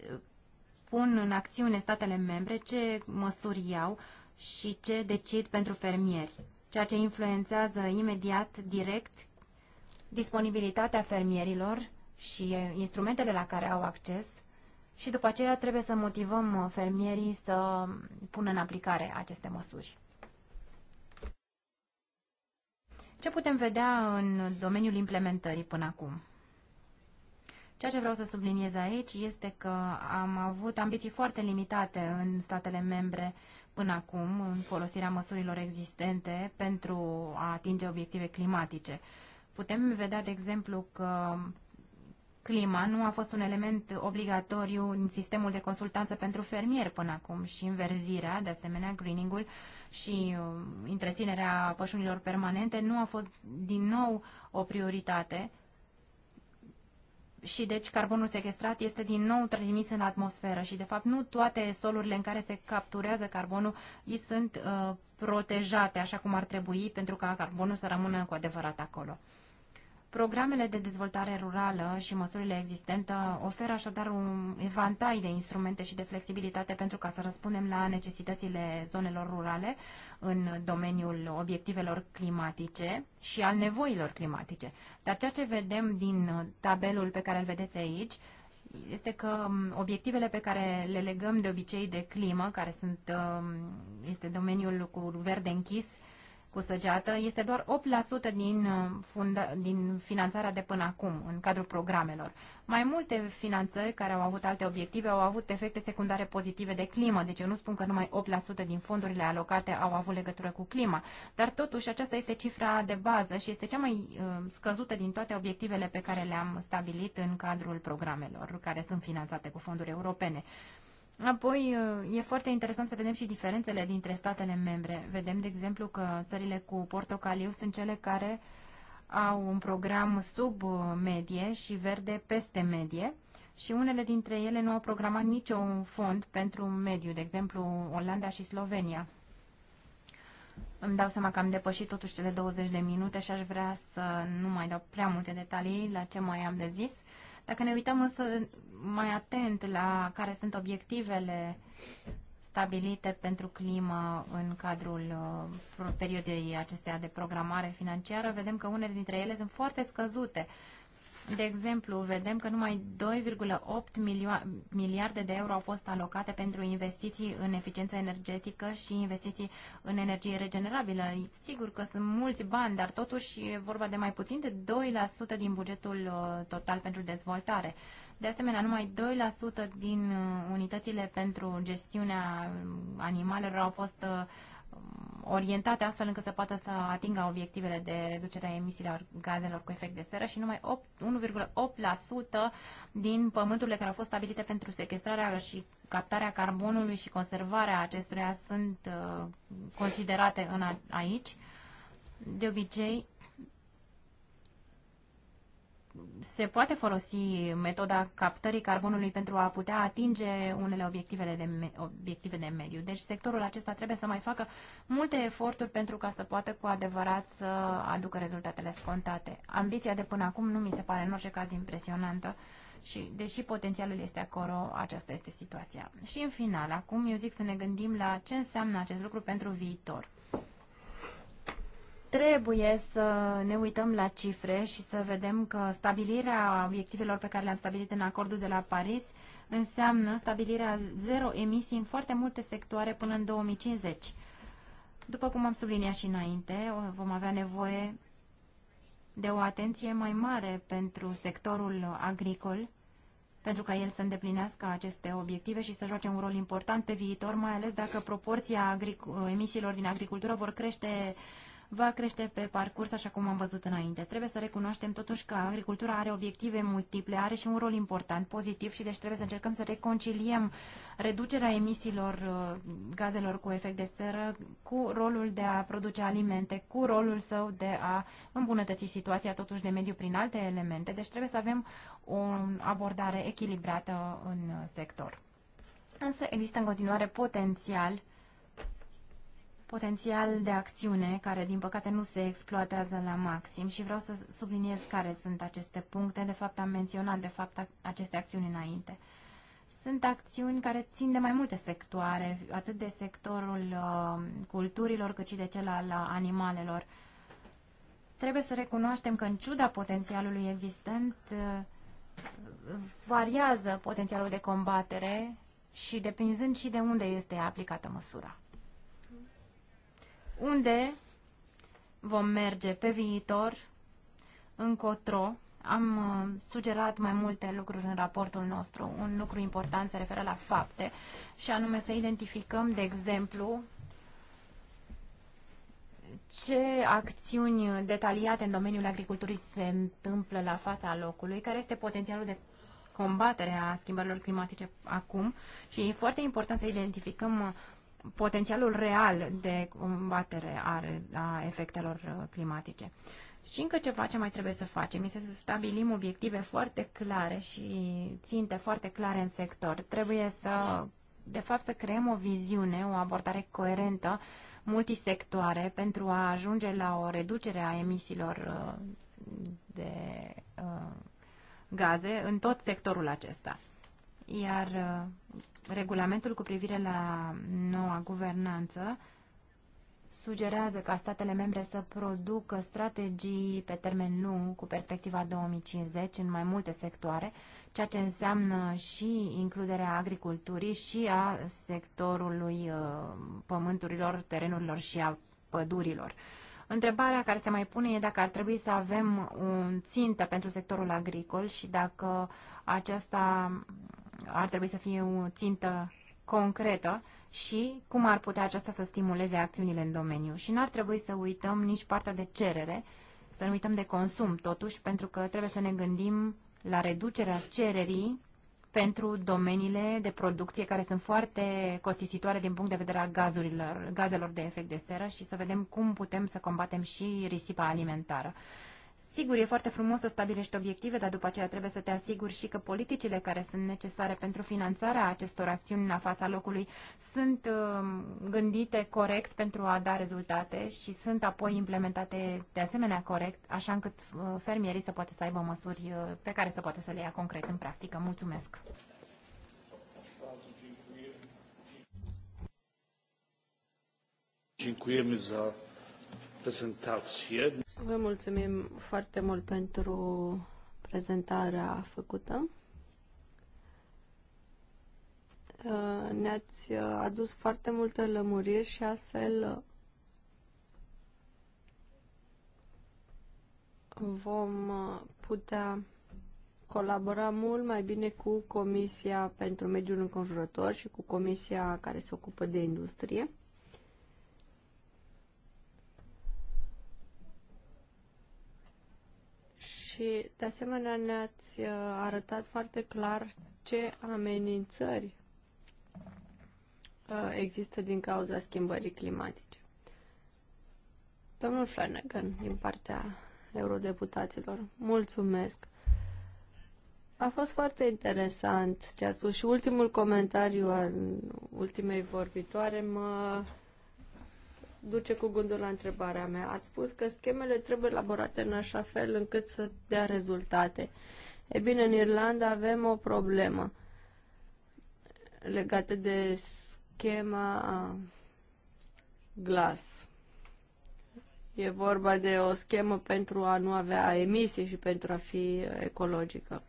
pun în acțiune statele membre, ce măsuri iau și ce decid pentru fermieri, ceea ce influențează imediat, direct, disponibilitatea fermierilor și instrumentele la care au acces – și după aceea trebuie să motivăm uh, fermierii să pună în aplicare aceste măsuri. Ce putem vedea în domeniul implementării până acum? Ceea ce vreau să subliniez aici este că am avut ambiții foarte limitate în statele membre până acum în folosirea măsurilor existente pentru a atinge obiective climatice. Putem vedea, de exemplu, că Clima nu a fost un element obligatoriu în sistemul de consultanță pentru fermieri până acum și înverzirea, de asemenea greening-ul și uh, întreținerea pășunilor permanente nu a fost din nou o prioritate și deci carbonul sequestrat este din nou trimis în atmosferă și de fapt nu toate solurile în care se capturează carbonul îi sunt uh, protejate așa cum ar trebui pentru ca carbonul să rămână cu adevărat acolo. Programele de dezvoltare rurală și măsurile existente oferă așadar un evantai de instrumente și de flexibilitate pentru ca să răspundem la necesitățile zonelor rurale în domeniul obiectivelor climatice și al nevoilor climatice. Dar ceea ce vedem din tabelul pe care îl vedeți aici este că um, obiectivele pe care le legăm de obicei de climă, care sunt, um, este domeniul cu verde închis, cu săgeată este doar 8% din, uh, funda, din finanțarea de până acum în cadrul programelor. Mai multe finanțări care au avut alte obiective au avut efecte secundare pozitive de climă, deci eu nu spun că numai 8% din fondurile alocate au avut legătură cu clima, dar totuși aceasta este cifra de bază și este cea mai uh, scăzută din toate obiectivele pe care le-am stabilit în cadrul programelor care sunt finanțate cu fonduri europene. Apoi, e foarte interesant să vedem și diferențele dintre statele membre. Vedem, de exemplu, că țările cu portocaliu sunt cele care au un program sub uh, medie și verde peste medie și unele dintre ele nu au programat niciun fond pentru mediu, de exemplu Olanda și Slovenia. Îmi dau seama că am depășit totuși cele 20 de minute și aș vrea să nu mai dau prea multe detalii la ce mai am de zis. Dacă ne uităm însă mai atent la care sunt obiectivele stabilite pentru climă în cadrul uh, perioadei acesteia de programare financiară, vedem că unele dintre ele sunt foarte scăzute de exemplu, vedem că numai 2,8 miliarde de euro au fost alocate pentru investiții în eficiență energetică și investiții în energie regenerabilă. Sigur că sunt mulți bani, dar totuși e vorba de mai puțin de 2% din bugetul uh, total pentru dezvoltare. De asemenea, numai 2% din uh, unitățile pentru gestiunea um, animalelor au fost uh, orientate astfel încât să poată să atingă obiectivele de reducere a emisiilor gazelor cu efect de seră și numai 1,8% din pământurile care au fost stabilite pentru sequestrarea și captarea carbonului și conservarea acestuia sunt uh, considerate în a, aici. De obicei, se poate folosi metoda captării carbonului pentru a putea atinge unele obiective de, obiective de mediu. Deci sectorul acesta trebuie să mai facă multe eforturi pentru ca să poată cu adevărat să aducă rezultatele scontate. Ambiția de până acum nu mi se pare în orice caz impresionantă și deși potențialul este acolo, aceasta este situația. Și în final, acum eu zic să ne gândim la ce înseamnă acest lucru pentru viitor. Trebuie să ne uităm la cifre și să vedem că stabilirea obiectivelor pe care le-am stabilit în acordul de la Paris înseamnă stabilirea zero emisii în foarte multe sectoare până în 2050. După cum am subliniat și înainte, vom avea nevoie de o atenție mai mare pentru sectorul agricol, pentru ca el să îndeplinească aceste obiective și să joace un rol important pe viitor, mai ales dacă proporția emisiilor din agricultură vor crește va crește pe parcurs, așa cum am văzut înainte. Trebuie să recunoaștem totuși că agricultura are obiective multiple, are și un rol important, pozitiv și deci trebuie să încercăm să reconciliem reducerea emisiilor uh, gazelor cu efect de seră cu rolul de a produce alimente, cu rolul său de a îmbunătăți situația totuși de mediu prin alte elemente. Deci trebuie să avem o abordare echilibrată în sector. Însă există în continuare potențial potențial de acțiune care, din păcate, nu se exploatează la maxim și vreau să subliniez care sunt aceste puncte. De fapt, am menționat, de fapt, aceste acțiuni înainte. Sunt acțiuni care țin de mai multe sectoare, atât de sectorul uh, culturilor, cât și de cel al animalelor. Trebuie să recunoaștem că, în ciuda potențialului existent, uh, variază potențialul de combatere și depinzând și de unde este aplicată măsura unde vom merge pe viitor, încotro. Am uh, sugerat mai multe lucruri în raportul nostru. Un lucru important se referă la fapte și anume să identificăm, de exemplu, ce acțiuni detaliate în domeniul agriculturii se întâmplă la fața locului, care este potențialul de combatere a schimbărilor climatice acum și e foarte important să identificăm potențialul real de combatere a efectelor uh, climatice. Și încă ceva ce mai trebuie să facem este să stabilim obiective foarte clare și ținte foarte clare în sector. Trebuie să, de fapt, să creăm o viziune, o abordare coerentă, multisectoare, pentru a ajunge la o reducere a emisiilor uh, de uh, gaze în tot sectorul acesta iar uh, regulamentul cu privire la noua guvernanță sugerează ca statele membre să producă strategii pe termen lung cu perspectiva 2050 în mai multe sectoare, ceea ce înseamnă și includerea agriculturii și a sectorului uh, pământurilor, terenurilor și a pădurilor. Întrebarea care se mai pune e dacă ar trebui să avem un țintă pentru sectorul agricol și dacă aceasta ar trebui să fie o țintă concretă și cum ar putea aceasta să stimuleze acțiunile în domeniu. Și n-ar trebui să uităm nici partea de cerere, să nu uităm de consum, totuși, pentru că trebuie să ne gândim la reducerea cererii pentru domeniile de producție care sunt foarte costisitoare din punct de vedere al gazurilor, gazelor de efect de seră și să vedem cum putem să combatem și risipa alimentară. Sigur, e foarte frumos să stabilești obiective, dar după aceea trebuie să te asiguri și că politicile care sunt necesare pentru finanțarea acestor acțiuni la fața locului sunt um, gândite corect pentru a da rezultate și sunt apoi implementate de asemenea corect, așa încât uh, fermierii să poată să aibă măsuri uh, pe care să poată să le ia concret în practică. Mulțumesc! Dziękujemy za prezentație. Vă mulțumim foarte mult pentru prezentarea făcută. Uh, ne-ați uh, adus foarte multe lămuriri și astfel uh, vom putea colabora mult mai bine cu Comisia pentru Mediul Înconjurător și cu Comisia care se ocupă de industrie. și, de asemenea, ne-ați uh, arătat foarte clar ce amenințări uh, există din cauza schimbării climatice. Domnul Flanagan, din partea eurodeputaților, mulțumesc. A fost foarte interesant ce a spus și ultimul comentariu al ultimei vorbitoare mă duce cu gândul la întrebarea mea. Ați spus că schemele trebuie elaborate în așa fel încât să dea rezultate. E bine, în Irlanda avem o problemă legată de schema glas. E vorba de o schemă pentru a nu avea emisii și pentru a fi ecologică.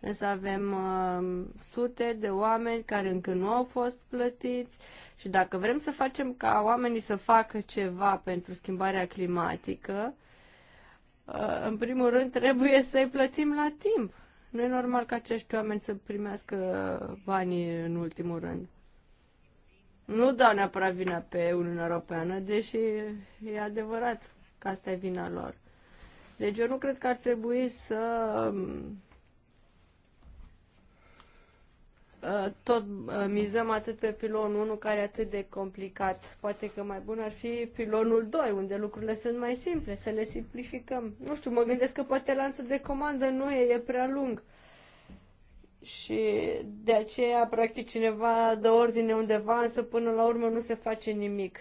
Însă avem uh, sute de oameni care încă nu au fost plătiți și dacă vrem să facem ca oamenii să facă ceva pentru schimbarea climatică, uh, în primul rând trebuie să-i plătim la timp. Nu e normal ca acești oameni să primească banii în ultimul rând. Nu dau neapărat vina pe Uniunea Europeană, deși e adevărat că asta e vina lor. Deci eu nu cred că ar trebui să um, Uh, tot uh, mizăm atât pe pilonul 1 care e atât de complicat. Poate că mai bun ar fi pilonul 2, unde lucrurile sunt mai simple, să le simplificăm. Nu știu, mă gândesc că poate lanțul de comandă nu e, e prea lung. Și de aceea, practic, cineva dă ordine undeva, însă până la urmă nu se face nimic.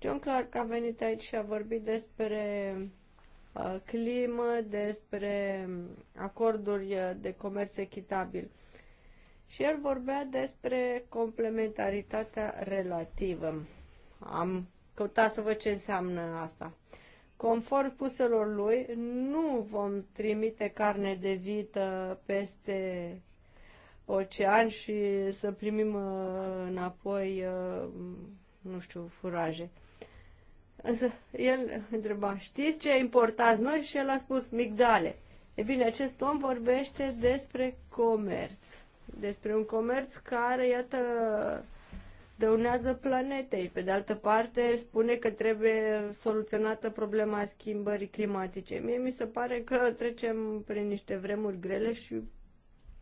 John Clark a venit aici și a vorbit despre uh, climă, despre acorduri de comerț echitabil. Și el vorbea despre complementaritatea relativă. Am căutat să văd ce înseamnă asta. Conform puselor lui, nu vom trimite carne de vită peste ocean și să primim uh, înapoi, uh, nu știu, furaje. Însă el întreba, știți ce importați noi? Și el a spus migdale. E bine, acest om vorbește despre comerț despre un comerț care, iată, dăunează planetei. Pe de altă parte, spune că trebuie soluționată problema schimbării climatice. Mie mi se pare că trecem prin niște vremuri grele și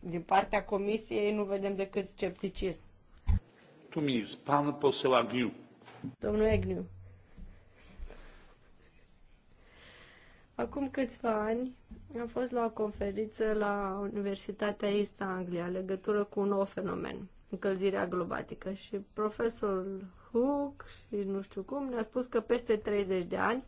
din partea Comisiei nu vedem decât scepticism. Tu mi poți poseł Agniu. Domnul Egniu. Acum câțiva ani am fost la o conferință la Universitatea East Anglia, legătură cu un nou fenomen, încălzirea globatică. Și profesorul Hook și nu știu cum ne-a spus că peste 30 de ani,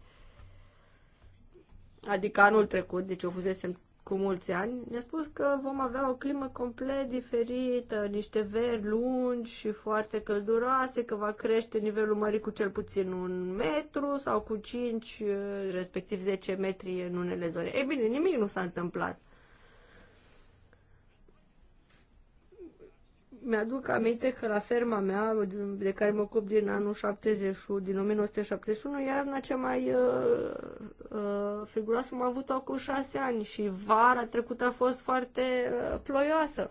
adică anul trecut, deci eu fusesem cu mulți ani, ne-a spus că vom avea o climă complet diferită, niște veri lungi și foarte călduroase, că va crește nivelul mării cu cel puțin un metru sau cu 5, eh, respectiv 10 metri în unele zone. Ei bine, nimic nu s-a întâmplat. mi-aduc aminte că la ferma mea, de care mă ocup din anul 71, din 1971, iarna cea mai uh, uh, friguroasă m-a avut acum șase ani și vara trecută a fost foarte uh, ploioasă.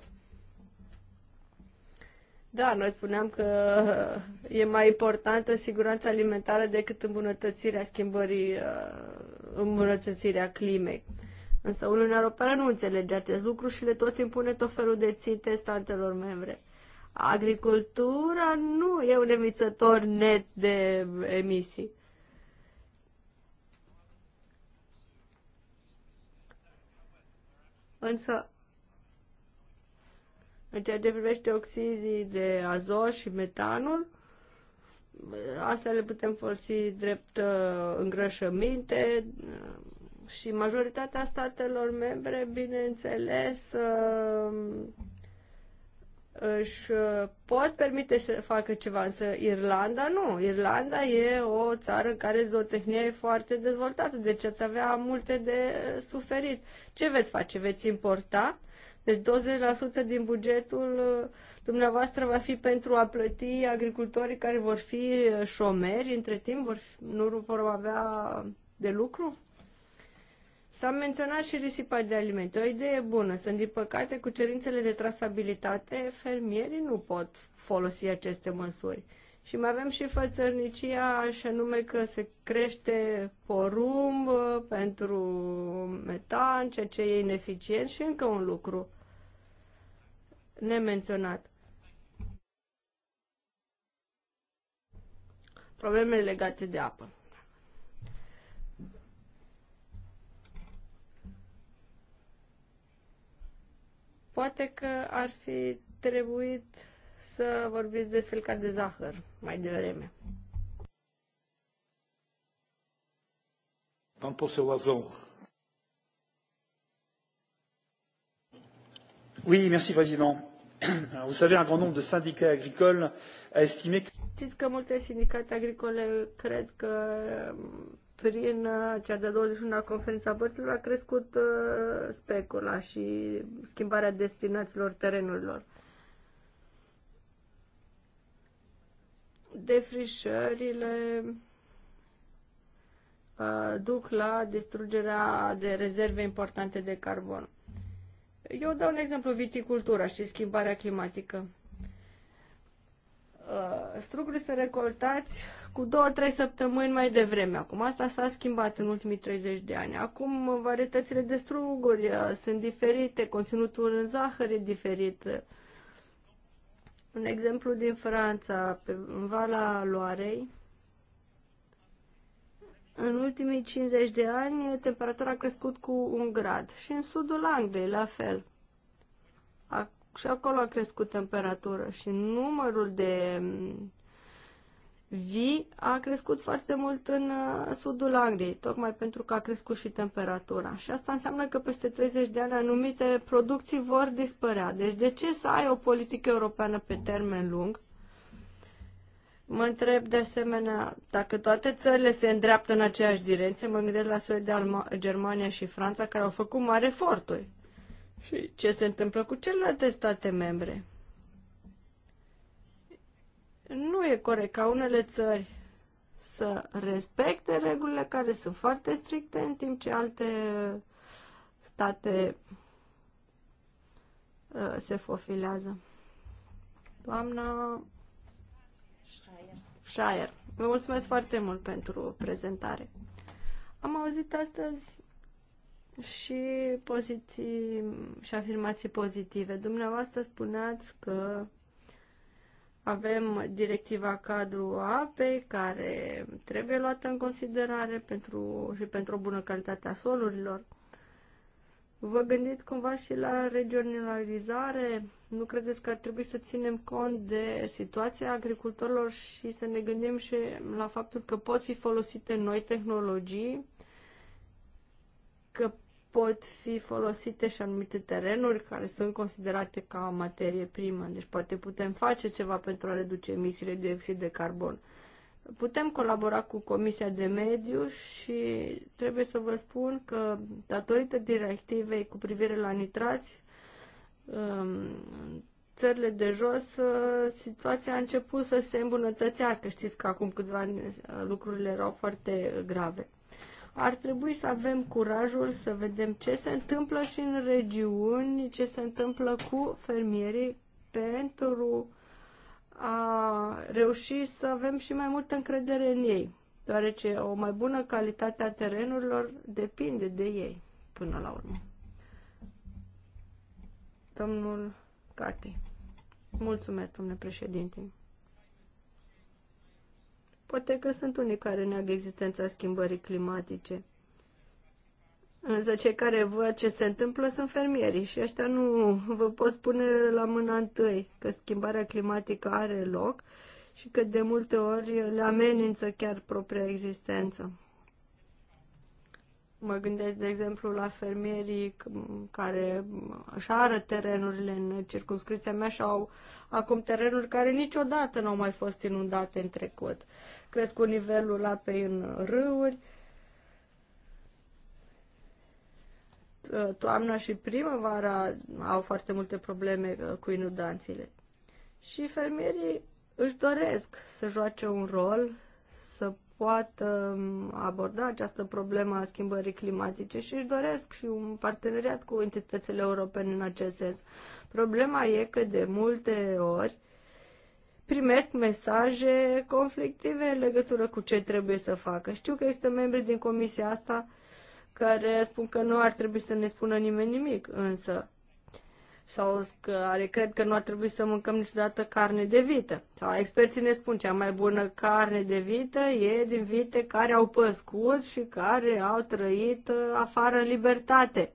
Da, noi spuneam că uh, e mai importantă siguranța alimentară decât îmbunătățirea schimbării, uh, îmbunătățirea climei. Uh, Însă Uniunea Europeană nu înțelege acest lucru și le tot impune tot felul de ținte statelor membre. Agricultura nu e un emițător net de emisii. Însă, în ceea ce privește oxizii de azot și metanul, astea le putem folosi drept uh, îngrășăminte, și majoritatea statelor membre, bineînțeles, uh, își uh, pot permite să facă ceva, însă Irlanda nu. Irlanda e o țară în care zootehnia e foarte dezvoltată, deci ați avea multe de suferit. Ce veți face? Veți importa? Deci 20% din bugetul uh, dumneavoastră va fi pentru a plăti agricultorii care vor fi șomeri între timp, vor, nu vor avea de lucru? S-a menționat și risipa de alimente. O idee bună, sunt din păcate cu cerințele de trasabilitate, fermierii nu pot folosi aceste măsuri. Și mai avem și fățărnicia, așa nume că se crește porumb uh, pentru metan, ceea ce e ineficient și încă un lucru nemenționat. Problemele legate de apă. Poate că ar fi trebuit să vorbiți de ca de zahăr mai devreme. Pan poseu Azon. Oui, merci, Président. Vous savez, un grand nombre de syndicats agricoles a estimé que... Știți că multe sindicate agricole cred că prin uh, cea de 21-a conferință a părților a crescut uh, specula și schimbarea destinațiilor terenurilor. Defrișările uh, duc la distrugerea de rezerve importante de carbon. Eu dau un exemplu, viticultura și schimbarea climatică struguri sunt recoltați cu 2-3 săptămâni mai devreme. Acum asta s-a schimbat în ultimii 30 de ani. Acum varietățile de struguri uh, sunt diferite, conținutul în zahăr e diferit. Un exemplu din Franța, pe, în Vala Loarei, în ultimii 50 de ani temperatura a crescut cu un grad și în sudul Angliei la fel și acolo a crescut temperatura și numărul de mm, vii a crescut foarte mult în uh, sudul Angliei, tocmai pentru că a crescut și temperatura. Și asta înseamnă că peste 30 de ani anumite producții vor dispărea. Deci de ce să ai o politică europeană pe termen lung? Mă întreb de asemenea, dacă toate țările se îndreaptă în aceeași direcție, mă gândesc la Suedia, Germania și Franța, care au făcut mari eforturi și ce se întâmplă cu celelalte state membre? Nu e corect ca unele țări să respecte regulile care sunt foarte stricte, în timp ce alte uh, state uh, se fofilează. Doamna Shire, vă mulțumesc foarte mult pentru prezentare. Am auzit astăzi și poziții și afirmații pozitive. Dumneavoastră spuneați că avem directiva cadru apei care trebuie luată în considerare pentru, și pentru o bună calitate a solurilor. Vă gândiți cumva și la regionalizare? Nu credeți că ar trebui să ținem cont de situația agricultorilor și să ne gândim și la faptul că pot fi folosite noi tehnologii că pot fi folosite și anumite terenuri care sunt considerate ca materie primă. Deci poate putem face ceva pentru a reduce emisiile de dioxid de carbon. Putem colabora cu Comisia de Mediu și trebuie să vă spun că datorită directivei cu privire la nitrați, um, țările de jos, uh, situația a început să se îmbunătățească. Știți că acum câțiva ani uh, lucrurile erau foarte grave ar trebui să avem curajul să vedem ce se întâmplă și în regiuni, ce se întâmplă cu fermierii pentru a reuși să avem și mai multă încredere în ei, deoarece o mai bună calitate a terenurilor depinde de ei până la urmă. Domnul Cartei. Mulțumesc, domnule președinte. Poate că sunt unii care neagă existența schimbării climatice. Însă cei care văd ce se întâmplă sunt fermierii și ăștia nu vă pot spune la mâna întâi că schimbarea climatică are loc și că de multe ori le amenință chiar propria existență. Mă gândesc, de exemplu, la fermierii care își ară terenurile în circunscripția mea și au acum terenuri care niciodată nu au mai fost inundate în trecut. Cresc cu nivelul apei în râuri. Toamna și primăvara au foarte multe probleme uh, cu inundanțile. Și fermierii își doresc să joace un rol, să poată um, aborda această problemă a schimbării climatice și își doresc și un parteneriat cu entitățile europene în acest sens. Problema e că de multe ori primesc mesaje conflictive în legătură cu ce trebuie să facă. Știu că este membri din comisia asta care spun că nu ar trebui să ne spună nimeni nimic, însă sau că are cred că nu ar trebui să mâncăm niciodată carne de vită. Sau experții ne spun cea mai bună carne de vită e din vite care au păscut și care au trăit uh, afară în libertate.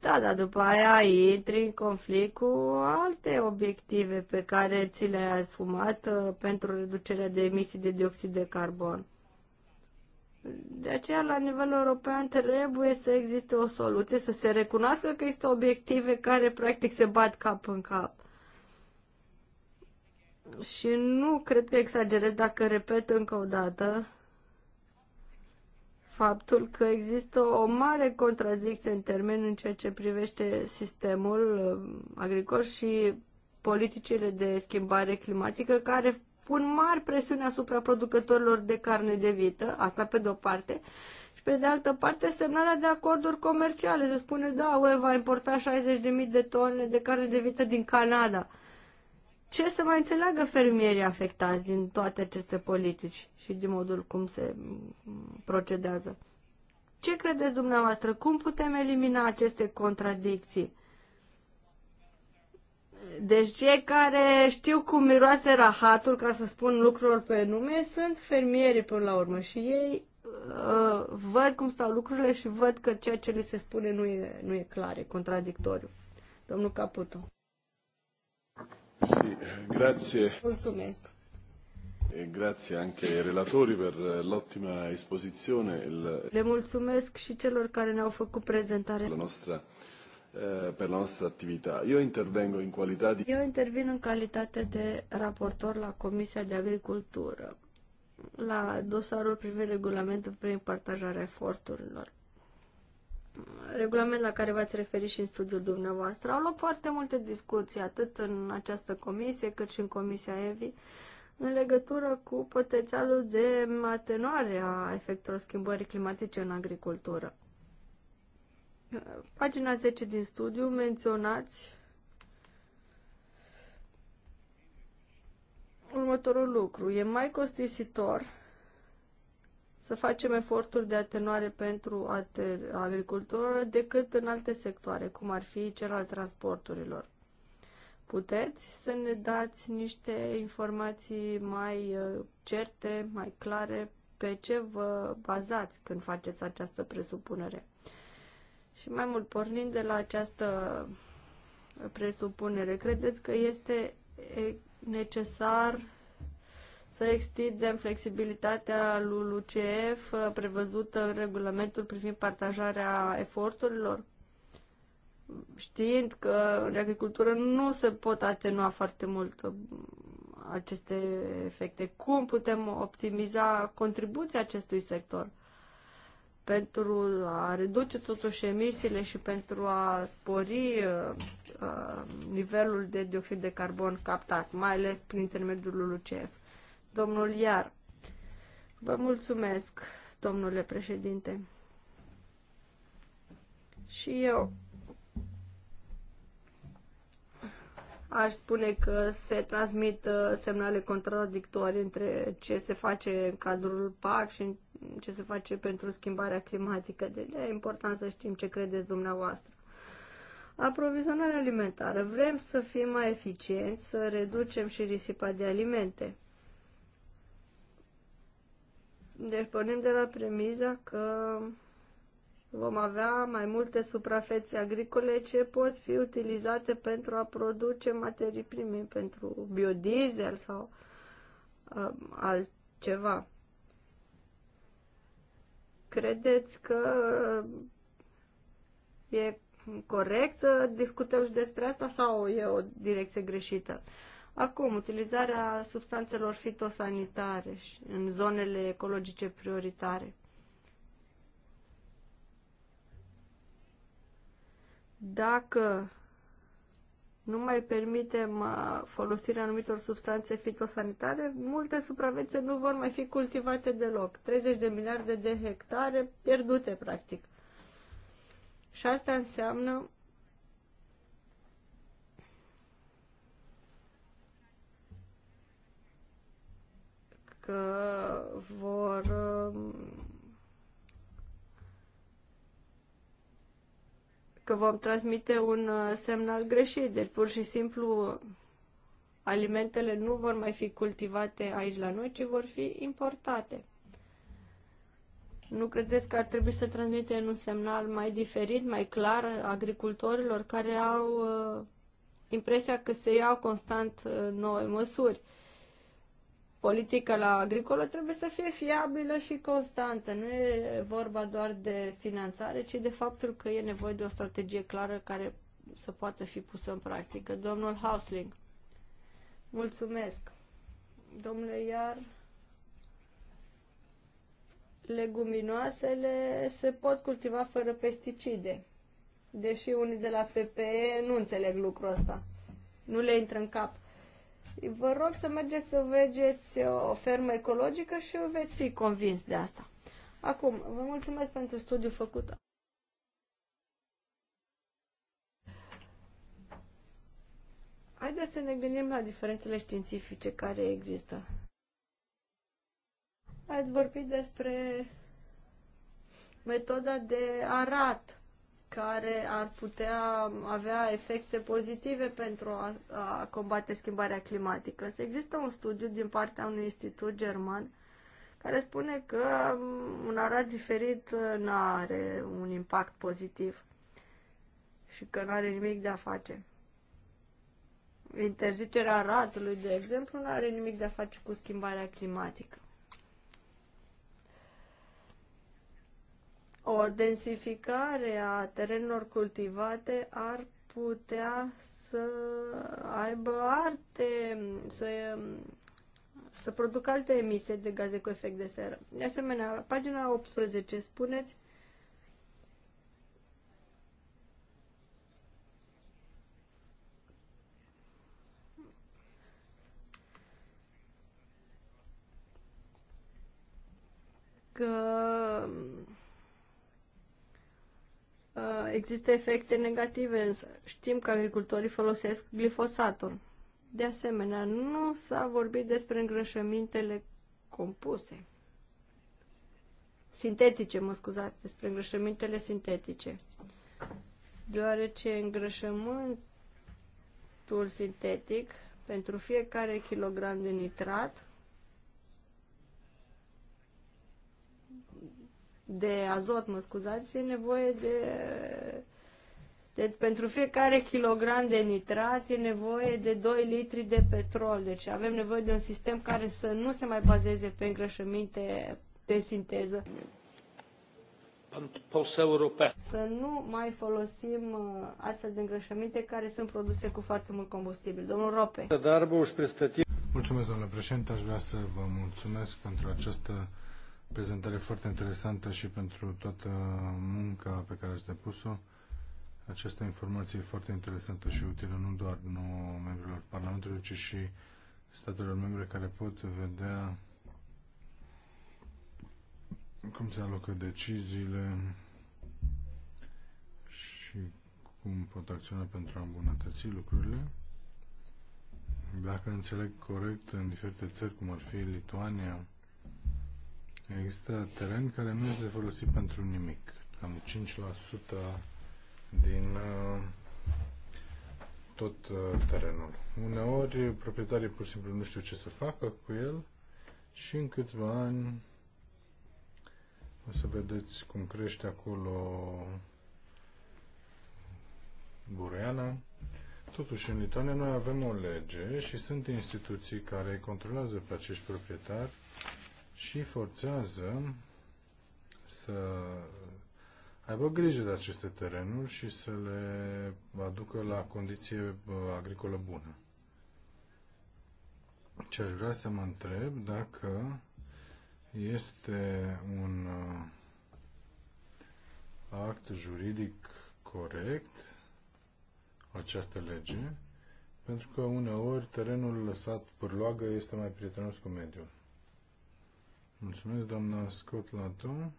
Da, dar după aia intri în conflict cu alte obiective pe care ți le-ai asumat uh, pentru reducerea de emisii de dioxid de carbon. De aceea, la nivel european, trebuie să existe o soluție, să se recunoască că există obiective care, practic, se bat cap în cap. Și nu cred că exagerez dacă repet încă o dată faptul că există o mare contradicție în termen în ceea ce privește sistemul uh, agricol și politicile de schimbare climatică care pun mari presiuni asupra producătorilor de carne de vită, asta pe de-o parte, și pe de altă parte semnarea de acorduri comerciale. Se spune, da, UE va importa 60.000 de tone de carne de vită din Canada. Ce să mai înțeleagă fermierii afectați din toate aceste politici și din modul cum se procedează? Ce credeți dumneavoastră? Cum putem elimina aceste contradicții? Deci cei care știu cum miroase rahatul, ca să spun lucrurilor pe nume, sunt fermierii până la urmă și ei uh, văd cum stau lucrurile și văd că ceea ce li se spune nu e, nu e clar, e contradictoriu. Domnul Caputo. Sì, grazie. Mulțumesc. E grazie anche ai relatori per l'ottima esposizione. Il... Le mulțumesc și celor care ne-au făcut prezentare. La nostra Eh, per la nostra attività. Io intervengo in qualità di... Io intervin în calitate de raportor la Comisia de Agricultură, la dosarul privind regulamentul prin partajarea eforturilor. Regulament la care v-ați referit și în studiul dumneavoastră. Au loc foarte multe discuții, atât în această comisie, cât și în Comisia EVI, în legătură cu potențialul de atenuare a efectelor schimbării climatice în agricultură. Pagina 10 din studiu menționați următorul lucru. E mai costisitor să facem eforturi de atenuare pentru agricultură decât în alte sectoare, cum ar fi cel al transporturilor. Puteți să ne dați niște informații mai uh, certe, mai clare, pe ce vă bazați când faceți această presupunere? Și mai mult, pornind de la această presupunere, credeți că este necesar să extindem flexibilitatea lui LUCF prevăzută în regulamentul privind partajarea eforturilor? Știind că în agricultură nu se pot atenua foarte mult aceste efecte, cum putem optimiza contribuția acestui sector? pentru a reduce totuși emisiile și pentru a spori uh, uh, nivelul de dioxid de carbon captat, mai ales prin intermediul LUCEF. Domnul Iar, vă mulțumesc, domnule președinte. Și eu aș spune că se transmit uh, semnale contradictorii între ce se face în cadrul PAC și în ce se face pentru schimbarea climatică. Deci e important să știm ce credeți dumneavoastră. Aprovizionarea alimentară. Vrem să fim mai eficienți, să reducem și risipa de alimente. Deci pornim de la premiza că vom avea mai multe suprafețe agricole ce pot fi utilizate pentru a produce materii prime, pentru biodiesel sau uh, altceva. Credeți că e corect să discutăm și despre asta sau e o direcție greșită? Acum, utilizarea substanțelor fitosanitare și în zonele ecologice prioritare. Dacă nu mai permitem uh, folosirea anumitor substanțe fitosanitare, multe suprafețe nu vor mai fi cultivate deloc. 30 de miliarde de hectare pierdute, practic. Și asta înseamnă că vor uh, că vom transmite un uh, semnal greșit. Deci, pur și simplu, alimentele nu vor mai fi cultivate aici la noi, ci vor fi importate. Nu credeți că ar trebui să transmite un semnal mai diferit, mai clar agricultorilor care au uh, impresia că se iau constant uh, noi măsuri? Uh, politică la agricolă trebuie să fie fiabilă și constantă. Nu e vorba doar de finanțare, ci de faptul că e nevoie de o strategie clară care să poată fi pusă în practică. Domnul Hausling, mulțumesc. Domnule Iar, leguminoasele se pot cultiva fără pesticide. Deși unii de la PPE nu înțeleg lucrul ăsta. Nu le intră în cap. Vă rog să mergeți să vegeți o fermă ecologică și veți fi convins de asta. Acum, vă mulțumesc pentru studiul făcut. Haideți să ne gândim la diferențele științifice care există. Ați vorbit despre metoda de arat care ar putea avea efecte pozitive pentru a, a combate schimbarea climatică. Să există un studiu din partea unui institut german care spune că um, un arat diferit uh, nu are un impact pozitiv și că nu are nimic de a face. Interzicerea aratului, de exemplu, nu are nimic de a face cu schimbarea climatică. O densificare a terenurilor cultivate ar putea să aibă arte, să, să producă alte emisii de gaze cu efect de seră. De asemenea, la pagina 18 spuneți că Uh, există efecte negative, însă știm că agricultorii folosesc glifosatul. De asemenea, nu s-a vorbit despre îngrășămintele compuse. Sintetice, mă scuzați, despre îngrășămintele sintetice. Deoarece îngrășământul sintetic pentru fiecare kilogram de nitrat de azot, mă scuzați, e nevoie de, de pentru fiecare kilogram de nitrat e nevoie de 2 litri de petrol. Deci avem nevoie de un sistem care să nu se mai bazeze pe îngrășăminte de sinteză. Să nu mai folosim uh, astfel de îngrășăminte care sunt produse cu foarte mult combustibil. Domnul Rope. Mulțumesc, domnule președinte. Aș vrea să vă mulțumesc pentru această prezentare foarte interesantă și pentru toată munca pe care ați depus-o. Această informație e foarte interesantă și utilă nu doar nouă membrilor Parlamentului, ci și statelor membre care pot vedea cum se alocă deciziile și cum pot acționa pentru a îmbunătăți lucrurile. Dacă înțeleg corect, în diferite țări, cum ar fi Lituania, Există teren care nu este folosit pentru nimic. Cam 5% din uh, tot uh, terenul. Uneori proprietarii pur și simplu nu știu ce să facă cu el și în câțiva ani o să vedeți cum crește acolo bureana. Totuși, în Litoane noi avem o lege și sunt instituții care controlează pe acești proprietari și forțează să aibă grijă de aceste terenuri și să le aducă la condiție agricolă bună. Ce aș vrea să mă întreb dacă este un uh, act juridic corect această lege, pentru că uneori terenul lăsat pârloagă este mai prietenos cu mediul. Mulțumesc, doamna Scott Lato.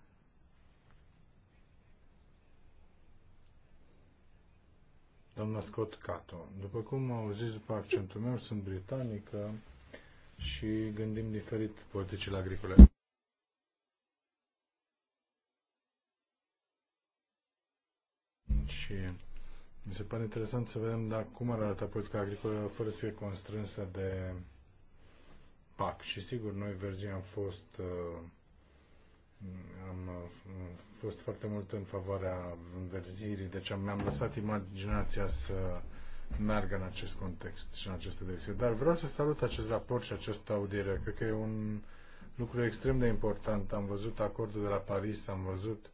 Doamna Scott Cato. După cum au zis după accentul meu, sunt britanică și gândim diferit politicile agricole. Și mi se pare interesant să vedem dacă cum ar arăta politica agricolă fără să fie constrânsă de PAC și sigur noi verzii am fost uh, am uh, fost foarte mult în favoarea înverzirii, deci am, mi-am lăsat imaginația să meargă în acest context și în această direcție. Dar vreau să salut acest raport și această audiere. Cred că e un lucru extrem de important. Am văzut acordul de la Paris, am văzut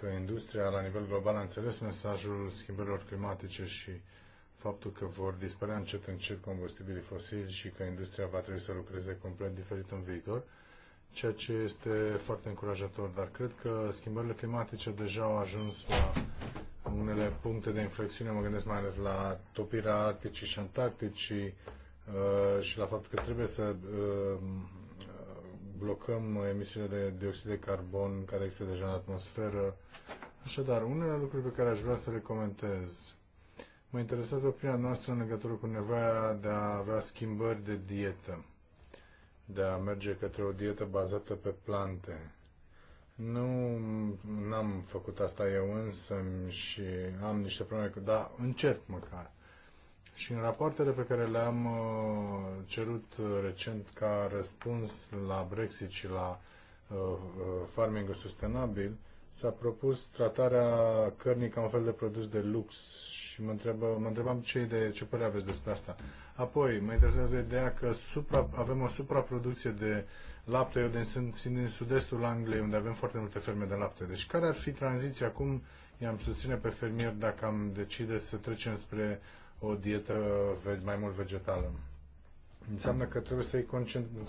că industria la nivel global a înțeles mesajul schimbărilor climatice și uh, faptul că vor dispărea încet încet combustibilii fosili și că industria va trebui să lucreze complet diferit în viitor, ceea ce este foarte încurajator. Dar cred că schimbările climatice deja au ajuns la unele puncte de inflexiune, mă gândesc mai ales la topirea Arcticii și Antarcticii uh, și la faptul că trebuie să uh, blocăm emisiile de dioxid de carbon care există deja în atmosferă. Așadar, unele lucruri pe care aș vrea să le comentez Mă interesează opinia noastră în legătură cu nevoia de a avea schimbări de dietă, de a merge către o dietă bazată pe plante. Nu am făcut asta eu însă și am niște probleme, dar încerc măcar. Și în rapoartele pe care le-am uh, cerut uh, recent ca răspuns la Brexit și la uh, farming sustenabil, s-a propus tratarea cărnii ca un fel de produs de lux și mă, întrebă, mă întrebam ce, de, ce părere aveți despre asta. Apoi, mă interesează ideea că supra, avem o supraproducție de lapte. Eu din, sunt, sunt din sud-estul Angliei, unde avem foarte multe ferme de lapte. Deci care ar fi tranziția? Cum i-am susține pe fermier dacă am decide să trecem spre o dietă mai mult vegetală? Înseamnă că trebuie să-i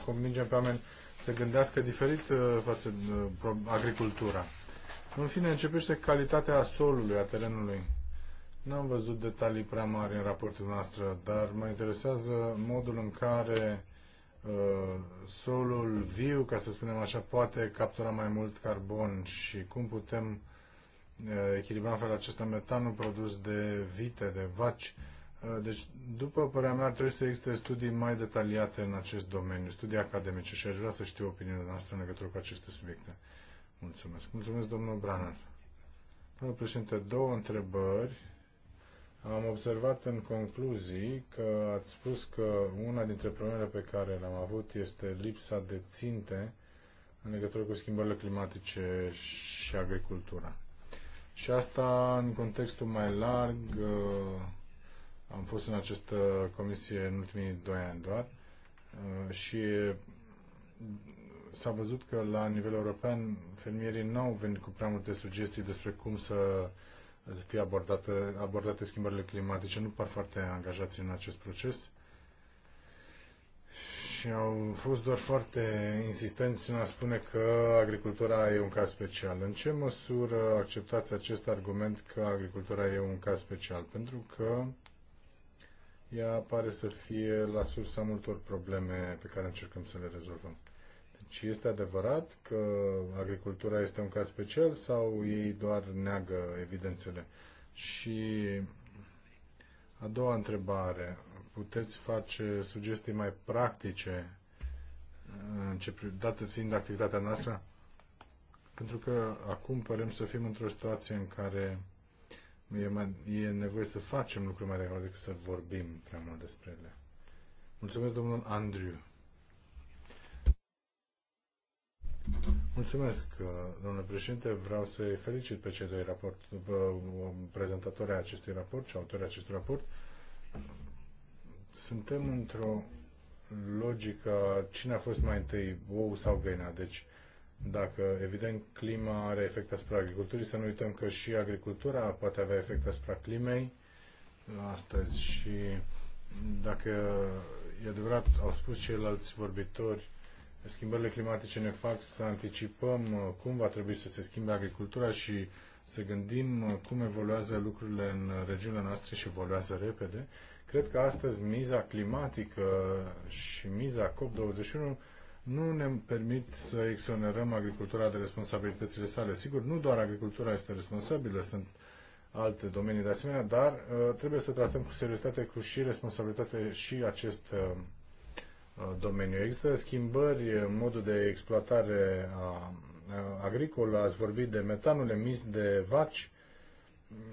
convingem pe oameni să gândească diferit uh, față de uh, agricultura. În fine, începește calitatea solului, a terenului. N-am văzut detalii prea mari în raportul noastră, dar mă interesează modul în care uh, solul viu, ca să spunem așa, poate captura mai mult carbon și cum putem uh, echilibra în felul acesta metanul produs de vite, de vaci. Uh, deci, după părerea mea, ar trebui să existe studii mai detaliate în acest domeniu, studii academice și aș vrea să știu opiniile noastră în legătură cu aceste subiecte. Mulțumesc. Mulțumesc, domnul Braner. Domnul președinte, două întrebări. Am observat în concluzii că ați spus că una dintre problemele pe care le-am avut este lipsa de ținte în legătură cu schimbările climatice și agricultura. Și asta în contextul mai larg, uh, am fost în această comisie în ultimii doi ani doar uh, și s-a văzut că la nivel european fermierii nu au venit cu prea multe sugestii despre cum să fie abordate, abordate schimbările climatice, nu par foarte angajați în acest proces și au fost doar foarte insistenți în a spune că agricultura e un caz special. În ce măsură acceptați acest argument că agricultura e un caz special? Pentru că ea pare să fie la sursa multor probleme pe care încercăm să le rezolvăm. Și este adevărat că agricultura este un caz special sau ei doar neagă evidențele? Și a doua întrebare, puteți face sugestii mai practice, uh, dată fiind activitatea noastră? Pentru că acum părem să fim într-o situație în care e, mai, e nevoie să facem lucruri mai degrabă decât să vorbim prea mult despre ele. Mulțumesc, domnul Andriu. Mulțumesc, uh, domnule președinte. Vreau să-i felicit pe cei doi raport, uh, prezentatori acestui raport și autorii acestui raport. Suntem într-o logică cine a fost mai întâi, ou sau găina. Deci, dacă, evident, clima are efect asupra agriculturii, să nu uităm că și agricultura poate avea efect asupra climei uh, astăzi și dacă e adevărat, au spus ceilalți vorbitori, schimbările climatice ne fac să anticipăm uh, cum va trebui să se schimbe agricultura și să gândim uh, cum evoluează lucrurile în regiunile noastre și evoluează repede. Cred că astăzi miza climatică și miza COP21 nu ne permit să exonerăm agricultura de responsabilitățile sale. Sigur, nu doar agricultura este responsabilă, sunt alte domenii de asemenea, dar uh, trebuie să tratăm cu seriozitate cu și responsabilitate și acest Uh, domeniu. Există schimbări în modul de exploatare a, agricolă, ați vorbit de metanul emis de vaci,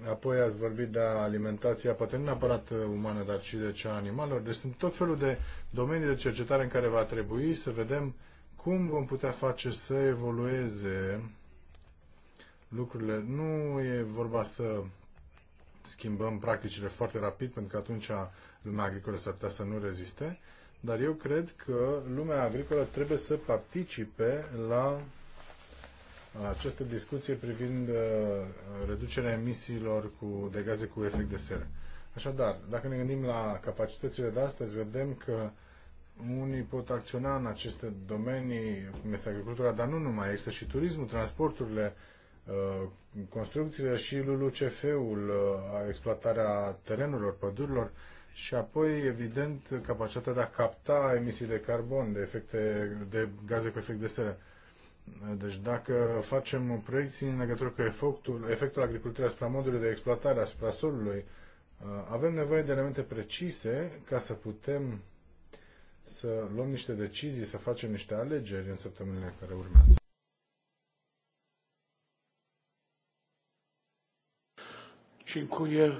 apoi ați vorbit de alimentația, poate nu neapărat umană, dar și de cea animalelor. Deci sunt tot felul de domenii de cercetare în care va trebui să vedem cum vom putea face să evolueze lucrurile. Nu e vorba să schimbăm practicile foarte rapid, pentru că atunci lumea agricolă s-ar putea să nu reziste, dar eu cred că lumea agricolă trebuie să participe la această discuție privind uh, reducerea emisiilor cu, de gaze cu efect de seră. Așadar, dacă ne gândim la capacitățile de astăzi, vedem că unii pot acționa în aceste domenii, cum este agricultura, dar nu numai, există și turismul, transporturile, uh, construcțiile și LULUCF-ul, uh, exploatarea terenurilor, pădurilor și apoi, evident, capacitatea de a capta emisii de carbon, de efecte de gaze cu efect de seră. Deci dacă facem proiecții în legătură cu efectul, efectul agriculturii asupra modului de exploatare, asupra solului, uh, avem nevoie de elemente precise ca să putem să luăm niște decizii, să facem niște alegeri în săptămânile care urmează. Dziękuję.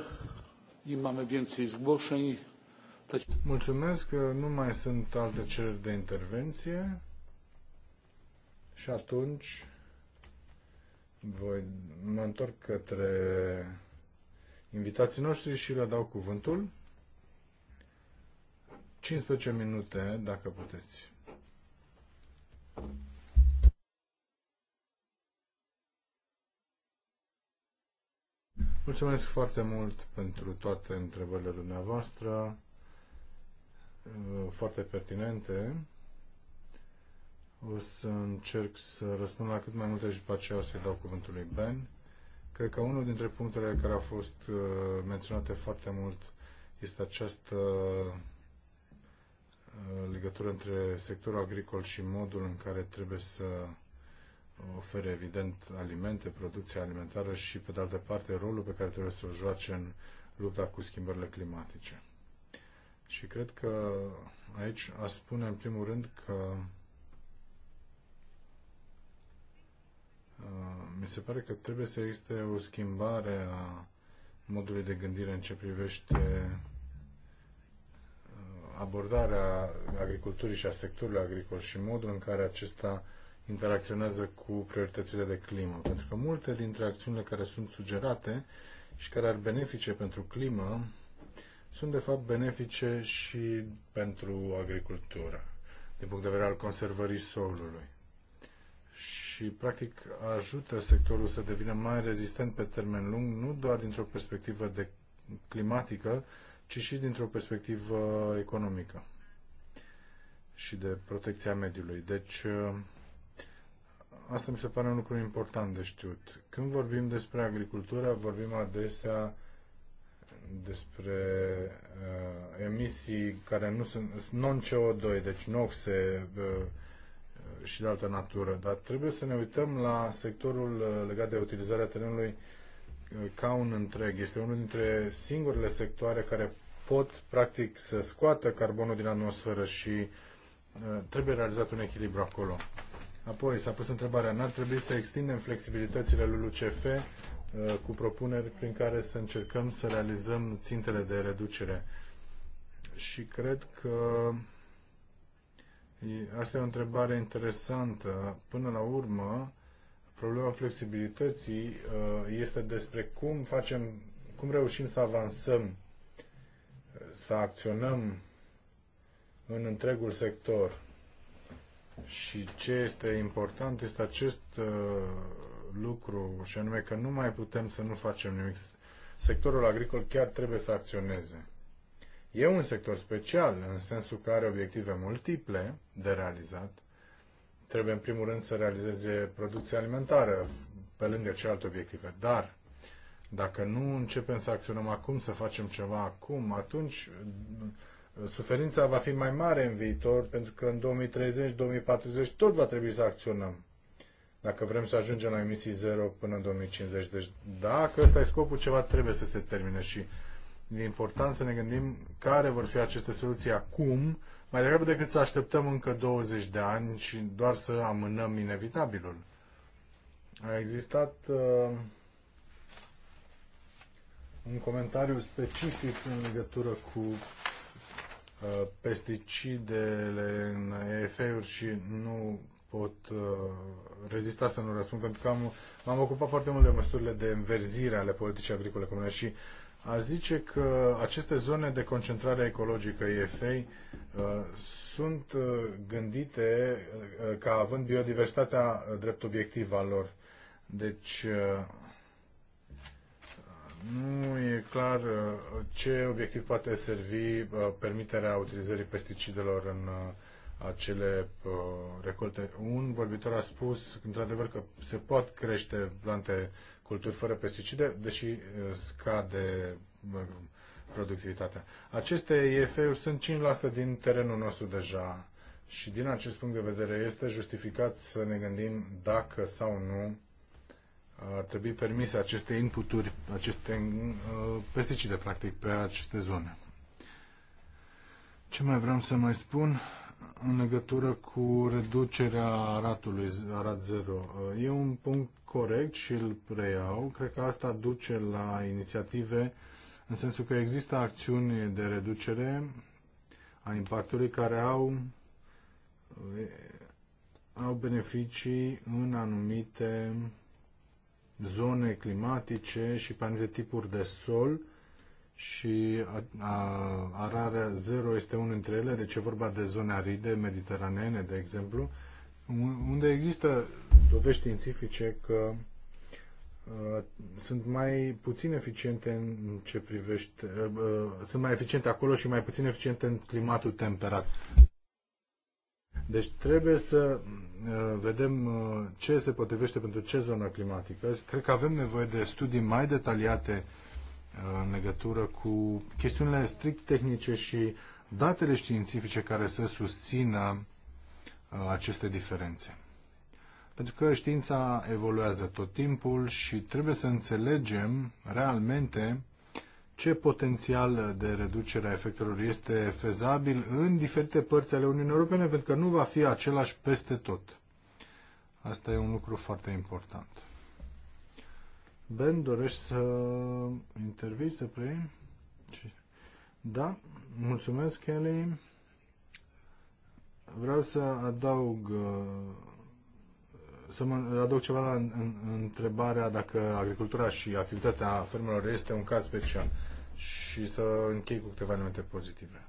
Mulțumesc că nu mai sunt alte cereri de intervenție și atunci voi mă întorc către invitații noștri și le dau cuvântul. 15 minute, dacă puteți. Mulțumesc foarte mult pentru toate întrebările dumneavoastră, uh, foarte pertinente. O să încerc să răspund la cât mai multe și după aceea o să-i dau cuvântul lui Ben. Cred că unul dintre punctele care au fost uh, menționate foarte mult este această uh, legătură între sectorul agricol și modul în care trebuie să ofere evident alimente, producția alimentară și, pe de altă parte, rolul pe care trebuie să-l joace în lupta cu schimbările climatice. Și cred că aici aș spune, în primul rând, că uh, mi se pare că trebuie să existe o schimbare a modului de gândire în ce privește uh, abordarea agriculturii și a sectorului agricol și modul în care acesta interacționează cu prioritățile de climă. Pentru că multe dintre acțiunile care sunt sugerate și care ar benefice pentru climă sunt de fapt benefice și pentru agricultură, din punct de vedere al conservării solului. Și practic ajută sectorul să devină mai rezistent pe termen lung, nu doar dintr-o perspectivă de climatică, ci și dintr-o perspectivă economică și de protecția mediului. Deci, Asta mi se pare un lucru important de știut. Când vorbim despre agricultură, vorbim adesea despre uh, emisii care nu sunt non-CO2, deci noxe uh, și de altă natură, dar trebuie să ne uităm la sectorul uh, legat de utilizarea terenului uh, ca un întreg. Este unul dintre singurele sectoare care pot, practic, să scoată carbonul din atmosferă și uh, trebuie realizat un echilibru acolo. Apoi s-a pus întrebarea, n-ar trebui să extindem flexibilitățile lui LUCF uh, cu propuneri prin care să încercăm să realizăm țintele de reducere. Și cred că asta e o întrebare interesantă. Până la urmă, problema flexibilității uh, este despre cum facem, cum reușim să avansăm, să acționăm în întregul sector și ce este important este acest uh, lucru, și anume că nu mai putem să nu facem nimic. Sectorul agricol chiar trebuie să acționeze. E un sector special, în sensul că are obiective multiple de realizat. Trebuie, în primul rând, să realizeze producția alimentară, pe lângă celelalte obiective. Dar, dacă nu începem să acționăm acum, să facem ceva acum, atunci Suferința va fi mai mare în viitor, pentru că în 2030-2040 tot va trebui să acționăm dacă vrem să ajungem la emisii zero până în 2050. Deci dacă ăsta e scopul, ceva trebuie să se termine și e important să ne gândim care vor fi aceste soluții acum, mai degrabă decât să așteptăm încă 20 de ani și doar să amânăm inevitabilul. A existat uh, un comentariu specific în legătură cu Uh, pesticidele în efe uri și nu pot uh, rezista să nu răspund, pentru că am, m-am ocupat foarte mult de măsurile de înverzire ale politicii agricole comune și aș zice că aceste zone de concentrare ecologică EFA uh, sunt gândite ca având biodiversitatea drept obiectiv al lor. Deci nu e clar uh, ce obiectiv poate servi uh, permiterea utilizării pesticidelor în uh, acele recolte. Un vorbitor a spus, într-adevăr, că se pot crește plante culturi fără pesticide, deși scade productivitatea. Aceste efe uri sunt 5% din terenul nostru deja și din acest punct de vedere este justificat să ne gândim dacă sau nu ar trebui permise aceste inputuri, aceste uh, pesticide, practic, pe aceste zone. Ce mai vreau să mai spun în legătură cu reducerea ratului, rat zero? Uh, e un punct corect și îl preiau. Cred că asta duce la inițiative în sensul că există acțiuni de reducere a impactului care au, uh, au beneficii în anumite zone climatice și pe anumite tipuri de sol și a, a, ararea zero este unul dintre ele, deci e vorba de zone aride, mediteraneene, de exemplu, unde există dovești științifice că sunt mai puțin eficiente în ce privește, sunt mai eficiente acolo și mai puțin eficiente în climatul temperat. Deci trebuie să uh, vedem uh, ce se potrivește pentru ce zona climatică. Cred că avem nevoie de studii mai detaliate uh, în legătură cu chestiunile strict tehnice și datele științifice care să susțină aceste diferențe. Pentru că știința evoluează tot timpul și trebuie să înțelegem realmente ce potențial de reducere a efectelor este fezabil în diferite părți ale Uniunii Europene, pentru că nu va fi același peste tot. Asta e un lucru foarte important. Ben, dorești să intervii, să preiei? Da, mulțumesc, Kelly. Vreau să adaug să mă adaug ceva la întrebarea dacă agricultura și activitatea fermelor este un caz special și să închei cu câteva elemente pozitive.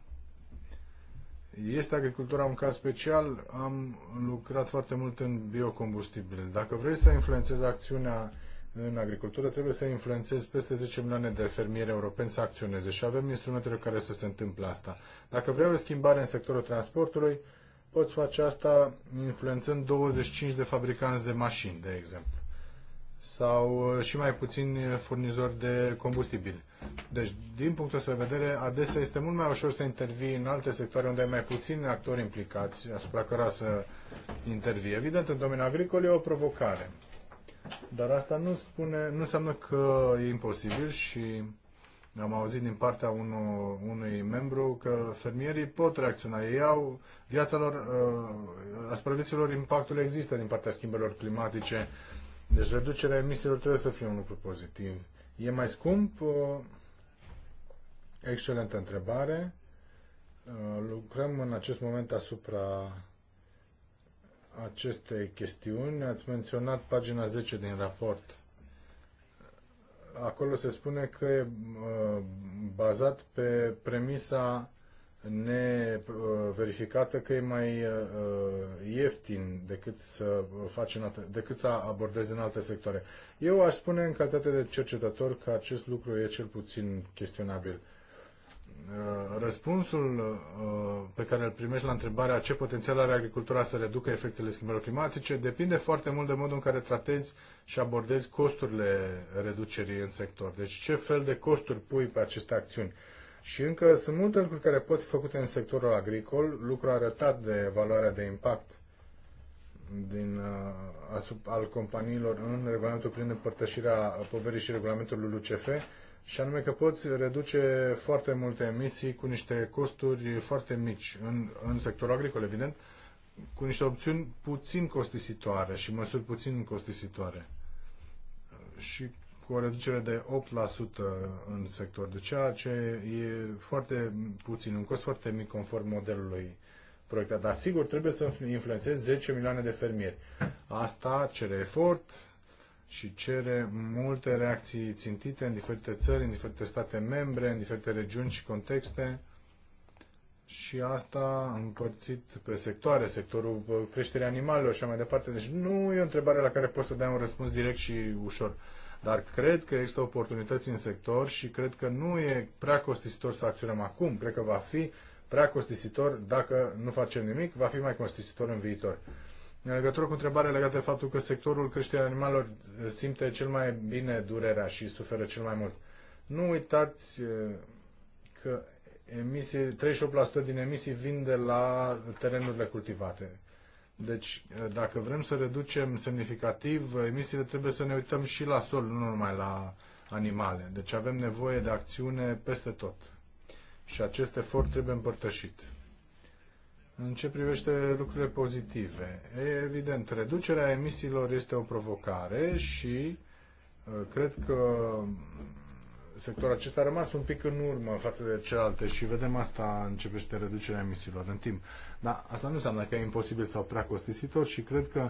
Este agricultura un caz special. Am lucrat foarte mult în biocombustibile. Dacă vrei să influențezi acțiunea în agricultură, trebuie să influențezi peste 10 milioane de fermieri europeni să acționeze și avem instrumentele care să se întâmple asta. Dacă vrei o schimbare în sectorul transportului, poți face asta influențând 25 de fabricanți de mașini, de exemplu sau uh, și mai puțini uh, furnizori de combustibil. Deci, din punctul ăsta de vedere, adesea este mult mai ușor să intervii în alte sectoare unde ai mai puțini actori implicați, asupra cărora să intervii. Evident, în domeniul agricol e o provocare. Dar asta nu, spune, nu înseamnă că e imposibil și am auzit din partea unu, unui membru că fermierii pot reacționa. Ei au viața lor, uh, asupra vieților impactul există din partea schimbărilor climatice deci reducerea emisiilor trebuie să fie un lucru pozitiv. E mai scump? Excelentă întrebare. Uh, lucrăm în acest moment asupra acestei chestiuni. Ați menționat pagina 10 din raport. Acolo se spune că e uh, bazat pe premisa neverificată că e mai uh, ieftin decât să, faci în alte, decât să abordezi în alte sectoare. Eu aș spune în calitate de cercetător că acest lucru e cel puțin chestionabil. Uh, răspunsul uh, pe care îl primești la întrebarea ce potențial are agricultura să reducă efectele schimbărilor climatice depinde foarte mult de modul în care tratezi și abordezi costurile reducerii în sector. Deci ce fel de costuri pui pe aceste acțiuni? Și încă sunt multe lucruri care pot fi făcute în sectorul agricol, lucru arătat de valoarea de impact din, uh, asup, al companiilor în regulamentul prin împărtășirea poverii și regulamentului LUCF, și anume că poți reduce foarte multe emisii cu niște costuri foarte mici în, în sectorul agricol, evident, cu niște opțiuni puțin costisitoare și măsuri puțin costisitoare. Și cu o reducere de 8% în sector, de deci, ceea ce e foarte puțin, un cost foarte mic conform modelului proiectat. Dar sigur, trebuie să influențezi 10 milioane de fermieri. Asta cere efort și cere multe reacții țintite în diferite țări, în diferite state membre, în diferite regiuni și contexte. Și asta împărțit pe sectoare, sectorul creșterii animalelor și mai departe. Deci nu e o întrebare la care poți să dai un răspuns direct și ușor dar cred că există oportunități în sector și cred că nu e prea costisitor să acționăm acum. Cred că va fi prea costisitor dacă nu facem nimic, va fi mai costisitor în viitor. În legătură cu întrebarea legată de faptul că sectorul creșterii animalelor eh, simte cel mai bine durerea și suferă cel mai mult. Nu uitați eh, că emisii, 38% din emisii vin de la terenurile cultivate. Deci, eh, dacă vrem să reducem semnificativ eh, emisiile, trebuie să ne uităm și la sol, nu numai la animale. Deci avem nevoie de acțiune peste tot. Și acest efort trebuie împărtășit. În ce privește lucrurile pozitive, e evident, reducerea emisiilor este o provocare și eh, cred că sectorul acesta a rămas un pic în urmă față de celelalte și vedem asta începește reducerea emisiilor în timp. Dar asta nu înseamnă că e imposibil sau prea costisitor și cred că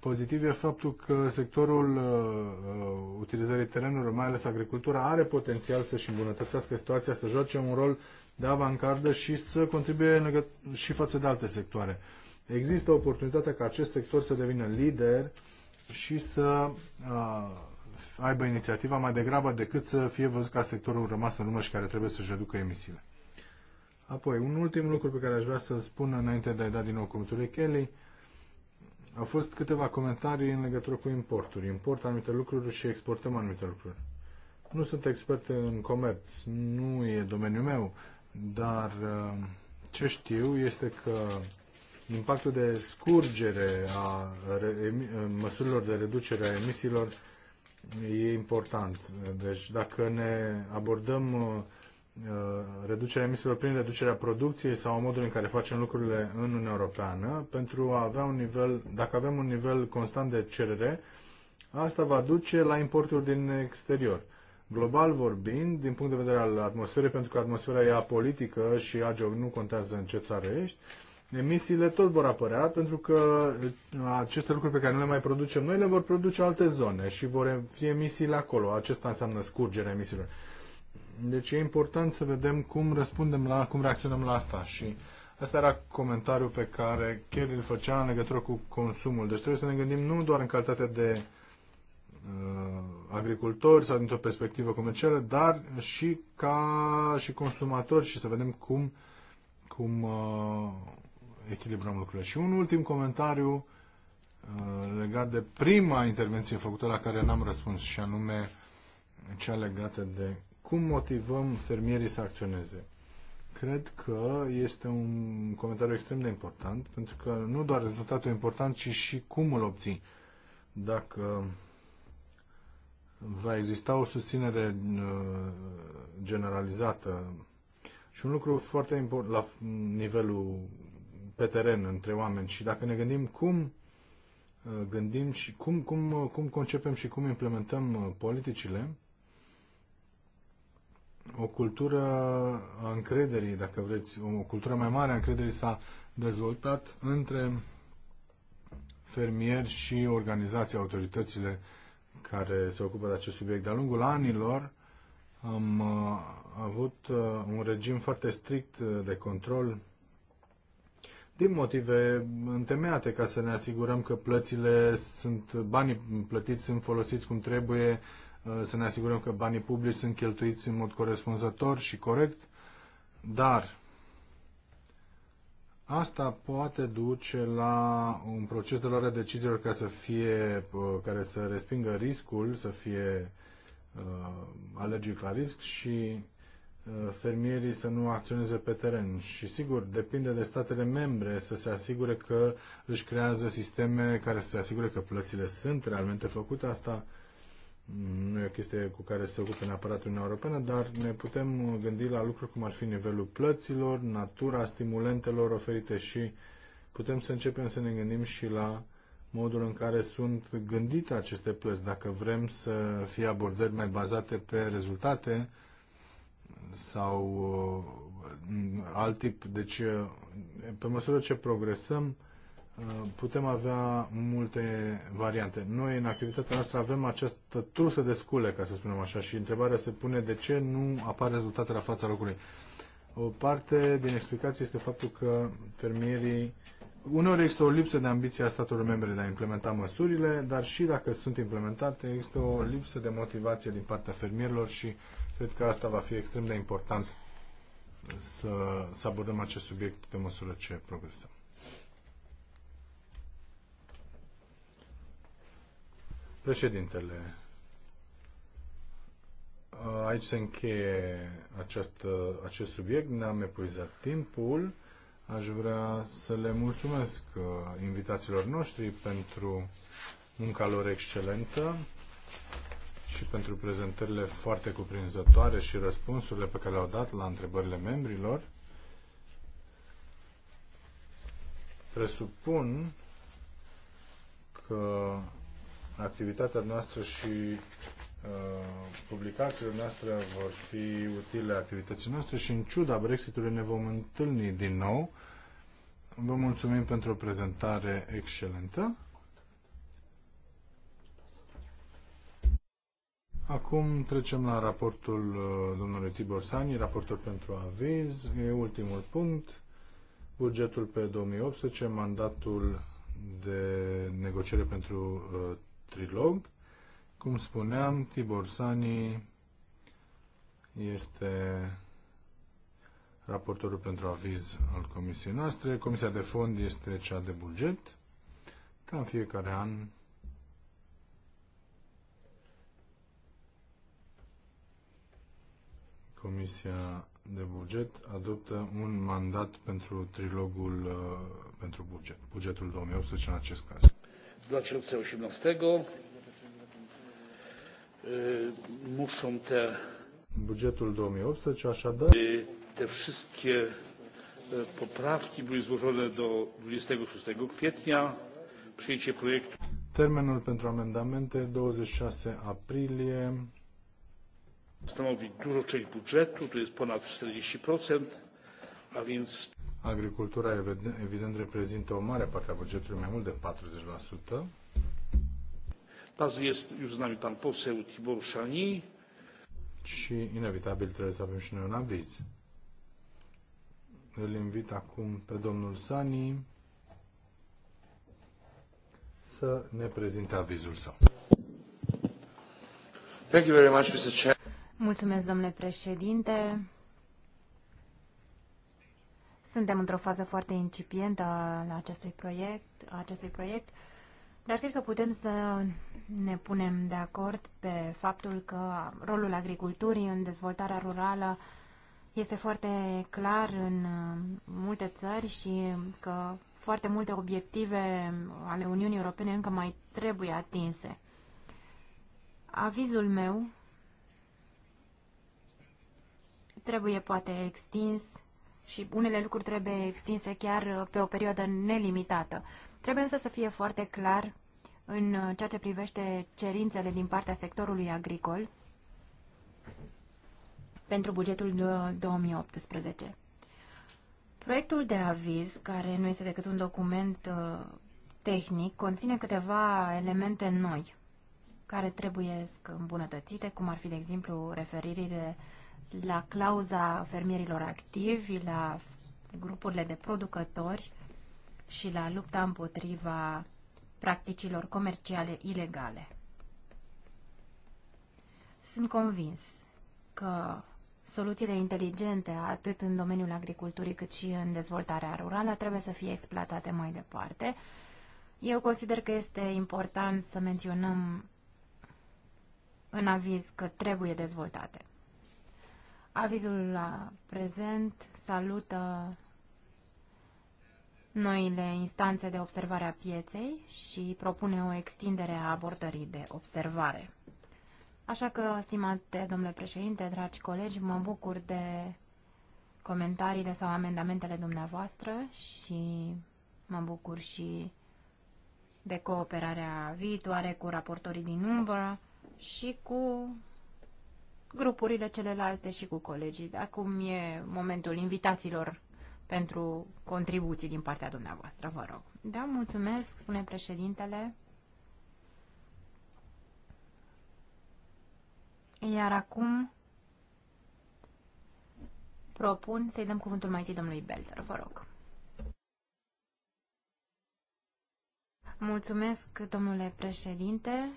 pozitiv e faptul că sectorul uh, uh utilizării terenurilor, mai ales agricultura, are potențial să-și îmbunătățească situația, să joace un rol de avancardă și să contribuie și față de alte sectoare. Există oportunitatea ca acest sector să devină lider și să uh, aibă inițiativa mai degrabă decât să fie văzut ca sectorul rămas în urmă și care trebuie să-și reducă emisiile. Apoi, un ultim lucru pe care aș vrea să-l spun înainte de a-i da din nou cuvântul Kelly, au fost câteva comentarii în legătură cu importuri. Import anumite lucruri și exportăm anumite lucruri. Nu sunt expert în comerț, nu e domeniul meu, dar uh, ce știu este că impactul de scurgere a măsurilor de reducere a emisiilor e important. Deci dacă ne abordăm uh, reducerea emisiilor prin reducerea producției sau modul în care facem lucrurile în Uniunea Europeană, pentru a avea un nivel, dacă avem un nivel constant de cerere, asta va duce la importuri din exterior. Global vorbind, din punct de vedere al atmosferei, pentru că atmosfera e apolitică și agio nu contează în ce țară ești, uh, emisiile tot vor apărea, pentru că uh, aceste lucruri pe care nu le mai producem noi le vor produce alte zone și vor fi emisiile acolo. Acesta înseamnă scurgerea emisiilor. Deci e important să vedem cum răspundem la, cum reacționăm la asta și Asta era comentariul pe care Kelly îl făcea în legătură cu consumul. Deci trebuie să ne gândim nu doar în calitate de uh, agricultori sau dintr-o perspectivă comercială, dar și ca și consumatori și să vedem cum, cum uh, echilibrăm lucrurile. Și un ultim comentariu uh, legat de prima intervenție făcută la care n-am răspuns și anume cea legată de cum motivăm fermierii să acționeze. Cred că este un comentariu extrem de important, pentru că nu doar rezultatul e important, ci și cum îl obții. Dacă va exista o susținere uh, generalizată și un lucru foarte important la nivelul pe teren între oameni și dacă ne gândim cum uh, gândim și cum, cum, uh, cum concepem și cum implementăm uh, politicile, o cultură a încrederii, dacă vreți, o cultură mai mare a încrederii s-a dezvoltat între fermieri și organizații, autoritățile care se ocupă de acest subiect. De-a lungul anilor am avut un regim foarte strict de control din motive întemeiate ca să ne asigurăm că plățile sunt, banii plătiți sunt folosiți cum trebuie, uh, să ne asigurăm că banii publici sunt cheltuiți în mod corespunzător și corect, dar asta poate duce la un proces de luare deciziilor ca să fie, uh, care să respingă riscul, să fie uh, alergic la risc și Uh, fermierii să nu acționeze pe teren. Și sigur, depinde de statele membre să se asigure că își creează sisteme care să se asigure că plățile sunt realmente făcute. Asta nu e o chestie cu care se ocupe neapărat Uniunea Europeană, dar ne putem gândi la lucruri cum ar fi nivelul plăților, natura stimulentelor oferite și putem să începem să ne gândim și la modul în care sunt gândite aceste plăți, dacă vrem să fie abordări mai bazate pe rezultate, sau uh, alt tip. Deci, uh, pe măsură ce progresăm, uh, putem avea multe variante. Noi, în activitatea noastră, avem această trusă de scule, ca să spunem așa, și întrebarea se pune de ce nu apar rezultate la fața locului. O parte din explicație este faptul că fermierii uh, Uneori există o lipsă de ambiție a statelor membre de a implementa măsurile, dar și dacă sunt implementate, există o lipsă de motivație din partea fermierilor și cred că asta va fi extrem de important să, să abordăm acest subiect pe măsură ce progresăm. Președintele, aici se încheie acest, acest subiect, ne-am epuizat timpul. Aș vrea să le mulțumesc uh, invitațiilor noștri pentru munca lor excelentă și pentru prezentările foarte cuprinzătoare și răspunsurile pe care le-au dat la întrebările membrilor. Presupun că activitatea noastră și Uh, publicațiile noastre vor fi utile activității noastre și în ciuda Brexitului ne vom întâlni din nou. Vă mulțumim pentru o prezentare excelentă. Acum trecem la raportul uh, domnului Tibor Sani, raportul pentru aviz. E ultimul punct. Bugetul pe 2018, mandatul de negociere pentru uh, trilog. Cum spuneam, Tibor Sani este raportorul pentru aviz al comisiei noastre. Comisia de fond este cea de buget. Ca în fiecare an Comisia de buget adoptă un mandat pentru trilogul uh, pentru buget, bugetul 2018 în acest caz. 2018 muszą te budżetul 2018, așadar te wszystkie poprawki były złożone do 26 kwietnia. Przyjęcie projektu. Termenul pentru amendamente 26 aprilie. Stanowi dużo część budżetu, to jest ponad 40%, a więc... Agricultura evident reprezintă o mare parte a bugetului, mai mult de 40%. Azi este już z nami pan poseł Tibor Szani. Și inevitabil trebuie să avem și noi un aviz. Îl invit acum pe domnul Sani să ne prezinte avizul său. Thank you very much, Mr. Chair. Mulțumesc, domnule președinte. Suntem într-o fază foarte incipientă a acestui proiect, a acestui proiect. Dar cred că putem să ne punem de acord pe faptul că rolul agriculturii în dezvoltarea rurală este foarte clar în uh, multe țări și că foarte multe obiective ale Uniunii Europene încă mai trebuie atinse. Avizul meu trebuie poate extins și unele lucruri trebuie extinse chiar pe o perioadă nelimitată. Trebuie însă să fie foarte clar în uh, ceea ce privește cerințele din partea sectorului agricol pentru bugetul 2018. Proiectul de aviz, care nu este decât un document uh, tehnic, conține câteva elemente noi care trebuie îmbunătățite, cum ar fi, de exemplu, referirile la clauza fermierilor activi, la grupurile de producători și la lupta împotriva practicilor comerciale ilegale. Sunt convins că soluțiile inteligente, atât în domeniul agriculturii cât și în dezvoltarea rurală, trebuie să fie exploatate mai departe. Eu consider că este important să menționăm în aviz că trebuie dezvoltate. Avizul la prezent salută noile instanțe de observare a pieței și propune o extindere a abordării de observare. Așa că, stimate domnule președinte, dragi colegi, mă bucur de comentariile sau amendamentele dumneavoastră și mă bucur și de cooperarea viitoare cu raportorii din umbră și cu grupurile celelalte și cu colegii. Acum e momentul invitațiilor pentru contribuții din partea dumneavoastră, vă rog. Da, mulțumesc, spune președintele. Iar acum propun să-i dăm cuvântul mai întâi domnului Belder, vă rog. Mulțumesc, domnule președinte.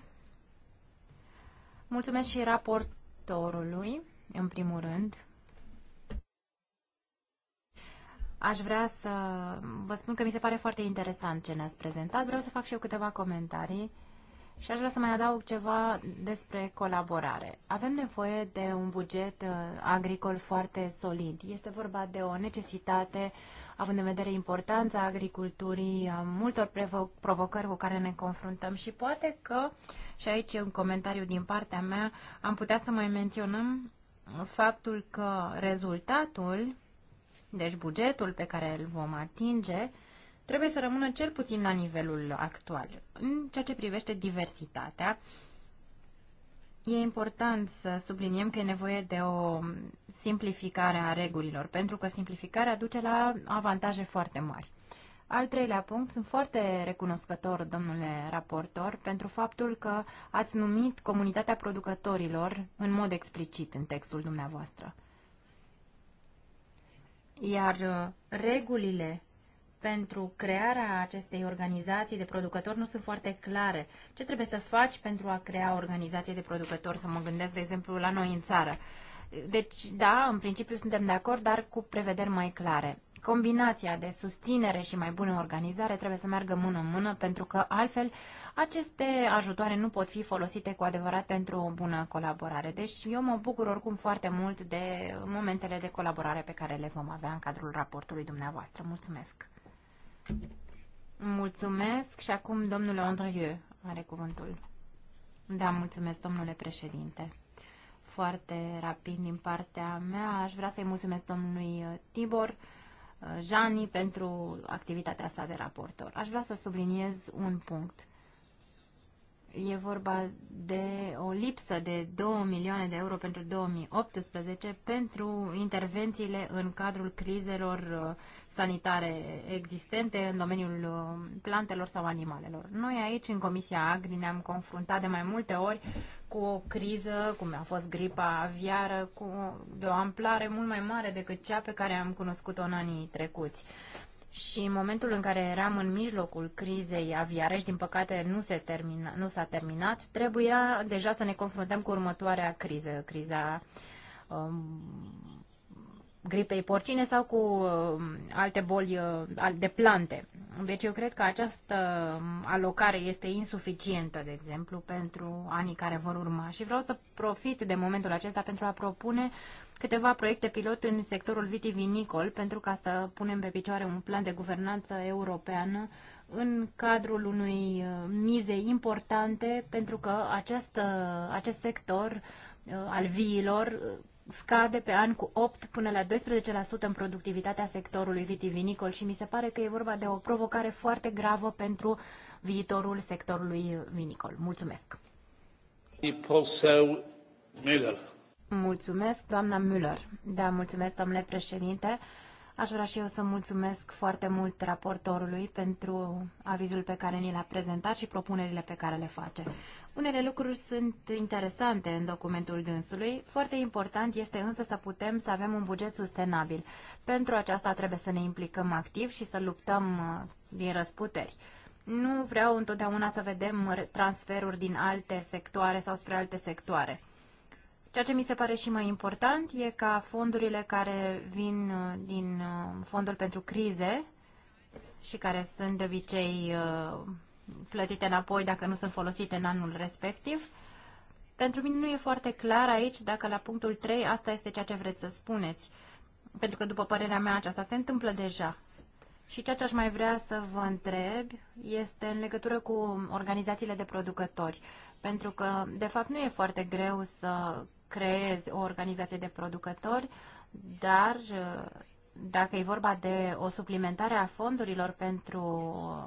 Mulțumesc și raportorului, în primul rând, Aș vrea să vă spun că mi se pare foarte interesant ce ne-ați prezentat. Vreau să fac și eu câteva comentarii și aș vrea să mai adaug ceva despre colaborare. Avem nevoie de un buget uh, agricol foarte solid. Este vorba de o necesitate, având în vedere importanța agriculturii, multor provocări cu care ne confruntăm și poate că, și aici un comentariu din partea mea, am putea să mai menționăm faptul că rezultatul deci bugetul pe care îl vom atinge trebuie să rămână cel puțin la nivelul actual. În ceea ce privește diversitatea, e important să subliniem că e nevoie de o simplificare a regulilor, pentru că simplificarea duce la avantaje foarte mari. Al treilea punct, sunt foarte recunoscător, domnule raportor, pentru faptul că ați numit comunitatea producătorilor în mod explicit în textul dumneavoastră. Iar uh, regulile pentru crearea acestei organizații de producători nu sunt foarte clare. Ce trebuie să faci pentru a crea o organizație de producători? Să mă gândesc, de exemplu, la noi în țară. Deci, da, în principiu suntem de acord, dar cu prevederi mai clare combinația de susținere și mai bună organizare trebuie să meargă mână în mână, pentru că altfel aceste ajutoare nu pot fi folosite cu adevărat pentru o bună colaborare. Deci eu mă bucur oricum foarte mult de momentele de colaborare pe care le vom avea în cadrul raportului dumneavoastră. Mulțumesc! Mulțumesc și acum domnul Andrieu are cuvântul. Da, mulțumesc, domnule președinte foarte rapid din partea mea. Aș vrea să-i mulțumesc domnului Tibor Uh, Jani pentru activitatea sa de raportor. Aș vrea să subliniez un punct. E vorba de o lipsă de 2 milioane de euro pentru 2018 pentru intervențiile în cadrul crizelor uh, sanitare existente în domeniul uh, plantelor sau animalelor. Noi aici, în Comisia Agri, ne-am confruntat de mai multe ori cu o criză, cum a fost gripa aviară, cu, de o amplare mult mai mare decât cea pe care am cunoscut-o în anii trecuți. Și în momentul în care eram în mijlocul crizei aviare și din păcate nu, se termina, nu s-a terminat, trebuia deja să ne confruntăm cu următoarea criză, criza um, gripei porcine sau cu um, alte boli uh, de plante. Deci eu cred că această um, alocare este insuficientă, de exemplu, pentru anii care vor urma. Și vreau să profit de momentul acesta pentru a propune câteva proiecte pilot în sectorul vitivinicol pentru ca să punem pe picioare un plan de guvernanță europeană în cadrul unui uh, mize importante pentru că această, acest sector uh, al viilor scade pe an cu 8 până la 12% în productivitatea sectorului vitivinicol și mi se pare că e vorba de o provocare foarte gravă pentru viitorul sectorului vinicol. Mulțumesc! Mulțumesc, doamna Müller. Da, mulțumesc, domnule președinte. Aș vrea și eu să mulțumesc foarte mult raportorului pentru avizul pe care ni l-a prezentat și propunerile pe care le face. Unele lucruri sunt interesante în documentul dânsului. Foarte important este însă să putem să avem un buget sustenabil. Pentru aceasta trebuie să ne implicăm activ și să luptăm uh, din răsputeri. Nu vreau întotdeauna să vedem transferuri din alte sectoare sau spre alte sectoare. Ceea ce mi se pare și mai important e ca fondurile care vin uh, din uh, fondul pentru crize și care sunt de obicei plătite înapoi dacă nu sunt folosite în anul respectiv. Pentru mine nu e foarte clar aici dacă la punctul 3 asta este ceea ce vreți să spuneți. Pentru că, după părerea mea, aceasta se întâmplă deja. Și ceea ce aș mai vrea să vă întreb este în legătură cu organizațiile de producători. Pentru că, de fapt, nu e foarte greu să creezi o organizație de producători, dar dacă e vorba de o suplimentare a fondurilor pentru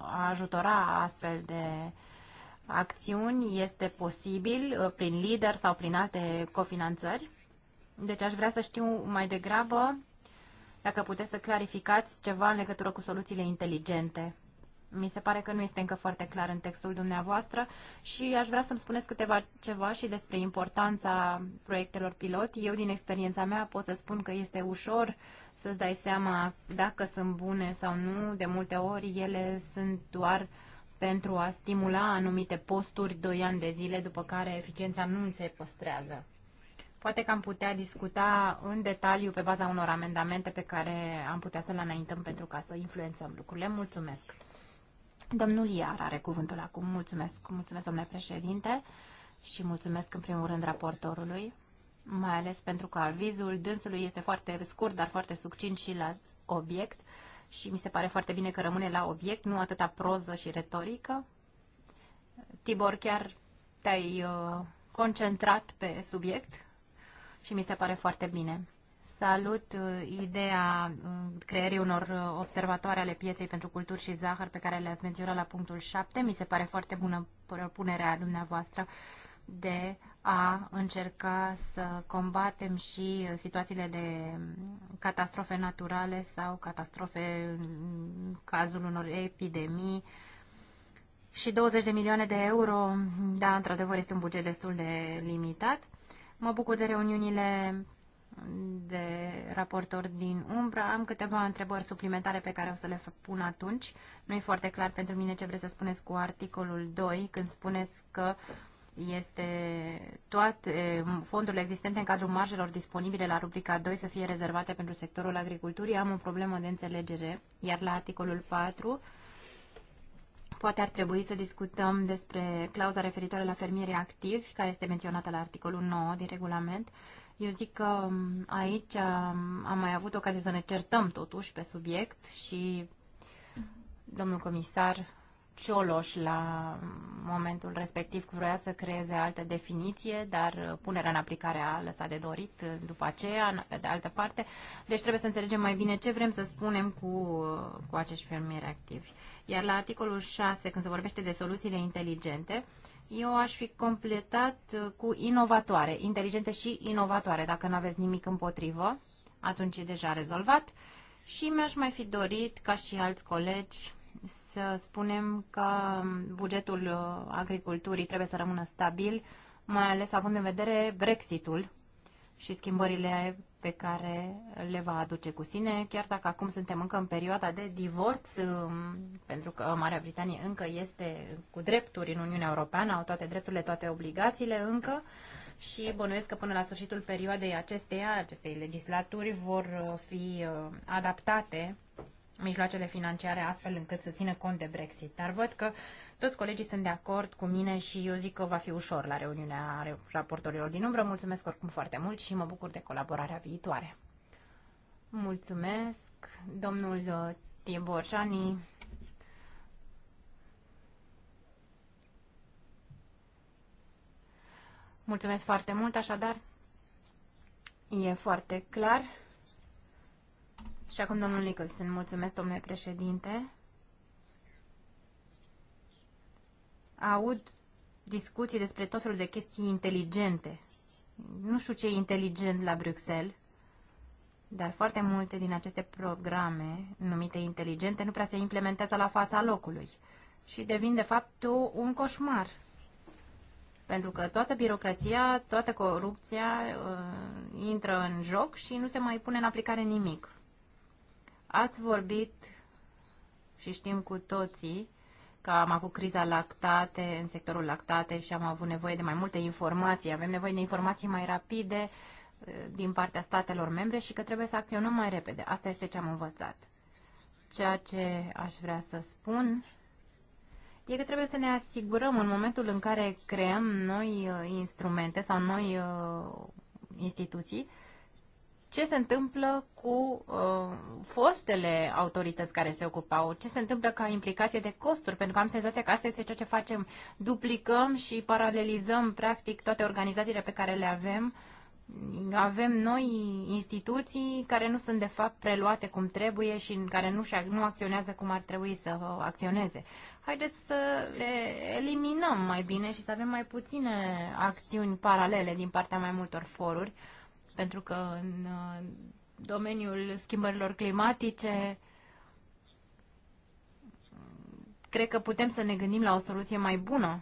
a ajutora astfel de acțiuni, este posibil uh, prin lider sau prin alte cofinanțări? Deci aș vrea să știu mai degrabă dacă puteți să clarificați ceva în legătură cu soluțiile inteligente. Mi se pare că nu este încă foarte clar în textul dumneavoastră și aș vrea să-mi spuneți câteva ceva și despre importanța proiectelor pilot. Eu, din experiența mea, pot să spun că este ușor uh, să-ți dai seama dacă sunt bune sau nu. De multe ori ele sunt doar pentru a stimula anumite posturi doi ani de zile, după care eficiența nu se păstrează. Poate că am putea discuta în detaliu pe baza unor amendamente pe care am putea să le înaintăm pentru ca să influențăm lucrurile. Mulțumesc! Domnul Iar are cuvântul acum. Mulțumesc, mulțumesc, domnule președinte, și mulțumesc în primul rând raportorului mai ales pentru că avizul dânsului este foarte scurt, dar foarte succint și la obiect și mi se pare foarte bine că rămâne la obiect, nu atâta proză și retorică. Tibor, chiar te-ai uh, concentrat pe subiect și mi se pare foarte bine. Salut uh, ideea uh, creării creierii unor observatoare ale pieței pentru culturi și zahăr pe care le-ați menționat la punctul 7. Mi se pare foarte bună propunerea dumneavoastră uh, de a încerca să combatem și situațiile de catastrofe naturale sau catastrofe în cazul unor epidemii. Și 20 de milioane de euro, da, într-adevăr, este un buget destul de limitat. Mă bucur de reuniunile de raportor din Umbra. Am câteva întrebări suplimentare pe care o să le pun atunci. Nu e foarte clar pentru mine ce vreți să spuneți cu articolul 2 când spuneți că uh, este toate fondurile existente în cadrul marjelor disponibile la rubrica 2 să fie rezervate pentru sectorul agriculturii. Am o problemă de înțelegere, iar la articolul 4 poate ar trebui să discutăm despre clauza referitoare la fermierii activi, care este menționată la articolul 9 din regulament. Eu zic că um, aici am mai avut ocazie să ne certăm totuși pe subiect și domnul comisar Cioloș la momentul respectiv vroia să creeze altă definiție, dar uh, punerea în aplicare a lăsat de dorit uh, după aceea, pe de altă parte. Deci trebuie să înțelegem mai bine ce vrem să spunem cu, uh, cu acești fermieri activi. Iar la articolul 6, când se vorbește de soluțiile inteligente, eu aș fi completat cu inovatoare, inteligente și inovatoare. Dacă nu aveți nimic împotrivă, atunci e deja rezolvat. Și mi-aș mai fi dorit, ca și alți colegi, să spunem că bugetul uh, agriculturii trebuie să rămână stabil, mai ales având în vedere Brexitul și schimbările pe care le va aduce cu sine, chiar dacă acum suntem încă în perioada de divorț, um, pentru că Marea Britanie încă este cu drepturi în Uniunea Europeană, au toate drepturile, toate obligațiile încă și bănuiesc că până la sfârșitul perioadei acesteia, acestei legislaturi, vor uh, fi uh, adaptate mijloacele financiare astfel încât să țină cont de Brexit. Dar văd că toți colegii sunt de acord cu mine și eu zic că va fi ușor la reuniunea raportorilor din umbră. Mulțumesc oricum foarte mult și mă bucur de colaborarea viitoare. Mulțumesc, domnul uh, Tibor Mulțumesc foarte mult, așadar, e foarte clar. Și acum domnul Nicholson. Mulțumesc, domnule președinte. Aud discuții despre tot felul de chestii inteligente. Nu știu ce e inteligent la Bruxelles, dar foarte multe din aceste programe numite inteligente nu prea se implementează la fața locului și devin, de fapt, un coșmar. Pentru că toată birocrația, toată corupția uh, intră în joc și nu se mai pune în aplicare nimic. Ați vorbit și știm cu toții că am avut criza lactate, în sectorul lactate și am avut nevoie de mai multe informații. Avem nevoie de informații mai rapide eh, din partea statelor membre și că trebuie să acționăm mai repede. Asta este ce am învățat. Ceea ce aș vrea să spun e că trebuie să ne asigurăm în momentul în care creăm noi eh, instrumente sau noi eh, instituții, ce se întâmplă cu uh, fostele autorități care se ocupau, ce se întâmplă ca implicație de costuri, pentru că am senzația că asta este ceea ce facem. Duplicăm și paralelizăm, practic, toate organizațiile pe care le avem. Avem noi instituții care nu sunt, de fapt, preluate cum trebuie și în care nu, nu acționează cum ar trebui să acționeze. Haideți să le eliminăm mai bine și să avem mai puține acțiuni paralele din partea mai multor foruri pentru că în uh, domeniul schimbărilor climatice cred că putem să ne gândim la o soluție mai bună.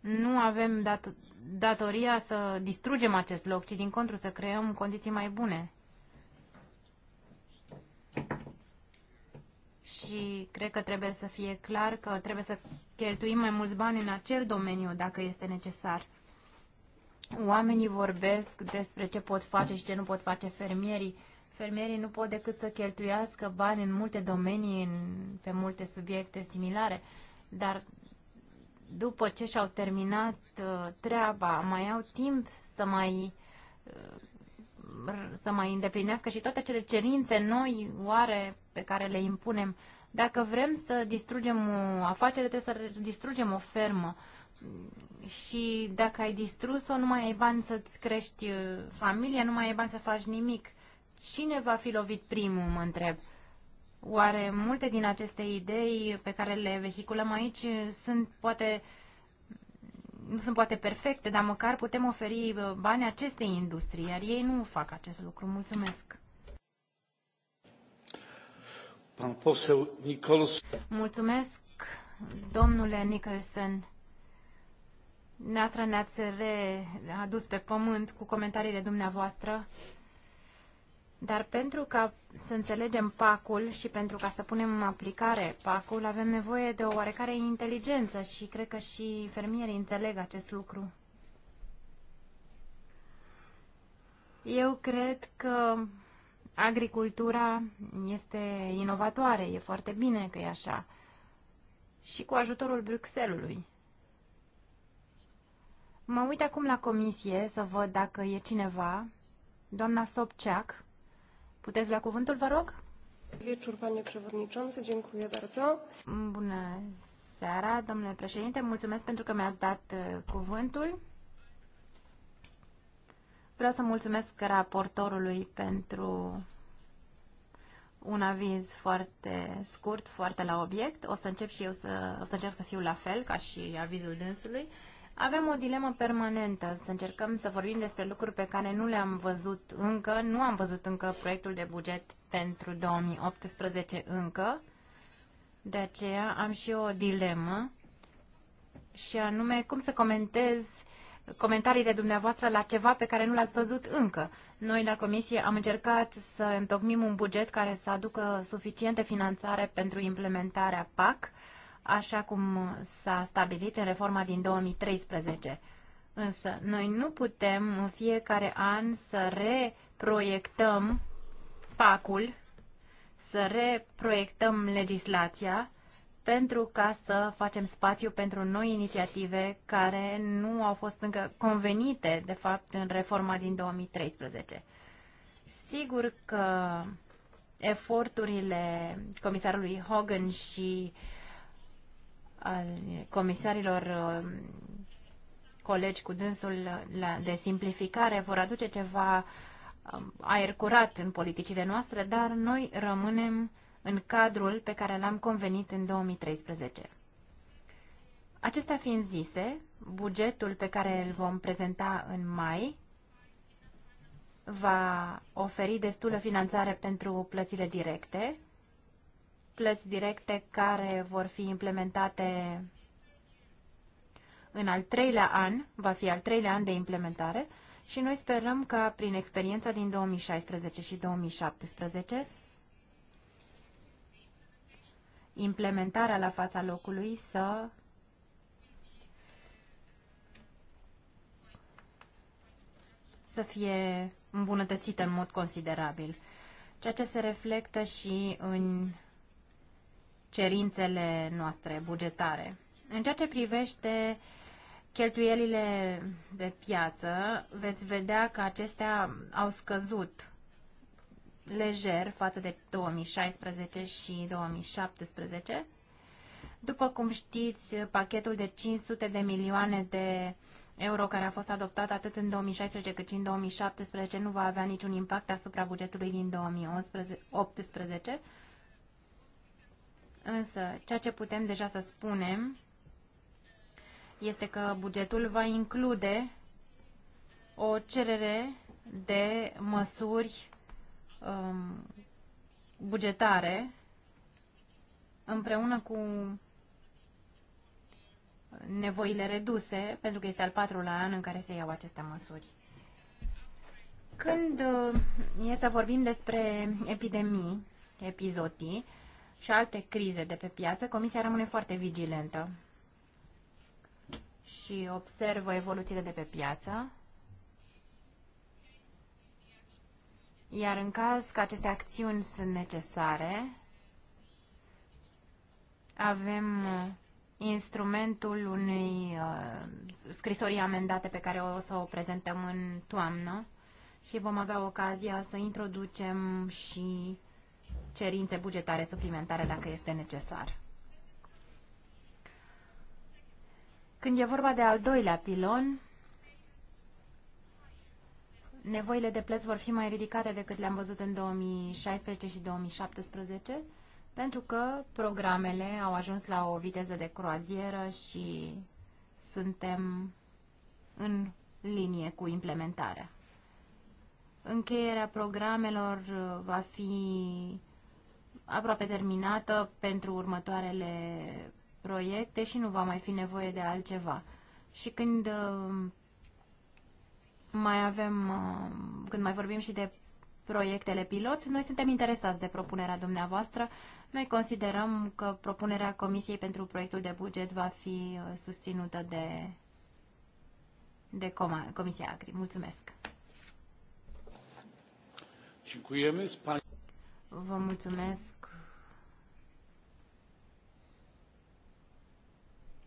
Nu avem dat datoria să distrugem acest loc, ci din contru să creăm condiții mai bune. Și cred că trebuie să fie clar că trebuie să cheltuim mai mulți bani în acel domeniu dacă este necesar. Oamenii vorbesc despre ce pot face și ce nu pot face fermierii. Fermierii nu pot decât să cheltuiască bani în multe domenii, în, pe multe subiecte similare, dar după ce și-au terminat uh, treaba, mai au timp să mai uh, să mai îndeplinească și toate cele cerințe noi, oare, pe care le impunem dacă vrem să distrugem o afacere, trebuie să distrugem o fermă. Și dacă ai distrus-o, nu mai ai bani să-ți crești uh, familia, nu mai ai bani să faci nimic. Cine va fi lovit primul, mă întreb. Oare multe din aceste idei pe care le vehiculăm aici sunt poate nu sunt poate perfecte, dar măcar putem oferi uh, bani acestei industrii, iar ei nu fac acest lucru. Mulțumesc! Mulțumesc, domnule Nicholson. Noastră ne-ați readus pe pământ cu comentariile dumneavoastră. Dar pentru ca să înțelegem pacul și pentru ca să punem în aplicare pacul, avem nevoie de o oarecare inteligență și cred că și fermierii înțeleg acest lucru. Eu cred că agricultura este inovatoare, e foarte bine că e așa. Și cu ajutorul Bruxellesului. Mă uit acum la comisie să văd dacă e cineva. Doamna Sobceac, puteți lua cuvântul, vă rog? Wieczór, panie przewodniczący, dziękuję bardzo. Bună seara, domnule președinte, mulțumesc pentru că mi-ați dat cuvântul. Vreau să mulțumesc raportorului pentru un aviz foarte scurt, foarte la obiect. O să încep și eu să, o să încerc să fiu la fel ca și avizul dânsului. Avem o dilemă permanentă, să încercăm să vorbim despre lucruri pe care nu le-am văzut încă, nu am văzut încă proiectul de buget pentru 2018 încă, de aceea am și eu o dilemă și anume cum să comentez comentariile dumneavoastră la ceva pe care nu l-ați văzut încă. Noi la Comisie am încercat să întocmim un buget care să aducă suficientă finanțare pentru implementarea PAC, așa cum s-a stabilit în reforma din 2013. Însă, noi nu putem în fiecare an să reproiectăm PAC-ul, să reproiectăm legislația, pentru ca să facem spațiu pentru noi inițiative care nu au fost încă convenite, de fapt, în reforma din 2013. Sigur că eforturile comisarului Hogan și al comisarilor uh, colegi cu dânsul de simplificare vor aduce ceva um, aer curat în politicile noastre, dar noi rămânem în cadrul pe care l-am convenit în 2013. Acestea fiind zise, bugetul pe care îl vom prezenta în mai va oferi destulă finanțare pentru plățile directe, plăți directe care vor fi implementate în al treilea an, va fi al treilea an de implementare și noi sperăm ca prin experiența din 2016 și 2017 implementarea la fața locului să să fie îmbunătățită în mod considerabil, ceea ce se reflectă și în cerințele noastre bugetare. În ceea ce privește cheltuielile de piață, veți vedea că acestea au scăzut lejer față de 2016 și 2017. După cum știți, pachetul de 500 de milioane de euro care a fost adoptat atât în 2016 cât și în 2017 nu va avea niciun impact asupra bugetului din 2018. Însă, ceea ce putem deja să spunem este că bugetul va include o cerere de măsuri Um, bugetare împreună cu nevoile reduse, pentru că este al patrulea an în care se iau aceste măsuri. Când uh, e să vorbim despre epidemii, epizotii și alte crize de pe piață, Comisia rămâne foarte vigilentă și observă evoluțiile de pe piață Iar în caz că aceste acțiuni sunt necesare, avem uh, instrumentul unei uh, scrisorii amendate pe care o să o prezentăm în toamnă și vom avea ocazia să introducem și cerințe bugetare suplimentare dacă este necesar. Când e vorba de al doilea pilon, nevoile de plăți vor fi mai ridicate decât le-am văzut în 2016 și 2017, pentru că programele au ajuns la o viteză de croazieră și suntem în linie cu implementarea. Încheierea programelor va fi aproape terminată pentru următoarele proiecte și nu va mai fi nevoie de altceva. Și când mai avem, uh, când mai vorbim și de proiectele pilot, noi suntem interesați de propunerea dumneavoastră. Noi considerăm că propunerea Comisiei pentru proiectul de buget va fi uh, susținută de, de Coma, Comisia Agri. Mulțumesc! Vă mulțumesc!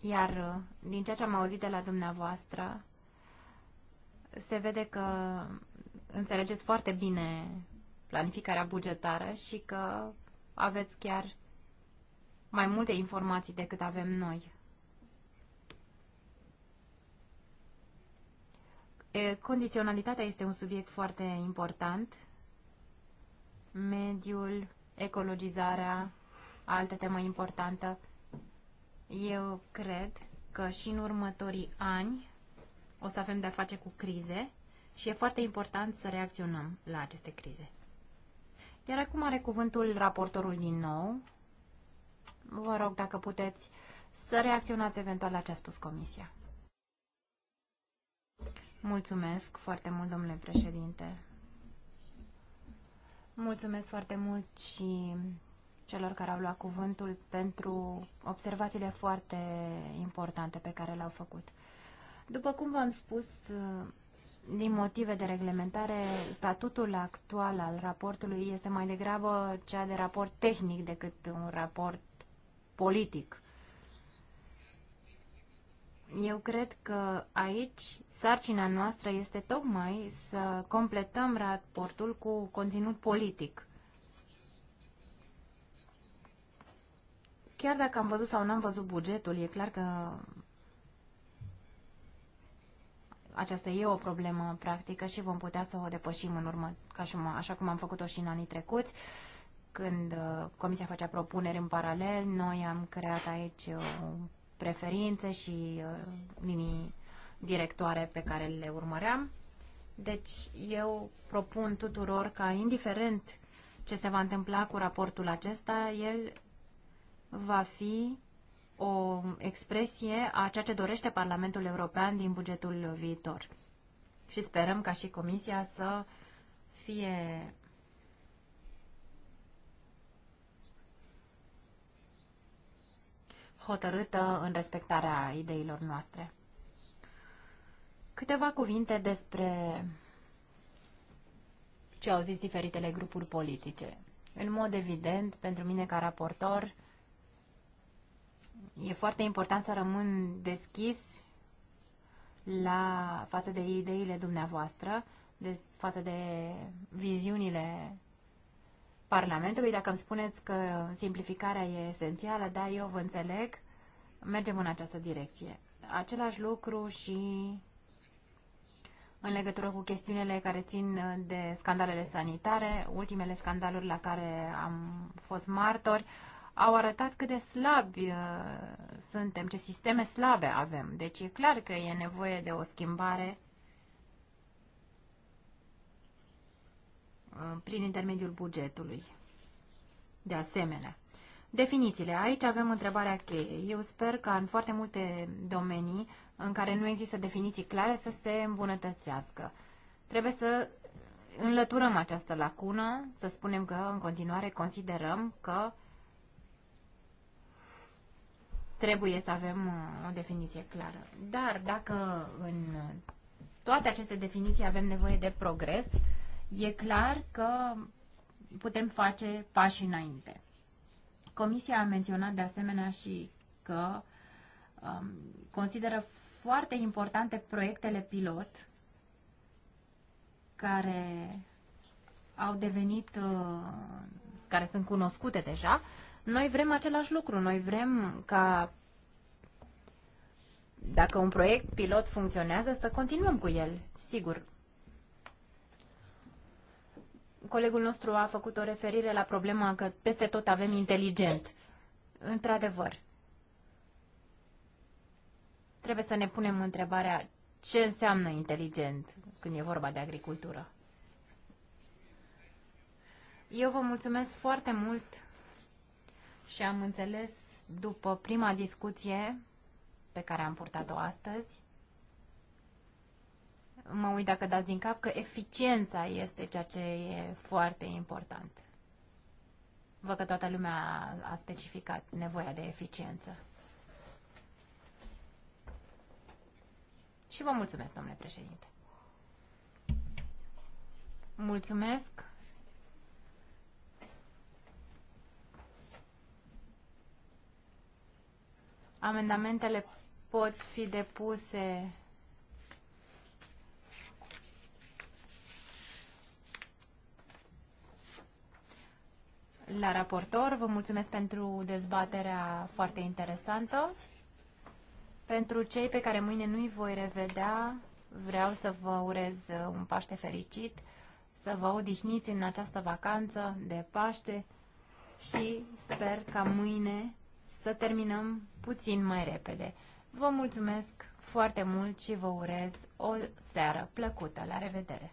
Iar uh, din ceea ce am auzit de la dumneavoastră, se vede că înțelegeți foarte bine planificarea bugetară și că aveți chiar mai multe informații decât avem noi. Condiționalitatea este un subiect foarte important. Mediul, ecologizarea, altă temă importantă. Eu cred că și în următorii ani o să avem de-a face cu crize și e foarte important să reacționăm la aceste crize. Iar acum are cuvântul raportorul din nou. Vă rog dacă puteți să reacționați eventual la ce a spus comisia. Mulțumesc foarte mult, domnule președinte. Mulțumesc foarte mult și celor care au luat cuvântul pentru observațiile foarte importante pe care le-au făcut. După cum v-am spus, uh, din motive de reglementare, statutul actual al raportului este mai degrabă cea de raport tehnic decât un raport politic. Eu cred că aici sarcina noastră este tocmai să completăm raportul cu conținut politic. Chiar dacă am văzut sau n-am văzut bugetul, e clar că aceasta e o problemă practică și vom putea să o depășim în urmă, ca și, așa cum am făcut-o și în anii trecuți, când uh, Comisia făcea propuneri în paralel, noi am creat aici uh, preferințe și uh, linii directoare pe care le urmăream. Deci eu propun tuturor ca, indiferent ce se va întâmpla cu raportul acesta, el va fi o expresie a ceea ce dorește Parlamentul European din bugetul viitor. Și sperăm ca și Comisia să fie hotărâtă în respectarea ideilor noastre. Câteva cuvinte despre ce au zis diferitele grupuri politice. În mod evident, pentru mine ca raportor, E foarte important să rămân deschis la față de ideile dumneavoastră, de, față de viziunile Parlamentului. Dacă îmi spuneți că simplificarea e esențială, da, eu vă înțeleg, mergem în această direcție. Același lucru și în legătură cu chestiunile care țin de scandalele sanitare, ultimele scandaluri la care am fost martori, uh, au arătat cât de slabi uh, suntem, ce sisteme slabe avem. Deci e clar că e nevoie de o schimbare uh, prin intermediul bugetului. De asemenea, definițiile. Aici avem întrebarea cheie. Eu sper că în foarte multe domenii în care nu există definiții clare să se îmbunătățească. Trebuie să înlăturăm această lacună, să spunem că în continuare considerăm că uh, trebuie să avem uh, o definiție clară. Dar dacă în toate aceste definiții avem nevoie de progres, e clar că putem face pași înainte. Comisia a menționat de asemenea și că um, consideră foarte importante proiectele pilot care au devenit, uh, care sunt cunoscute deja, uh, noi vrem același lucru, noi vrem ca dacă un proiect pilot funcționează, să continuăm cu el, sigur. Colegul nostru a făcut o referire la problema că peste tot avem inteligent. Într-adevăr, trebuie să ne punem întrebarea ce înseamnă inteligent când e vorba de agricultură. Eu vă mulțumesc foarte mult și am înțeles după prima discuție pe care am purtat-o astăzi, mă uit dacă dați din cap, că eficiența este ceea ce e foarte important. Văd că toată lumea a specificat nevoia de eficiență. Și vă mulțumesc, domnule președinte. Mulțumesc. Amendamentele pot fi depuse la raportor. Vă mulțumesc pentru dezbaterea foarte interesantă. Pentru cei pe care mâine nu-i voi revedea, vreau să vă urez un Paște fericit, să vă odihniți în această vacanță de Paște și sper ca mâine să terminăm puțin mai repede. Vă mulțumesc foarte mult și vă urez o seară plăcută. La revedere!